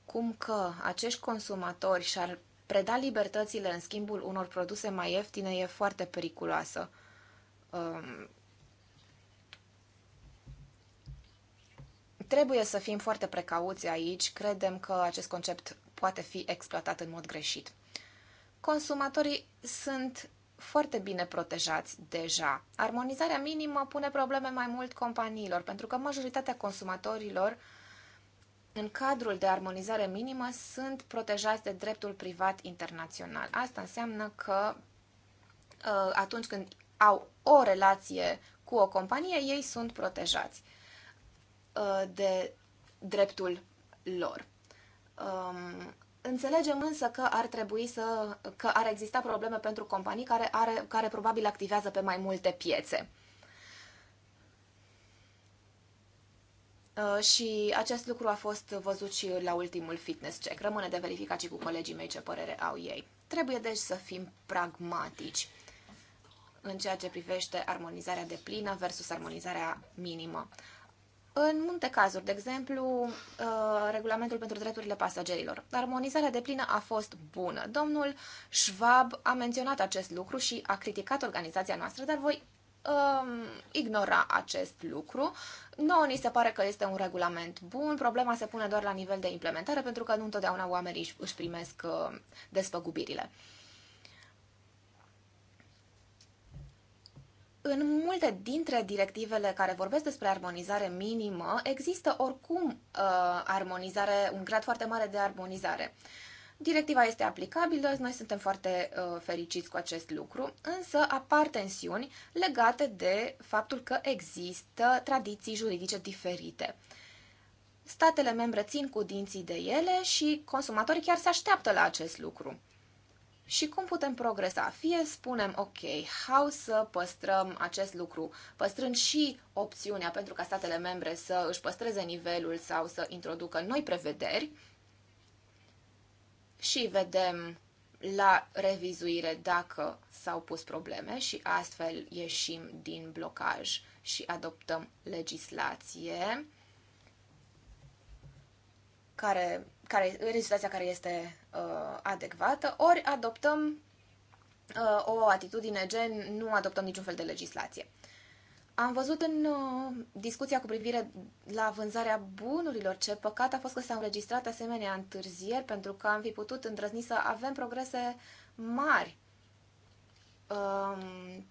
cum că acești consumatori și-ar preda libertățile în schimbul unor produse mai ieftine e foarte periculoasă um, Trebuie să fim foarte precauți aici, credem că acest concept poate fi exploatat în mod greșit. Consumatorii sunt foarte bine protejați deja. Armonizarea minimă pune probleme mai mult companiilor, pentru că majoritatea consumatorilor în cadrul de armonizare minimă sunt protejați de dreptul privat internațional. Asta înseamnă că uh, atunci când au o relație cu o companie, ei sunt protejați. Uh, de dreptul lor. Um, înțelegem însă că ar trebui să, că ar exista probleme pentru companii care, are, care probabil activează pe mai multe piețe. Uh, și acest lucru a fost văzut și la ultimul fitness check. Rămâne de verificat și cu colegii mei ce părere au ei. Trebuie deci să fim pragmatici în ceea ce privește armonizarea de plină versus armonizarea minimă în multe cazuri, de exemplu, uh, regulamentul pentru drepturile pasagerilor. Armonizarea de plină a fost bună. Domnul Schwab a menționat acest lucru și a criticat organizația noastră, dar voi um, ignora acest lucru. Nouă ni se pare că este un regulament bun, problema se pune doar la nivel de implementare, pentru că nu întotdeauna oamenii își primesc uh, despăgubirile. În multe dintre directivele care vorbesc despre armonizare minimă, există oricum uh, armonizare, un grad foarte mare de armonizare. Directiva este aplicabilă, noi suntem foarte uh, fericiți cu acest lucru, însă apar tensiuni legate de faptul că există tradiții juridice diferite. Statele membre țin cu dinții de ele și consumatorii chiar se așteaptă la acest lucru. Și cum putem progresa? Fie spunem, ok, how să păstrăm acest lucru, păstrând și opțiunea pentru ca statele membre să își păstreze nivelul sau să introducă noi prevederi și vedem la revizuire dacă s-au pus probleme și astfel ieșim din blocaj și adoptăm legislație care care, legislația care este uh, adecvată, ori adoptăm uh, o atitudine gen nu adoptăm niciun fel de legislație. Am văzut în uh, discuția cu privire la vânzarea bunurilor ce păcat a fost că s-au înregistrat asemenea întârzieri pentru că am fi putut îndrăzni să avem progrese mari. Um,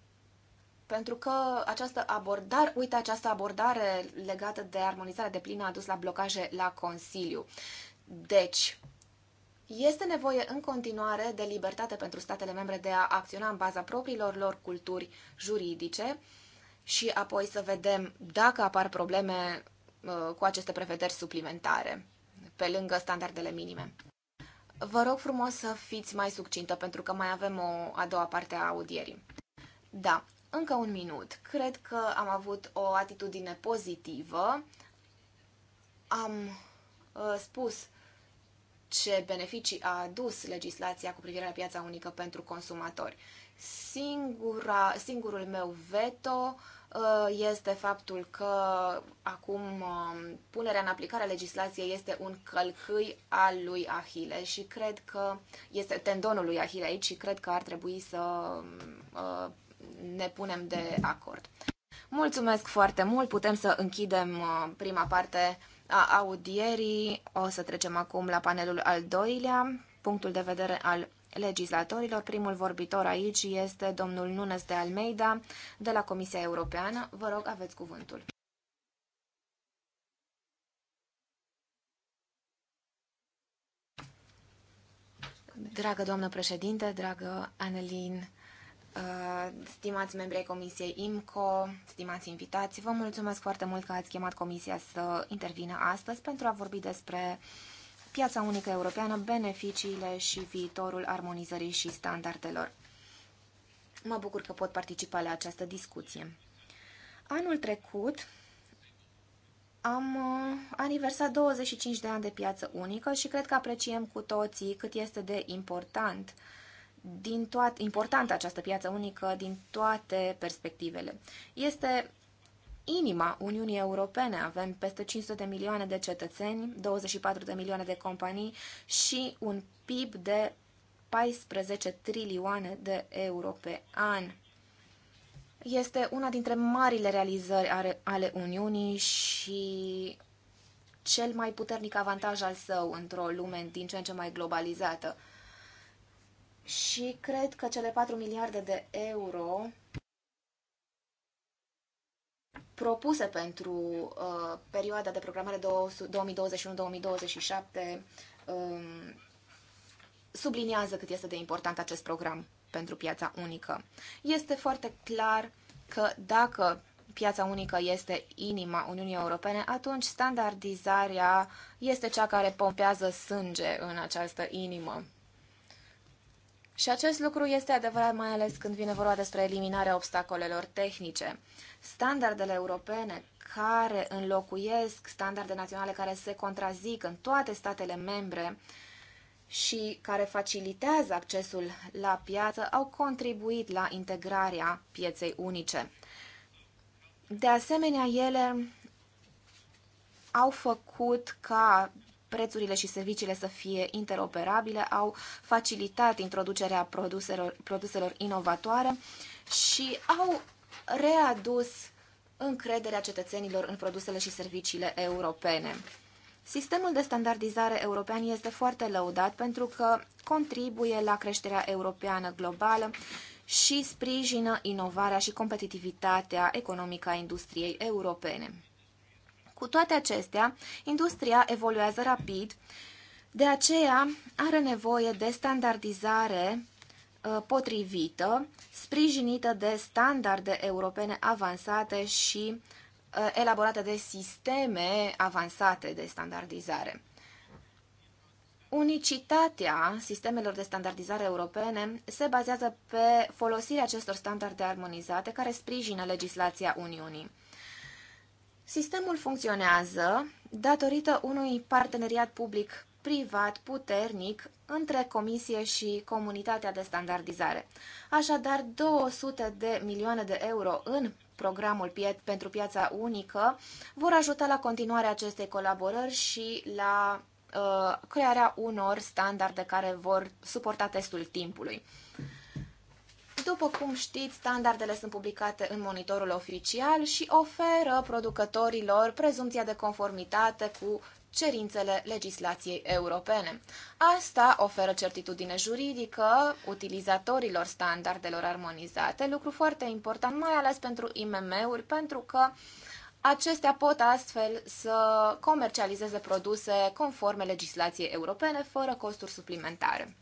pentru că această abordare, uite, această abordare legată de armonizarea de plină a dus la blocaje la Consiliu. Deci, este nevoie în continuare de libertate pentru statele membre de a acționa în baza propriilor lor culturi juridice și apoi să vedem dacă apar probleme uh, cu aceste prevederi suplimentare, pe lângă standardele minime. Vă rog frumos să fiți mai succintă, pentru că mai avem o a doua parte a audierii. Da, încă un minut. Cred că am avut o atitudine pozitivă. Am Uh, spus ce beneficii a adus legislația cu privire la piața unică pentru consumatori. Singura, singurul meu veto uh, este faptul că acum um, punerea în aplicare a legislației este un călcâi al lui Ahile și cred că este tendonul lui Ahile aici și cred că ar trebui să uh, ne punem de acord. Mulțumesc foarte mult, putem să închidem prima parte a audierii. O să trecem acum la panelul al doilea, punctul de vedere al legislatorilor. Primul vorbitor aici este domnul Nunes de Almeida de la Comisia Europeană. Vă rog, aveți cuvântul. Dragă doamnă președinte, dragă Anelin Uh, stimați ai Comisiei IMCO, stimați invitați, vă mulțumesc foarte mult că ați chemat Comisia să intervină astăzi pentru a vorbi despre piața unică europeană, beneficiile și viitorul armonizării și standardelor. Mă bucur că pot participa la această discuție. Anul trecut am uh, aniversat 25 de ani de piață unică și cred că apreciem cu toții cât este de important uh, din toate, importantă această piață unică din toate perspectivele. Este inima Uniunii Europene. Avem peste 500 de milioane de cetățeni, 24 de milioane de companii și un PIB de 14 trilioane de euro pe an. Este una dintre marile realizări ale, ale Uniunii și cel mai puternic avantaj al său într-o lume din ce în ce mai globalizată și cred că cele 4 miliarde de euro propuse pentru uh, perioada de programare 2021-2027 um, subliniază cât este de important acest program pentru piața unică. Este foarte clar că dacă piața unică este inima Uniunii Europene, atunci standardizarea este cea care pompează sânge în această inimă. Și acest lucru este adevărat mai ales când vine vorba despre eliminarea obstacolelor tehnice. Standardele europene care înlocuiesc standarde naționale care se contrazic în toate statele membre și care facilitează accesul la piață au contribuit la integrarea pieței unice. De asemenea, ele au făcut ca prețurile și serviciile să fie interoperabile, au facilitat introducerea produselor, produselor inovatoare și au readus încrederea cetățenilor în produsele și serviciile europene. Sistemul de standardizare european este foarte lăudat pentru că contribuie la creșterea europeană globală și sprijină inovarea și competitivitatea economică a industriei europene. Cu toate acestea, industria evoluează rapid, de aceea are nevoie de standardizare uh, potrivită, sprijinită de standarde europene avansate și uh, elaborate de sisteme avansate de standardizare. Unicitatea sistemelor de standardizare europene se bazează pe folosirea acestor standarde armonizate care sprijină legislația Uniunii. Sistemul funcționează datorită unui parteneriat public-privat puternic între Comisie și Comunitatea de Standardizare. Așadar, 200 de milioane de euro în programul Pie- pentru piața unică vor ajuta la continuarea acestei colaborări și la uh, crearea unor standarde care vor suporta testul timpului. După cum știți, standardele sunt publicate în monitorul oficial și oferă producătorilor prezumția de conformitate cu cerințele legislației europene. Asta oferă certitudine juridică utilizatorilor standardelor armonizate, lucru foarte important, mai ales pentru IMM-uri, pentru că acestea pot astfel să comercializeze produse conforme legislației europene, fără costuri suplimentare.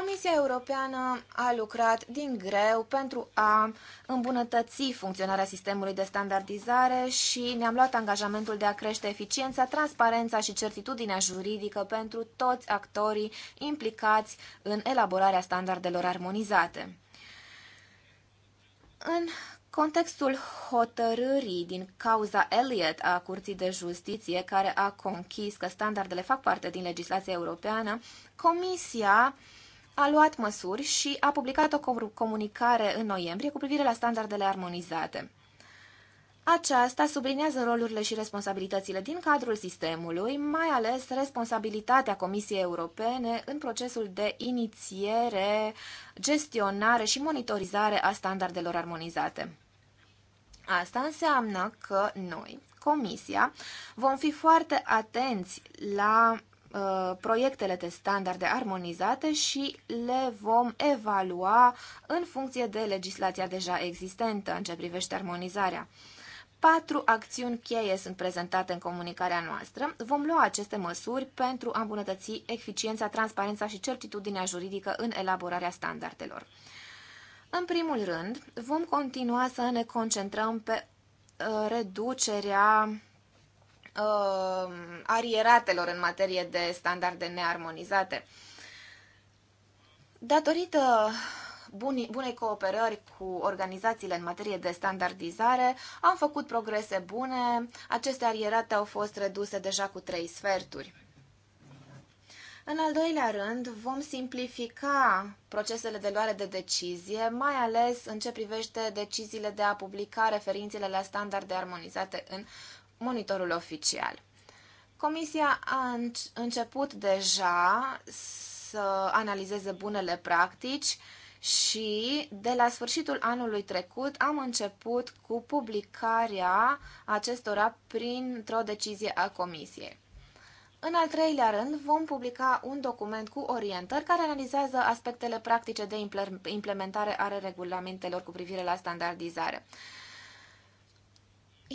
Comisia Europeană a lucrat din greu pentru a îmbunătăți funcționarea sistemului de standardizare și ne-am luat angajamentul de a crește eficiența, transparența și certitudinea juridică pentru toți actorii implicați în elaborarea standardelor armonizate. În contextul hotărârii din cauza Elliot a Curții de Justiție, care a conchis că standardele fac parte din legislația europeană, Comisia a luat măsuri și a publicat o comunicare în noiembrie cu privire la standardele armonizate. Aceasta sublinează rolurile și responsabilitățile din cadrul sistemului, mai ales responsabilitatea Comisiei Europene în procesul de inițiere, gestionare și monitorizare a standardelor armonizate. Asta înseamnă că noi, Comisia, vom fi foarte atenți la Uh, proiectele de standarde armonizate și le vom evalua în funcție de legislația deja existentă în ce privește armonizarea. Patru acțiuni cheie sunt prezentate în comunicarea noastră. Vom lua aceste măsuri pentru a îmbunătăți eficiența, transparența și certitudinea juridică în elaborarea standardelor. În primul rând, vom continua să ne concentrăm pe uh, reducerea uh, arieratelor în materie de standarde nearmonizate. Datorită bunii, bunei cooperări cu organizațiile în materie de standardizare, am făcut progrese bune. Aceste arierate au fost reduse deja cu trei sferturi. În al doilea rând, vom simplifica procesele de luare de decizie, mai ales în ce privește deciziile de a publica referințele la standarde armonizate în monitorul oficial. Comisia a început deja să analizeze bunele practici și de la sfârșitul anului trecut am început cu publicarea acestora printr-o decizie a Comisiei. În al treilea rând, vom publica un document cu orientări care analizează aspectele practice de implementare ale regulamentelor cu privire la standardizare.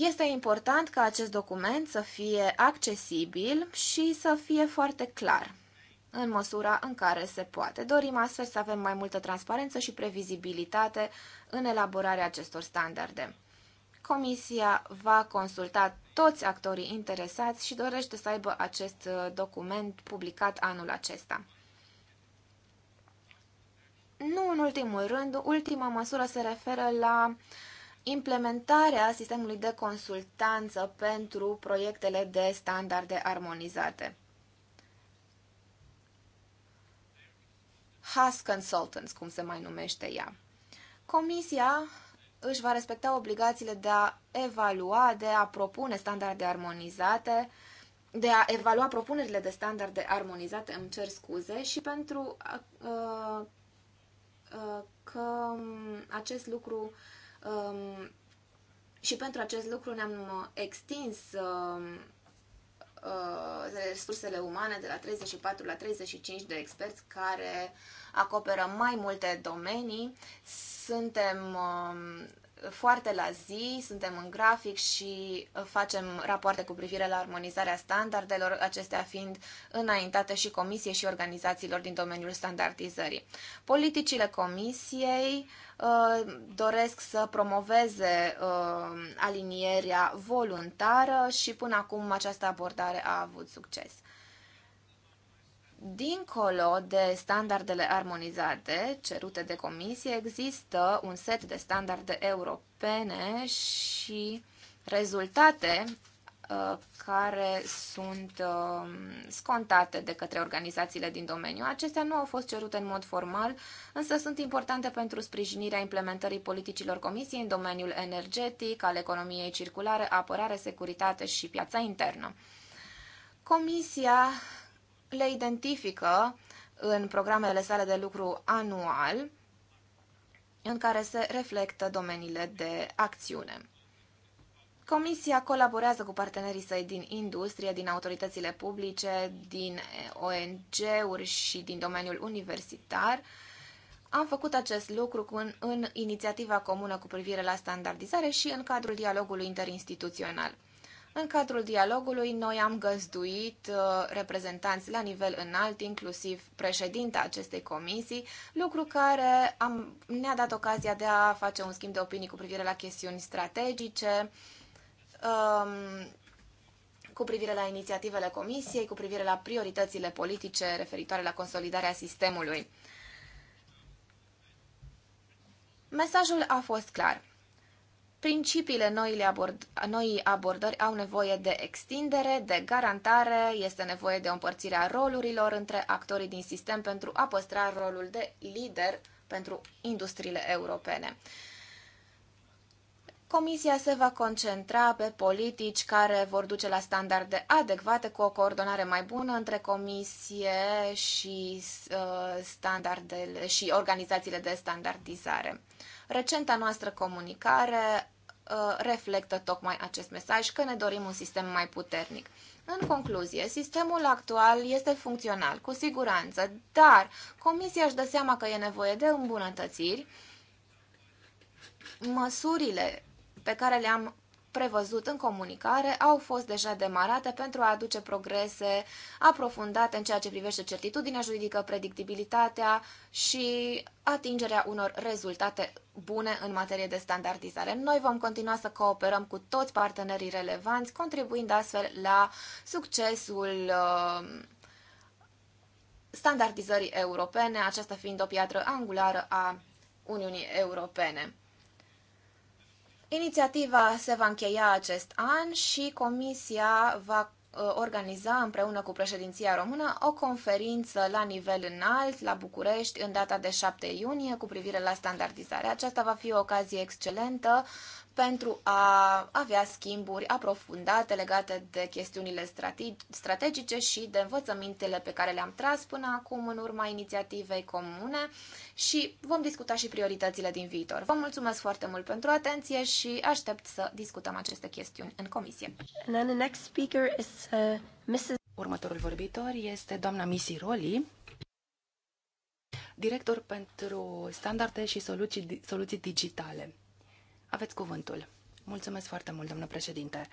Este important ca acest document să fie accesibil și să fie foarte clar în măsura în care se poate. Dorim astfel să avem mai multă transparență și previzibilitate în elaborarea acestor standarde. Comisia va consulta toți actorii interesați și dorește să aibă acest uh, document publicat anul acesta. Nu în ultimul rând, ultima măsură se referă la uh, implementarea sistemului de consultanță pentru proiectele de standarde armonizate. Has Consultants, cum se mai numește ea. Comisia își va respecta obligațiile de a evalua, de a propune standarde armonizate, de a evalua propunerile de standarde armonizate, îmi cer scuze, și pentru uh, uh, că um, acest lucru uh, Um, și pentru acest lucru ne-am uh, extins um, uh, resursele umane de la 34 la 35 de experți care acoperă mai multe domenii. Suntem um, foarte la zi, suntem în grafic și uh, facem rapoarte cu privire la armonizarea standardelor, acestea fiind înaintate și comisiei și organizațiilor din domeniul standardizării. Politicile comisiei uh, doresc să promoveze uh, alinierea voluntară și până acum această abordare a avut succes. Dincolo de standardele armonizate cerute de comisie, există un set de standarde europene și rezultate uh, care sunt um, scontate de către organizațiile din domeniu. Acestea nu au fost cerute în mod formal, însă sunt importante pentru sprijinirea implementării politicilor comisiei în domeniul energetic, al economiei circulare, apărare, securitate și piața internă. Comisia le identifică în programele sale de lucru anual, în care se reflectă domeniile de acțiune. Comisia colaborează cu partenerii săi din industrie, din autoritățile publice, din ONG-uri și din domeniul universitar. Am făcut acest lucru în, în inițiativa comună cu privire la standardizare și în cadrul dialogului interinstituțional. În cadrul dialogului, noi am găzduit uh, reprezentanți la nivel înalt, inclusiv președinta acestei comisii, lucru care am, ne-a dat ocazia de a face un schimb de opinii cu privire la chestiuni strategice, um, cu privire la inițiativele comisiei, cu privire la prioritățile politice referitoare la consolidarea sistemului. Mesajul a fost clar. Principiile noile abord, noi abordări au nevoie de extindere, de garantare, este nevoie de o împărțire a rolurilor între actorii din sistem pentru a păstra rolul de lider pentru industriile europene. Comisia se va concentra pe politici care vor duce la standarde adecvate cu o coordonare mai bună între comisie și uh, standardele și organizațiile de standardizare. Recenta noastră comunicare uh, reflectă tocmai acest mesaj că ne dorim un sistem mai puternic. În concluzie, sistemul actual este funcțional, cu siguranță, dar Comisia își dă seama că e nevoie de îmbunătățiri. Măsurile pe care le-am prevăzut în comunicare au fost deja demarate pentru a aduce progrese aprofundate în ceea ce privește certitudinea juridică, predictibilitatea și atingerea unor rezultate bune în materie de standardizare. Noi vom continua să cooperăm cu toți partenerii relevanți, contribuind astfel la succesul uh, standardizării europene, aceasta fiind o piatră angulară a Uniunii Europene. Inițiativa se va încheia acest an și Comisia va uh, organiza împreună cu președinția română o conferință la nivel înalt la București în data de 7 iunie cu privire la standardizare. Aceasta va fi o ocazie excelentă uh, pentru a avea schimburi aprofundate legate de chestiunile strategice și de învățămintele pe care le-am tras până acum în urma inițiativei comune și vom discuta și prioritățile din viitor. Vă mulțumesc foarte mult pentru atenție și aștept să discutăm aceste chestiuni în comisie. Uh, Următorul vorbitor este doamna Missy Roli, director pentru standarde și soluții, soluții digitale aveți cuvântul. Mulțumesc foarte mult, domnule președinte.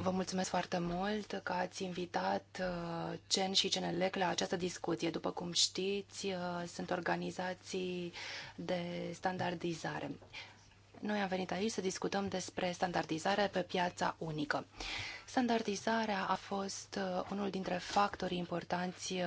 Vă mulțumesc foarte mult că ați invitat uh, CEN și CNLEC la această discuție. După cum știți, uh, sunt organizații de standardizare noi am venit aici să discutăm despre standardizare pe piața unică. Standardizarea a fost uh, unul dintre factorii importanți uh,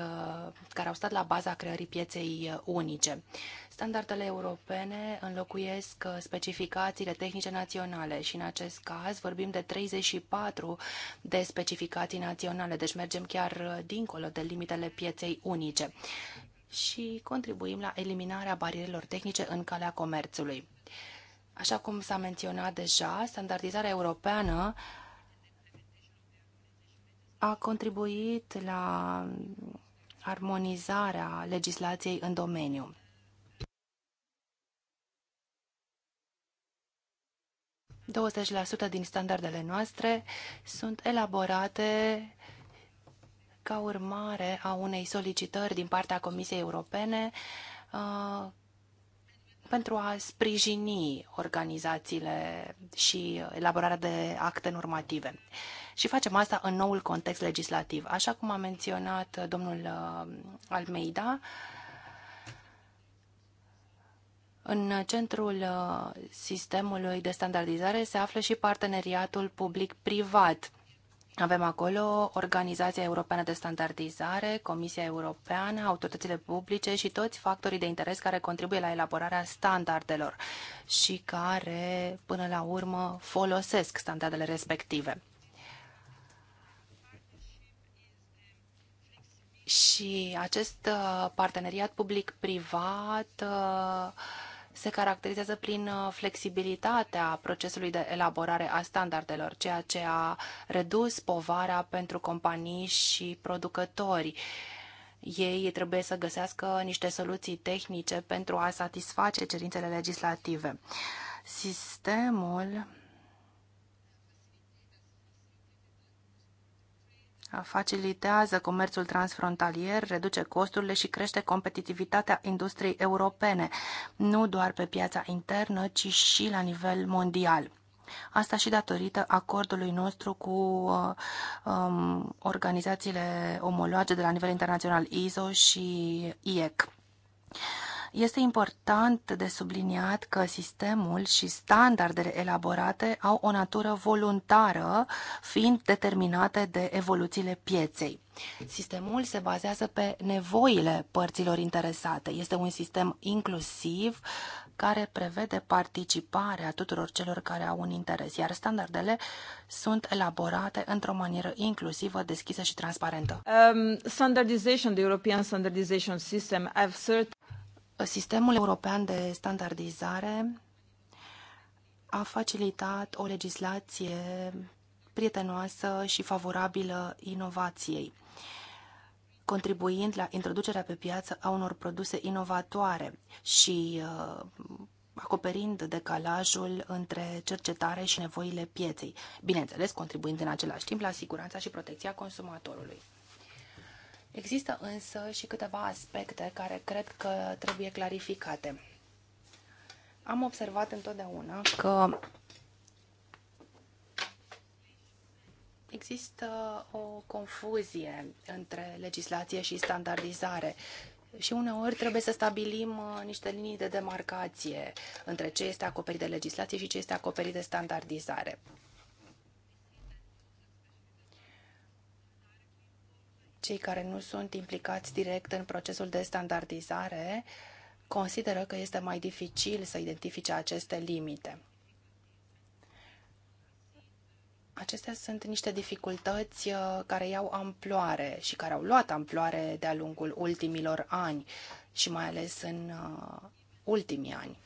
care au stat la baza creării pieței uh, unice. Standardele europene înlocuiesc specificațiile tehnice naționale și în acest caz vorbim de 34 de specificații naționale, deci mergem chiar dincolo de limitele pieței unice și contribuim la eliminarea barierelor tehnice în calea comerțului. Așa cum s-a menționat deja, standardizarea europeană a contribuit la armonizarea legislației în domeniu. ...20% din standardele noastre sunt elaborate ca urmare a unei solicitări din partea Comisiei Europene uh, pentru a sprijini organizațiile și elaborarea de acte normative. Și facem asta în noul context legislativ. Așa cum a menționat domnul uh, Almeida, în centrul uh, sistemului de standardizare se află și parteneriatul public-privat avem acolo Organizația Europeană de Standardizare, Comisia Europeană, autoritățile publice și toți factorii de interes care contribuie la elaborarea standardelor și care, până la urmă, folosesc standardele respective. Și acest uh, parteneriat public-privat uh, se caracterizează prin uh, flexibilitatea procesului de elaborare a standardelor, ceea ce a redus povara pentru companii și producători. Ei trebuie să găsească niște soluții tehnice pentru a satisface cerințele legislative. Sistemul facilitează comerțul transfrontalier, reduce costurile și crește competitivitatea industriei europene, nu doar pe piața internă, ci și la nivel mondial. Asta și datorită acordului nostru cu uh, um, organizațiile omologe de la nivel internațional ISO și IEC. Este important de subliniat că sistemul și standardele elaborate au o natură voluntară, fiind determinate de evoluțiile pieței. Sistemul se bazează pe nevoile părților interesate. Este un sistem inclusiv care prevede participarea tuturor celor care au un interes, iar standardele sunt elaborate într-o manieră inclusivă, deschisă și transparentă. Um, standardization, the European standardization system, I've Sistemul european de standardizare a facilitat o legislație prietenoasă și favorabilă inovației, contribuind la introducerea pe piață a unor produse inovatoare și uh, acoperind decalajul între cercetare și nevoile pieței, bineînțeles contribuind în același timp la siguranța și protecția consumatorului. Există însă și câteva aspecte care cred că trebuie clarificate. Am observat întotdeauna că există o confuzie între legislație și standardizare și uneori trebuie să stabilim uh, niște linii de demarcație între ce este acoperit de legislație și ce este acoperit de standardizare. Cei care nu sunt implicați direct în procesul de standardizare consideră că este mai dificil să identifice aceste limite. Acestea sunt niște dificultăți uh, care iau amploare și care au luat amploare de-a lungul ultimilor ani și mai ales în uh, ultimii ani.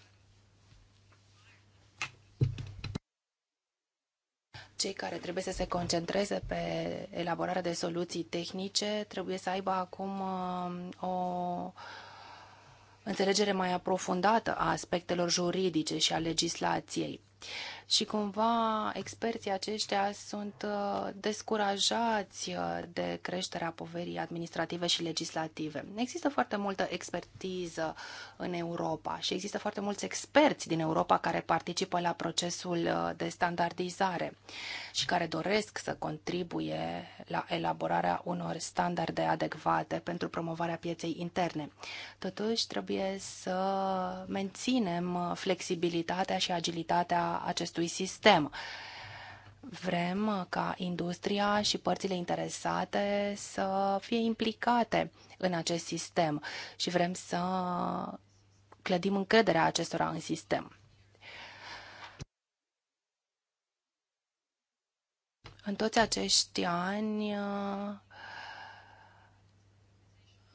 cei care trebuie să se concentreze pe elaborarea de soluții tehnice trebuie să aibă acum uh, o înțelegere mai aprofundată a aspectelor juridice și a legislației și cumva experții aceștia sunt uh, descurajați uh, de creșterea poverii administrative și legislative. Există foarte multă expertiză în Europa și există foarte mulți experți din Europa care participă la procesul uh, de standardizare și care doresc să contribuie la elaborarea unor standarde adecvate pentru promovarea pieței interne. Totuși, trebuie să menținem flexibilitatea și agilitatea acestui acestui sistem. Vrem ca industria și părțile interesate să fie implicate în acest sistem și vrem să clădim încrederea acestora în sistem. În toți acești ani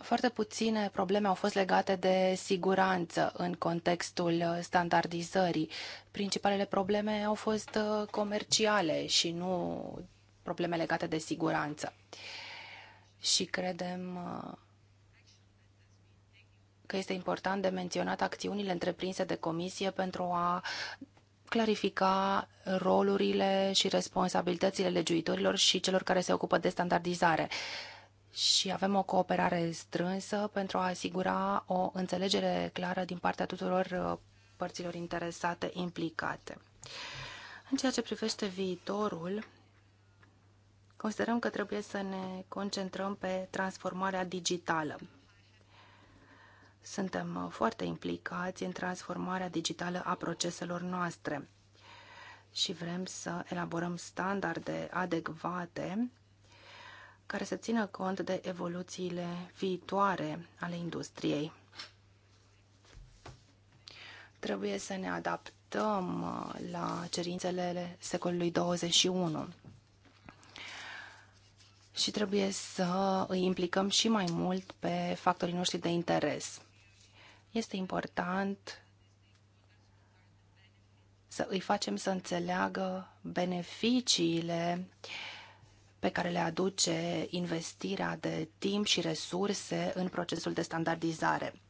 foarte puține probleme au fost legate de siguranță în contextul standardizării. Principalele probleme au fost uh, comerciale și nu probleme legate de siguranță. Și credem uh, că este important de menționat acțiunile întreprinse de comisie pentru a clarifica rolurile și responsabilitățile legiuitorilor și celor care se ocupă de standardizare și avem o cooperare strânsă pentru a asigura o înțelegere clară din partea tuturor uh, părților interesate implicate. În ceea ce privește viitorul, considerăm că trebuie să ne concentrăm pe transformarea digitală. Suntem uh, foarte implicați în transformarea digitală a proceselor noastre și vrem să elaborăm standarde adecvate care să țină cont de evoluțiile viitoare ale industriei. Trebuie să ne adaptăm uh, la cerințele secolului 21 și trebuie să îi implicăm și mai mult pe factorii noștri de interes. Este important să îi facem să înțeleagă beneficiile uh, pe care le aduce investirea de timp și resurse în procesul de standardizare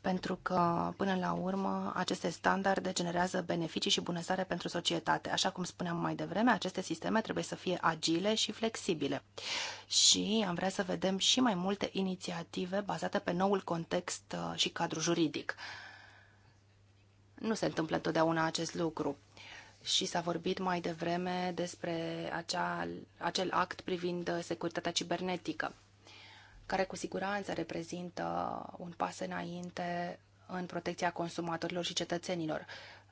pentru că, până la urmă, aceste standarde generează beneficii și bunăstare pentru societate. Așa cum spuneam mai devreme, aceste sisteme trebuie să fie agile și flexibile. Și am vrea să vedem și mai multe inițiative bazate pe noul context uh, și cadru juridic. Nu se întâmplă întotdeauna acest lucru și s-a vorbit mai devreme despre acea, acel act privind securitatea cibernetică, care cu siguranță reprezintă un pas înainte în protecția consumatorilor și cetățenilor,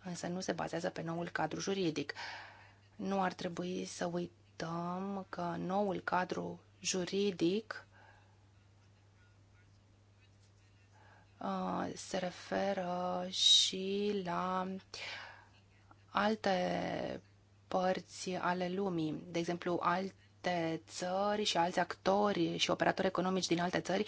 însă nu se bazează pe noul cadru juridic. Nu ar trebui să uităm că noul cadru juridic uh, se referă și la uh, alte părți ale lumii, de exemplu, alte țări și alți actori și operatori economici din alte țări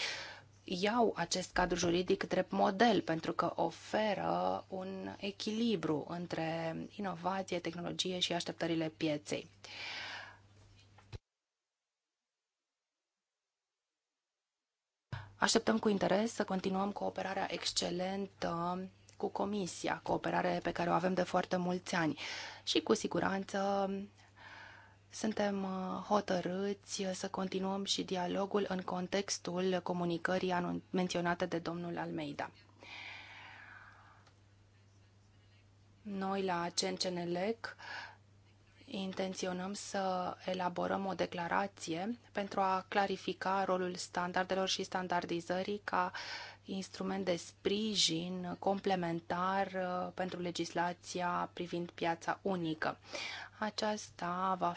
iau acest cadru juridic drept model pentru că oferă un echilibru între inovație, tehnologie și așteptările pieței. Așteptăm cu interes să continuăm cooperarea excelentă cu Comisia, cooperare pe care o avem de foarte mulți ani și cu siguranță suntem uh, hotărâți să continuăm și dialogul în contextul comunicării menționate de domnul Almeida. Noi la CNCNLEC intenționăm să elaborăm o declarație pentru a clarifica rolul standardelor și standardizării ca instrument de sprijin complementar uh, pentru legislația privind piața unică. Aceasta va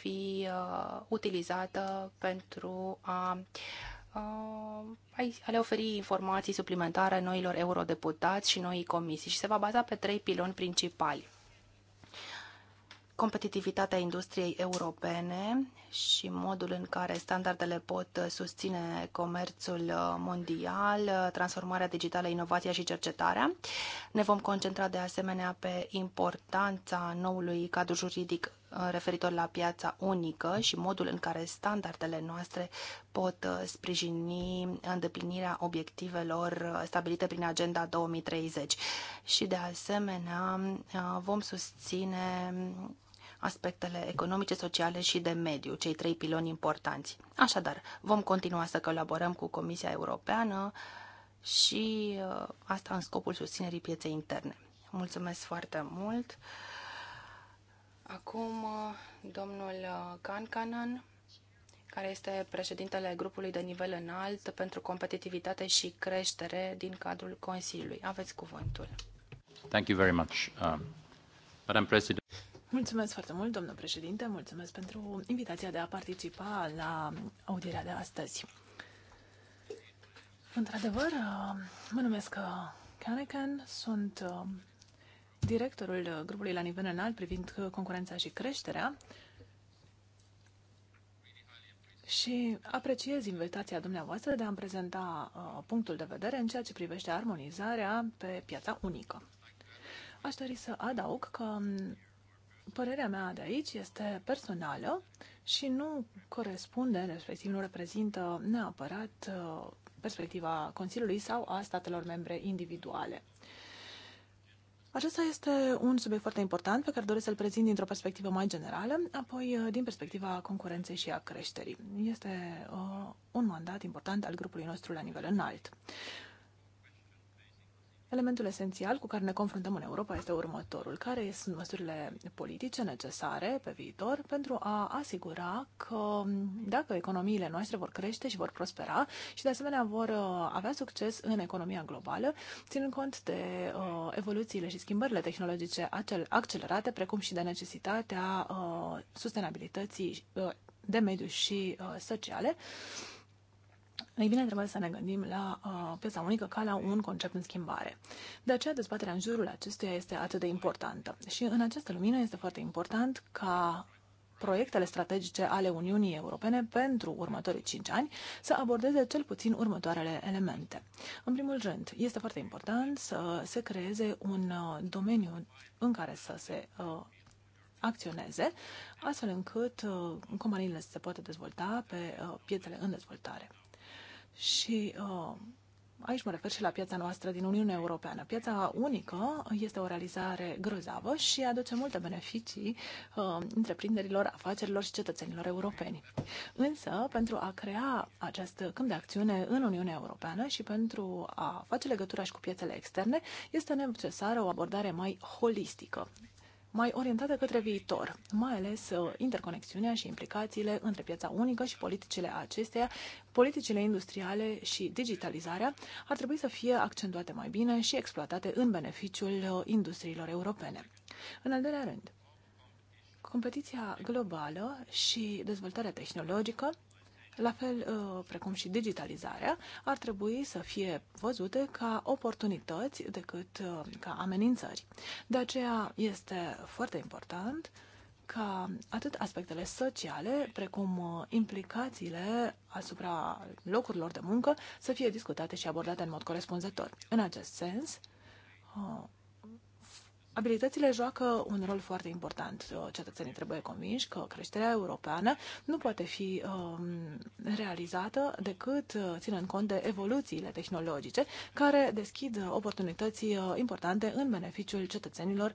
fi uh, utilizată pentru a uh, a le oferi informații suplimentare noilor eurodeputați și noii comisii și se va baza pe trei piloni principali competitivitatea industriei europene și modul în care standardele pot susține comerțul uh, mondial, uh, transformarea digitală, inovația și cercetarea. Ne vom concentra de asemenea pe importanța noului cadru juridic uh, referitor la piața unică și modul în care standardele noastre pot sprijini îndeplinirea obiectivelor stabilite prin Agenda 2030. Și de asemenea vom susține aspectele economice, sociale și de mediu, cei trei piloni importanți. Așadar, vom continua să colaborăm cu Comisia Europeană și uh, asta în scopul susținerii pieței interne. Mulțumesc foarte mult! Acum, uh, domnul Cancanan, uh, care este președintele grupului de nivel înalt pentru competitivitate și creștere din cadrul Consiliului. Aveți cuvântul. Thank you very much, uh, Madam President. Mulțumesc foarte mult, domnul președinte, mulțumesc pentru invitația de a participa la audierea de astăzi. Într-adevăr, mă numesc Canecan, sunt uh, directorul grupului la nivel înalt privind concurența și creșterea și apreciez invitația dumneavoastră de a-mi prezenta uh, punctul de vedere în ceea ce privește armonizarea pe piața unică. Aș dori să adaug că um, părerea mea de aici este personală și nu corespunde, respectiv nu reprezintă neapărat uh, perspectiva Consiliului sau a statelor membre individuale. Acesta este un subiect foarte important pe care doresc să-l prezint dintr-o perspectivă mai generală, apoi uh, din perspectiva concurenței și a creșterii. Este uh, un mandat important al grupului nostru la nivel înalt. Elementul esențial cu care ne confruntăm în Europa este următorul. Care sunt măsurile politice necesare pe viitor pentru a asigura că dacă economiile noastre vor crește și vor prospera și de asemenea vor uh, avea succes în economia globală, ținând cont de uh, evoluțiile și schimbările tehnologice accelerate, precum și de necesitatea uh, sustenabilității uh, de mediu și uh, sociale, uh, ei bine, trebuie să ne gândim la uh, piața unică ca la un concept în schimbare. De aceea, dezbaterea în jurul acestuia este atât de importantă. Și în această lumină este foarte important ca proiectele strategice ale Uniunii Europene pentru următorii 5 ani să abordeze cel puțin următoarele elemente. În primul rând, este foarte important să se creeze un uh, domeniu în care să se uh, acționeze, astfel încât uh, companiile să se poată dezvolta pe uh, piețele în dezvoltare. Și uh, aici mă refer și la piața noastră din Uniunea Europeană. Piața unică este o realizare grozavă și aduce multe beneficii uh, întreprinderilor, afacerilor și cetățenilor europeni. Însă, pentru a crea acest câmp de acțiune în Uniunea Europeană și pentru a face legătura și cu piețele externe, este necesară o abordare mai holistică mai orientată către viitor, mai ales uh, interconexiunea și implicațiile între piața unică și politicile acesteia, politicile industriale și digitalizarea ar trebui să fie accentuate mai bine și exploatate în beneficiul uh, industriilor europene. În al doilea rând, competiția globală și dezvoltarea tehnologică la fel uh, precum și digitalizarea, ar trebui să fie văzute ca oportunități decât uh, ca amenințări. De aceea este foarte important ca atât aspectele sociale, precum uh, implicațiile asupra locurilor de muncă, să fie discutate și abordate în mod corespunzător. În acest sens, Abilitățile joacă un rol foarte important. Uh, cetățenii trebuie convinși că creșterea europeană nu poate fi um, realizată decât uh, ținând cont de evoluțiile tehnologice care deschid uh, oportunități importante în beneficiul cetățenilor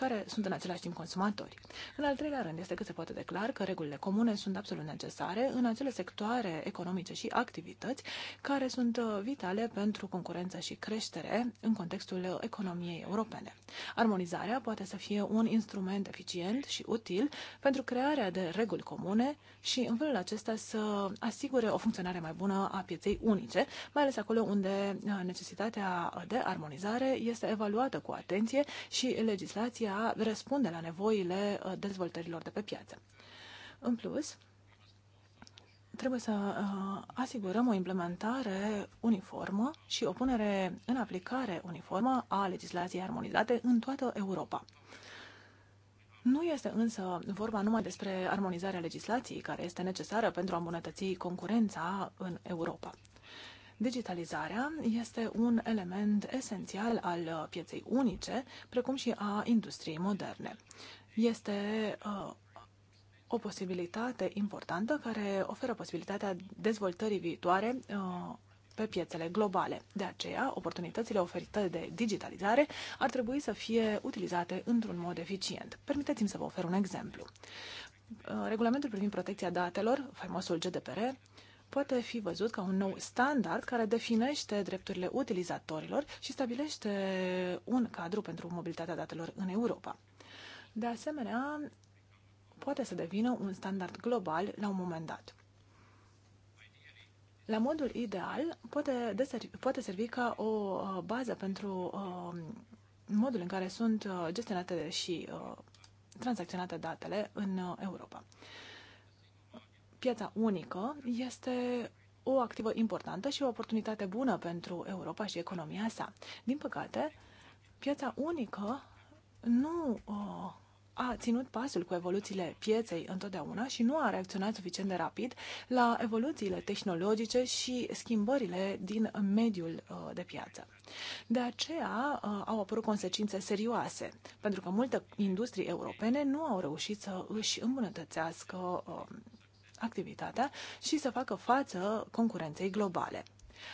care sunt în același timp consumatori. În al treilea rând, este cât se poate declar că regulile comune sunt absolut necesare în acele sectoare economice și activități care sunt uh, vitale pentru concurență și creștere în contextul economiei europene. Armonizarea poate să fie un instrument eficient și util pentru crearea de reguli comune și în felul acesta să asigure o funcționare mai bună a pieței unice, mai ales acolo unde uh, necesitatea de armonizare este evaluată cu atenție și legislația tehnologia răspunde la nevoile uh, dezvoltărilor de pe piață. În plus, trebuie să uh, asigurăm o implementare uniformă și o punere în aplicare uniformă a legislației armonizate în toată Europa. Nu este însă vorba numai despre armonizarea legislației care este necesară pentru a îmbunătăți concurența în Europa. Digitalizarea este un element esențial al uh, pieței unice, precum și a industriei moderne. Este uh, o posibilitate importantă care oferă posibilitatea dezvoltării viitoare uh, pe piețele globale. De aceea, oportunitățile oferite de digitalizare ar trebui să fie utilizate într-un mod eficient. Permiteți-mi să vă ofer un exemplu. Uh, regulamentul privind protecția datelor, faimosul GDPR, poate fi văzut ca un nou standard care definește drepturile utilizatorilor și stabilește un cadru pentru mobilitatea datelor în Europa. De asemenea, poate să devină un standard global la un moment dat. La modul ideal, poate, deservi, poate servi ca o uh, bază pentru uh, modul în care sunt uh, gestionate și uh, tranzacționate datele în uh, Europa. Uh, piața unică este o activă importantă și o oportunitate bună pentru Europa și economia sa. Din păcate, piața unică nu uh, a ținut pasul cu evoluțiile pieței întotdeauna și nu a reacționat suficient de rapid la evoluțiile tehnologice și schimbările din mediul uh, de piață. De aceea uh, au apărut consecințe serioase, pentru că multe industrii europene nu au reușit să își îmbunătățească uh, activitatea și să facă față concurenței globale.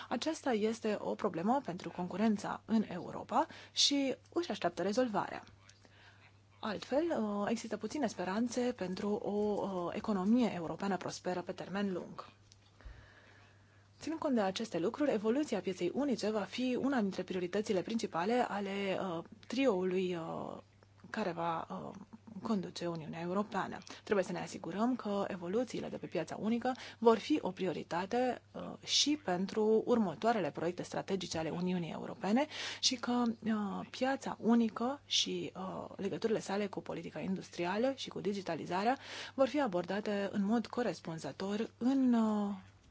Aceasta este o problemă pentru concurența în Europa și își așteaptă rezolvarea. Altfel, uh, există puține speranțe pentru o uh, economie europeană prosperă pe termen lung. Ținând cont de aceste lucruri, evoluția pieței unice va fi una dintre prioritățile principale ale uh, trioului uh, care va uh, conduce Uniunea Europeană. Trebuie să ne asigurăm că evoluțiile de pe piața unică vor fi o prioritate uh, și pentru următoarele proiecte strategice ale Uniunii Europene și că uh, piața unică și uh, legăturile sale cu politica industrială și cu digitalizarea vor fi abordate în mod corespunzător în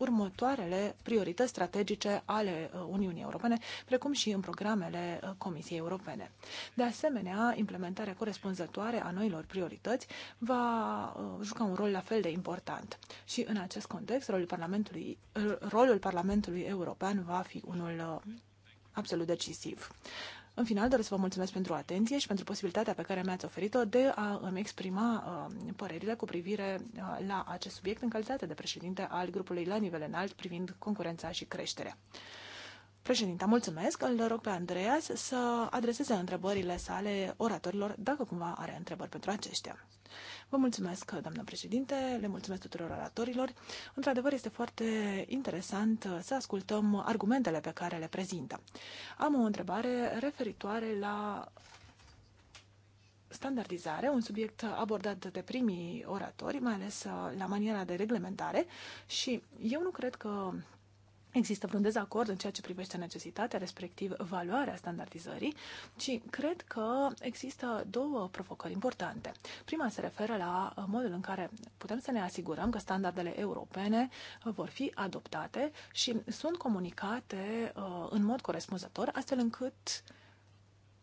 următoarele priorități strategice ale uh, Uniunii Europene, precum și în programele uh, Comisiei Europene. De asemenea, implementarea corespunzătoare a noilor priorități va uh, juca un rol la fel de important. Și în acest context, rolul Parlamentului, rolul Parlamentului European va fi unul absolut decisiv. În final, doresc să vă mulțumesc pentru atenție și pentru posibilitatea pe care mi-ați oferit-o de a îmi exprima uh, părerile cu privire uh, la acest subiect în calitate de președinte al grupului la nivel înalt privind concurența și creșterea. Președinta, mulțumesc. Îl rog pe Andreas să adreseze întrebările sale oratorilor dacă cumva are întrebări pentru aceștia. Vă mulțumesc, doamnă președinte, le mulțumesc tuturor oratorilor. Într-adevăr, este foarte interesant să ascultăm argumentele pe care le prezintă. Am o întrebare referitoare la standardizare, un subiect abordat de primii oratori, mai ales la maniera de reglementare și eu nu cred că există vreun dezacord în ceea ce privește necesitatea, respectiv valoarea standardizării, ci cred că există două provocări importante. Prima se referă la modul în care putem să ne asigurăm că standardele europene vor fi adoptate și sunt comunicate uh, în mod corespunzător, astfel încât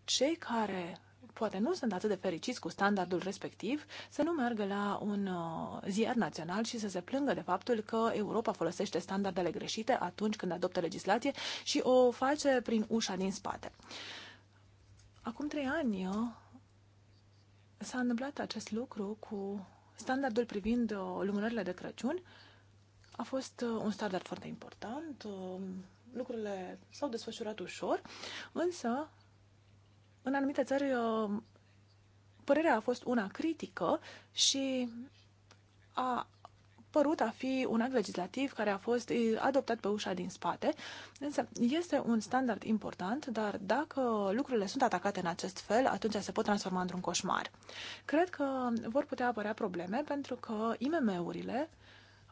cei care poate nu sunt atât de fericiți cu standardul respectiv, să nu meargă la un uh, ziar național și să se plângă de faptul că Europa folosește standardele greșite atunci când adoptă legislație și o face prin ușa din spate. Acum trei ani uh, s-a întâmplat acest lucru cu standardul privind uh, lumânările de Crăciun. A fost un standard foarte important, lucrurile s-au desfășurat ușor, însă în anumite țări, uh, părerea a fost una critică și a părut a fi un act legislativ care a fost uh, adoptat pe ușa din spate, însă este un standard important, dar dacă lucrurile sunt atacate în acest fel, atunci se pot transforma într-un coșmar. Cred că vor putea apărea probleme pentru că IMM-urile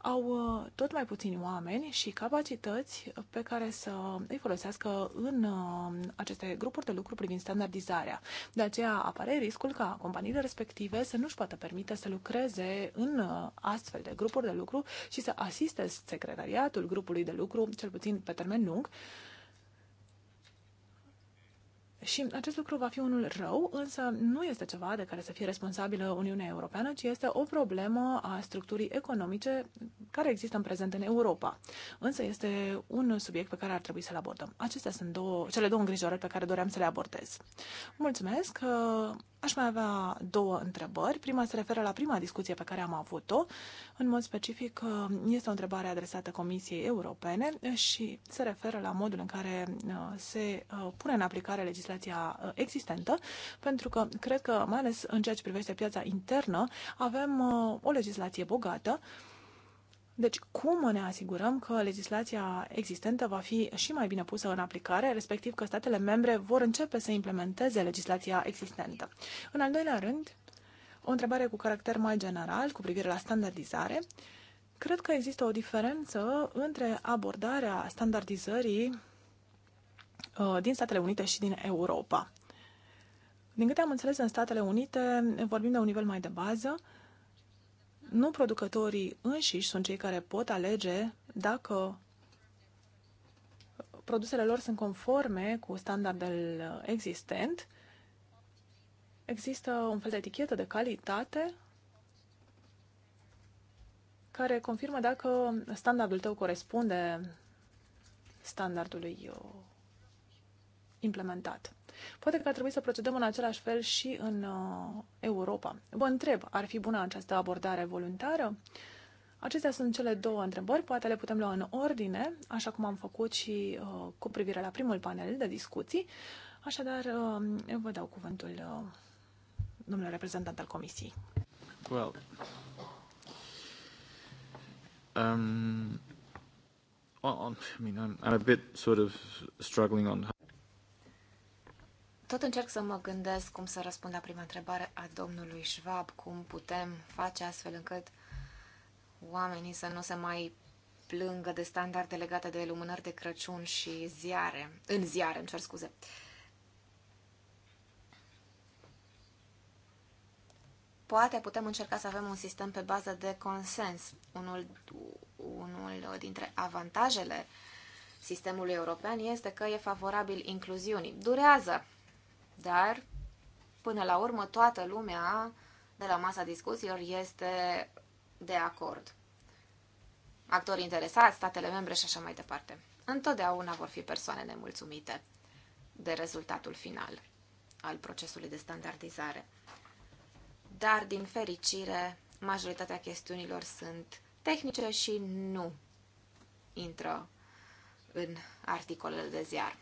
au uh, tot mai puțini oameni și capacități pe care să îi folosească în uh, aceste grupuri de lucru privind standardizarea. De aceea apare riscul ca companiile respective să nu-și poată permite să lucreze în uh, astfel de grupuri de lucru și să asiste secretariatul grupului de lucru, cel puțin pe termen lung, și acest lucru va fi unul rău, însă nu este ceva de care să fie responsabilă Uniunea Europeană, ci este o problemă a structurii economice care există în prezent în Europa. Însă este un subiect pe care ar trebui să-l abordăm. Acestea sunt două, cele două îngrijorări pe care doream să le abordez. Mulțumesc! Aș mai avea două întrebări. Prima se referă la prima discuție pe care am avut-o. În mod specific, uh, este o întrebare adresată Comisiei Europene și se referă la modul în care uh, se uh, pune în aplicare legislația existentă, pentru că cred că, mai ales în ceea ce privește piața internă, avem o legislație bogată, deci, cum ne asigurăm că legislația existentă va fi și mai bine pusă în aplicare, respectiv că statele membre vor începe să implementeze legislația existentă? În al doilea rând, o întrebare cu caracter mai general cu privire la standardizare. Cred că există o diferență între abordarea standardizării uh, din Statele Unite și din Europa. Din câte am înțeles, în Statele Unite vorbim de un nivel mai de bază, nu producătorii înșiși sunt cei care pot alege dacă produsele lor sunt conforme cu standardul existent. Există un fel de etichetă de calitate care confirmă dacă standardul tău corespunde standardului uh, implementat. Poate că ar trebui să procedăm în același fel și în uh, Europa. Vă întreb, ar fi bună această abordare voluntară? Acestea sunt cele două întrebări, poate le putem lua în ordine, așa cum am făcut și uh, cu privire la primul panel de discuții. Așadar, uh, eu vă dau cuvântul uh, domnului reprezentant al Comisiei. Well, um, well, I mean, I'm, I'm a bit sort of struggling on tot încerc să mă gândesc cum să răspund la prima întrebare a domnului Schwab, cum putem face astfel încât oamenii să nu se mai plângă de standarde legate de lumânări de Crăciun și ziare, în ziare, îmi cer scuze. Poate putem încerca să avem un sistem pe bază de consens. Unul, unul dintre avantajele sistemului european este că e favorabil incluziunii. Durează dar, până la urmă, toată lumea de la masa discuțiilor este de acord. Actori interesați, statele membre și așa mai departe. Întotdeauna vor fi persoane nemulțumite de rezultatul final al procesului de standardizare. Dar, din fericire, majoritatea chestiunilor sunt tehnice și nu intră în articolele de ziar.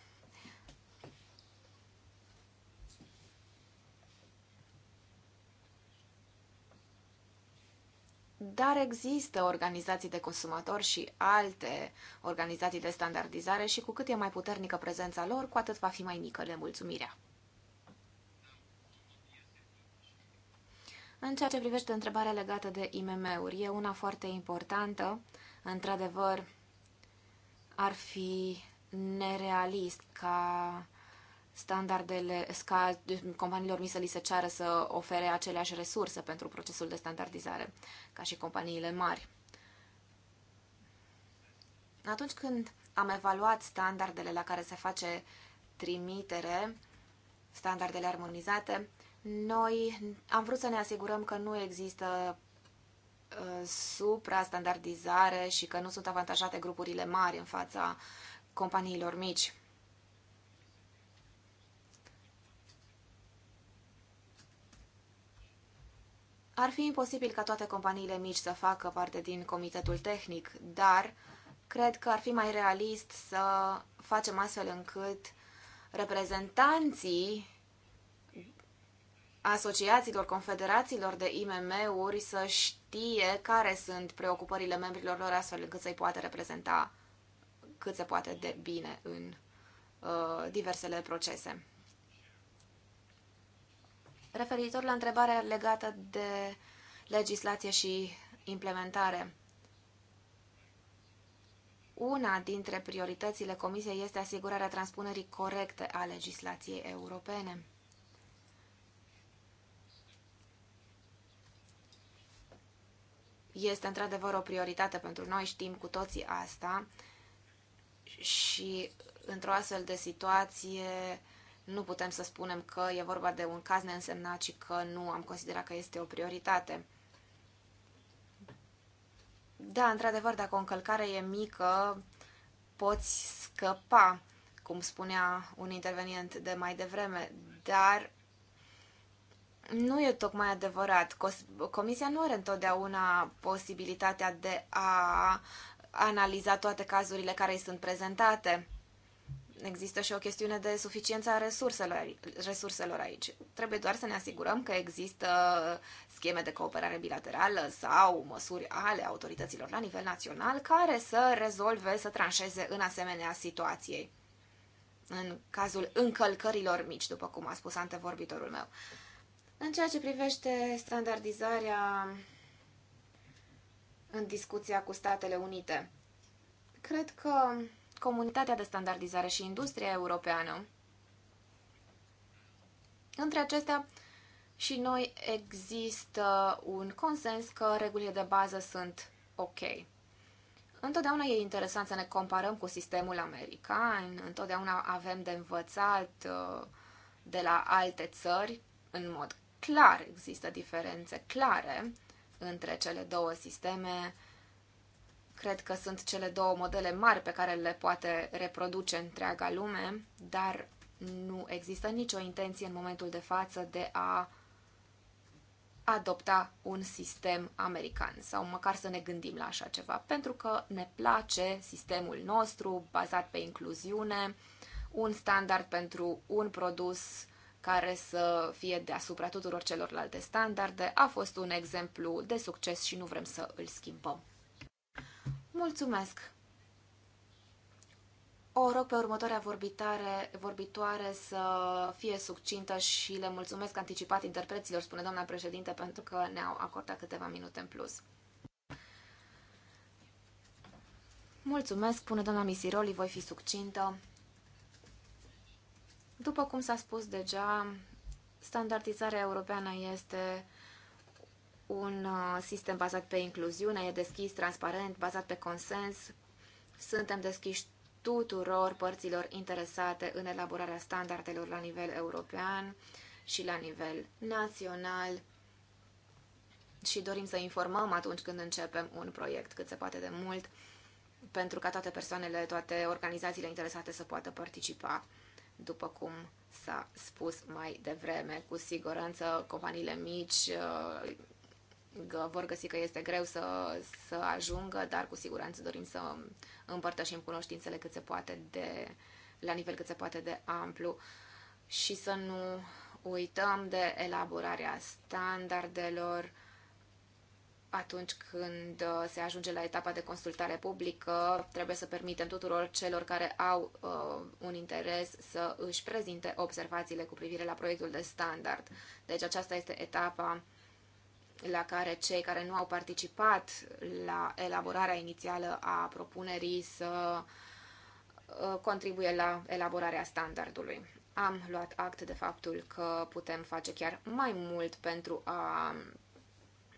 Dar există organizații de consumatori și alte organizații de standardizare și cu cât e mai puternică prezența lor, cu atât va fi mai mică nemulțumirea. În ceea ce privește întrebarea legată de IMM-uri, e una foarte importantă. Într-adevăr, ar fi nerealist ca standardele, ca companiilor mici să li se ceară să ofere aceleași resurse pentru procesul de standardizare ca și companiile mari. Atunci când am evaluat standardele la care se face trimitere, standardele armonizate, noi am vrut să ne asigurăm că nu există uh, supra-standardizare și că nu sunt avantajate grupurile mari în fața companiilor mici. Ar fi imposibil ca toate companiile mici să facă parte din comitetul tehnic, dar cred că ar fi mai realist să facem astfel încât reprezentanții asociațiilor, confederațiilor de IMM-uri să știe care sunt preocupările membrilor lor astfel încât să-i poată reprezenta cât se poate de bine în uh, diversele procese. Referitor la întrebarea legată de legislație și implementare, una dintre prioritățile Comisiei este asigurarea transpunerii corecte a legislației europene. Este într-adevăr o prioritate pentru noi, știm cu toții asta și într-o astfel de situație nu putem să spunem că e vorba de un caz neînsemnat și că nu am considerat că este o prioritate. Da, într-adevăr, dacă o încălcare e mică, poți scăpa, cum spunea un intervenient de mai devreme, dar nu e tocmai adevărat. Comisia nu are întotdeauna posibilitatea de a analiza toate cazurile care îi sunt prezentate. Există și o chestiune de suficiența resurselor, resurselor aici. Trebuie doar să ne asigurăm că există scheme de cooperare bilaterală sau măsuri ale autorităților la nivel național care să rezolve, să tranșeze în asemenea situației. În cazul încălcărilor mici, după cum a spus antevorbitorul meu. În ceea ce privește standardizarea în discuția cu Statele Unite, cred că Comunitatea de Standardizare și Industria Europeană. Între acestea și noi există un consens că regulile de bază sunt ok. Întotdeauna e interesant să ne comparăm cu sistemul american, întotdeauna avem de învățat uh, de la alte țări, în mod clar există diferențe clare între cele două sisteme Cred că sunt cele două modele mari pe care le poate reproduce întreaga lume, dar nu există nicio intenție în momentul de față de a adopta un sistem american sau măcar să ne gândim la așa ceva, pentru că ne place sistemul nostru bazat pe incluziune, un standard pentru un produs care să fie deasupra tuturor celorlalte standarde, a fost un exemplu de succes și nu vrem să îl schimbăm. Mulțumesc! O rog pe următoarea vorbitare, vorbitoare să fie succintă și le mulțumesc anticipat interpreților, spune doamna președinte, pentru că ne-au acordat câteva minute în plus. Mulțumesc, spune doamna Misiroli, voi fi succintă. După cum s-a spus deja, standardizarea europeană este un uh, sistem bazat pe incluziune, e deschis, transparent, bazat pe consens. Suntem deschiși tuturor părților interesate în elaborarea standardelor la nivel european și la nivel național și dorim să informăm atunci când începem un proiect cât se poate de mult pentru ca toate persoanele, toate organizațiile interesate să poată participa, după cum s-a spus mai devreme. Cu siguranță, companiile mici, uh, vor găsi că este greu să, să ajungă, dar cu siguranță dorim să împărtășim cunoștințele cât se poate de, la nivel cât se poate de amplu și să nu uităm de elaborarea standardelor atunci când uh, se ajunge la etapa de consultare publică, trebuie să permitem tuturor celor care au uh, un interes să își prezinte observațiile cu privire la proiectul de standard. Deci aceasta este etapa uh, la care cei care nu au participat la elaborarea inițială a propunerii să uh, contribuie la elaborarea standardului. Am luat act de faptul că putem face chiar mai mult pentru a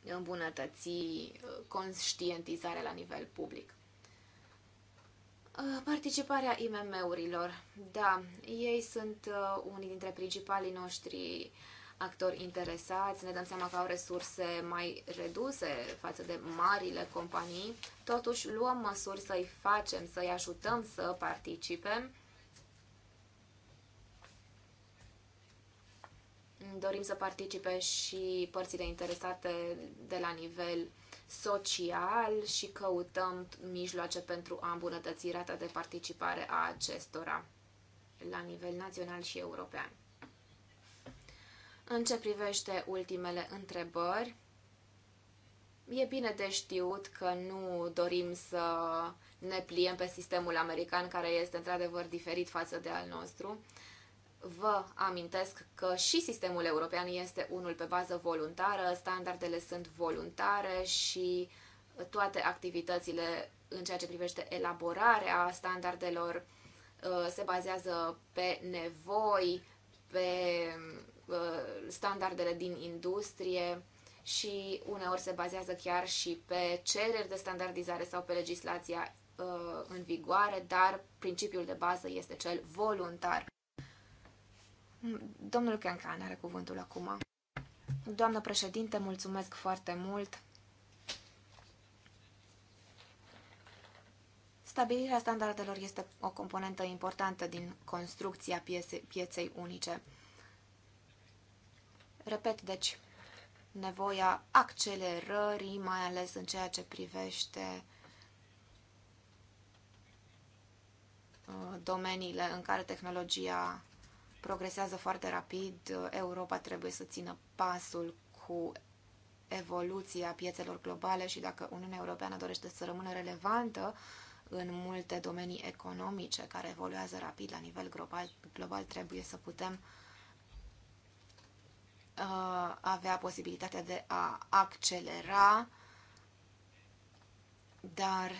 îmbunătăți uh, conștientizarea la nivel public. Uh, participarea IMM-urilor. Da, ei sunt unii dintre principalii noștri uh, actori interesați, ne dăm seama că au resurse mai reduse față de marile companii, totuși luăm măsuri să-i facem, să-i ajutăm să participe. Dorim să participe și părțile interesate de la nivel social și căutăm mijloace pentru a îmbunătăți rata de participare a acestora la nivel național și european. În ce privește ultimele întrebări, e bine de știut că nu dorim să ne pliem pe sistemul american, care este într-adevăr diferit față de al nostru. Vă amintesc că și sistemul european este unul pe bază voluntară, standardele sunt voluntare și toate activitățile în ceea ce privește elaborarea standardelor uh, se bazează pe nevoi, pe Uh, standardele din industrie și uneori se bazează chiar și pe cereri de standardizare sau pe legislația uh, în vigoare, dar principiul de bază este cel voluntar. Domnul Cancan are cuvântul acum. Doamnă președinte, mulțumesc foarte mult. Stabilirea standardelor este o componentă importantă din construcția pieței unice. Repet, deci, nevoia accelerării, mai ales în ceea ce privește uh, domeniile în care tehnologia progresează foarte rapid, Europa trebuie să țină pasul cu evoluția piețelor globale și dacă Uniunea Europeană dorește să rămână relevantă în multe domenii economice care evoluează rapid la nivel global, global trebuie să putem uh, Uh, avea posibilitatea de a accelera, dar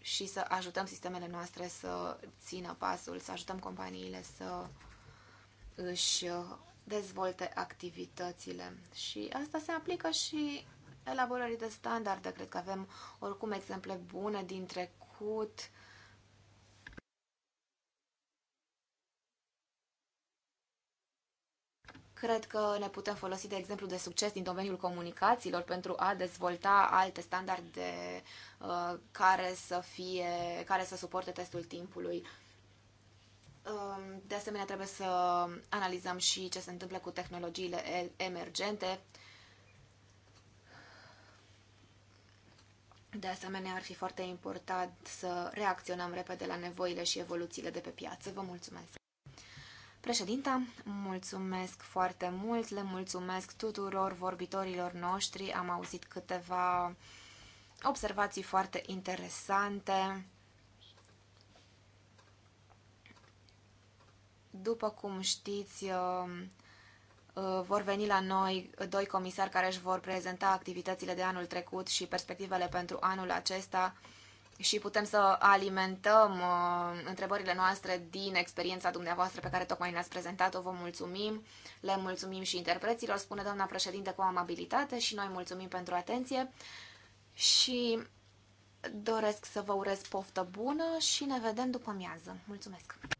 și să ajutăm sistemele noastre să țină pasul, să ajutăm companiile să își dezvolte activitățile. Și asta se aplică și elaborării de standarde. Cred că avem oricum exemple bune din trecut Cred că ne putem folosi de exemplu de succes din domeniul comunicațiilor pentru a dezvolta alte standarde uh, care să fie, care să suporte testul timpului. Um, de asemenea, trebuie să analizăm și ce se întâmplă cu tehnologiile emergente. De asemenea, ar fi foarte important să reacționăm repede la nevoile și evoluțiile de pe piață. Vă mulțumesc! Președinta, mulțumesc foarte mult, le mulțumesc tuturor vorbitorilor noștri, am auzit câteva observații foarte interesante. După cum știți, uh, uh, vor veni la noi doi comisari care își vor prezenta activitățile de anul trecut și perspectivele pentru anul acesta și putem să alimentăm uh, întrebările noastre din experiența dumneavoastră pe care tocmai ne-ați prezentat-o. Vă mulțumim, le mulțumim și interpreților, spune doamna președinte cu amabilitate și noi mulțumim pentru atenție și doresc să vă urez poftă bună și ne vedem după miază. Mulțumesc!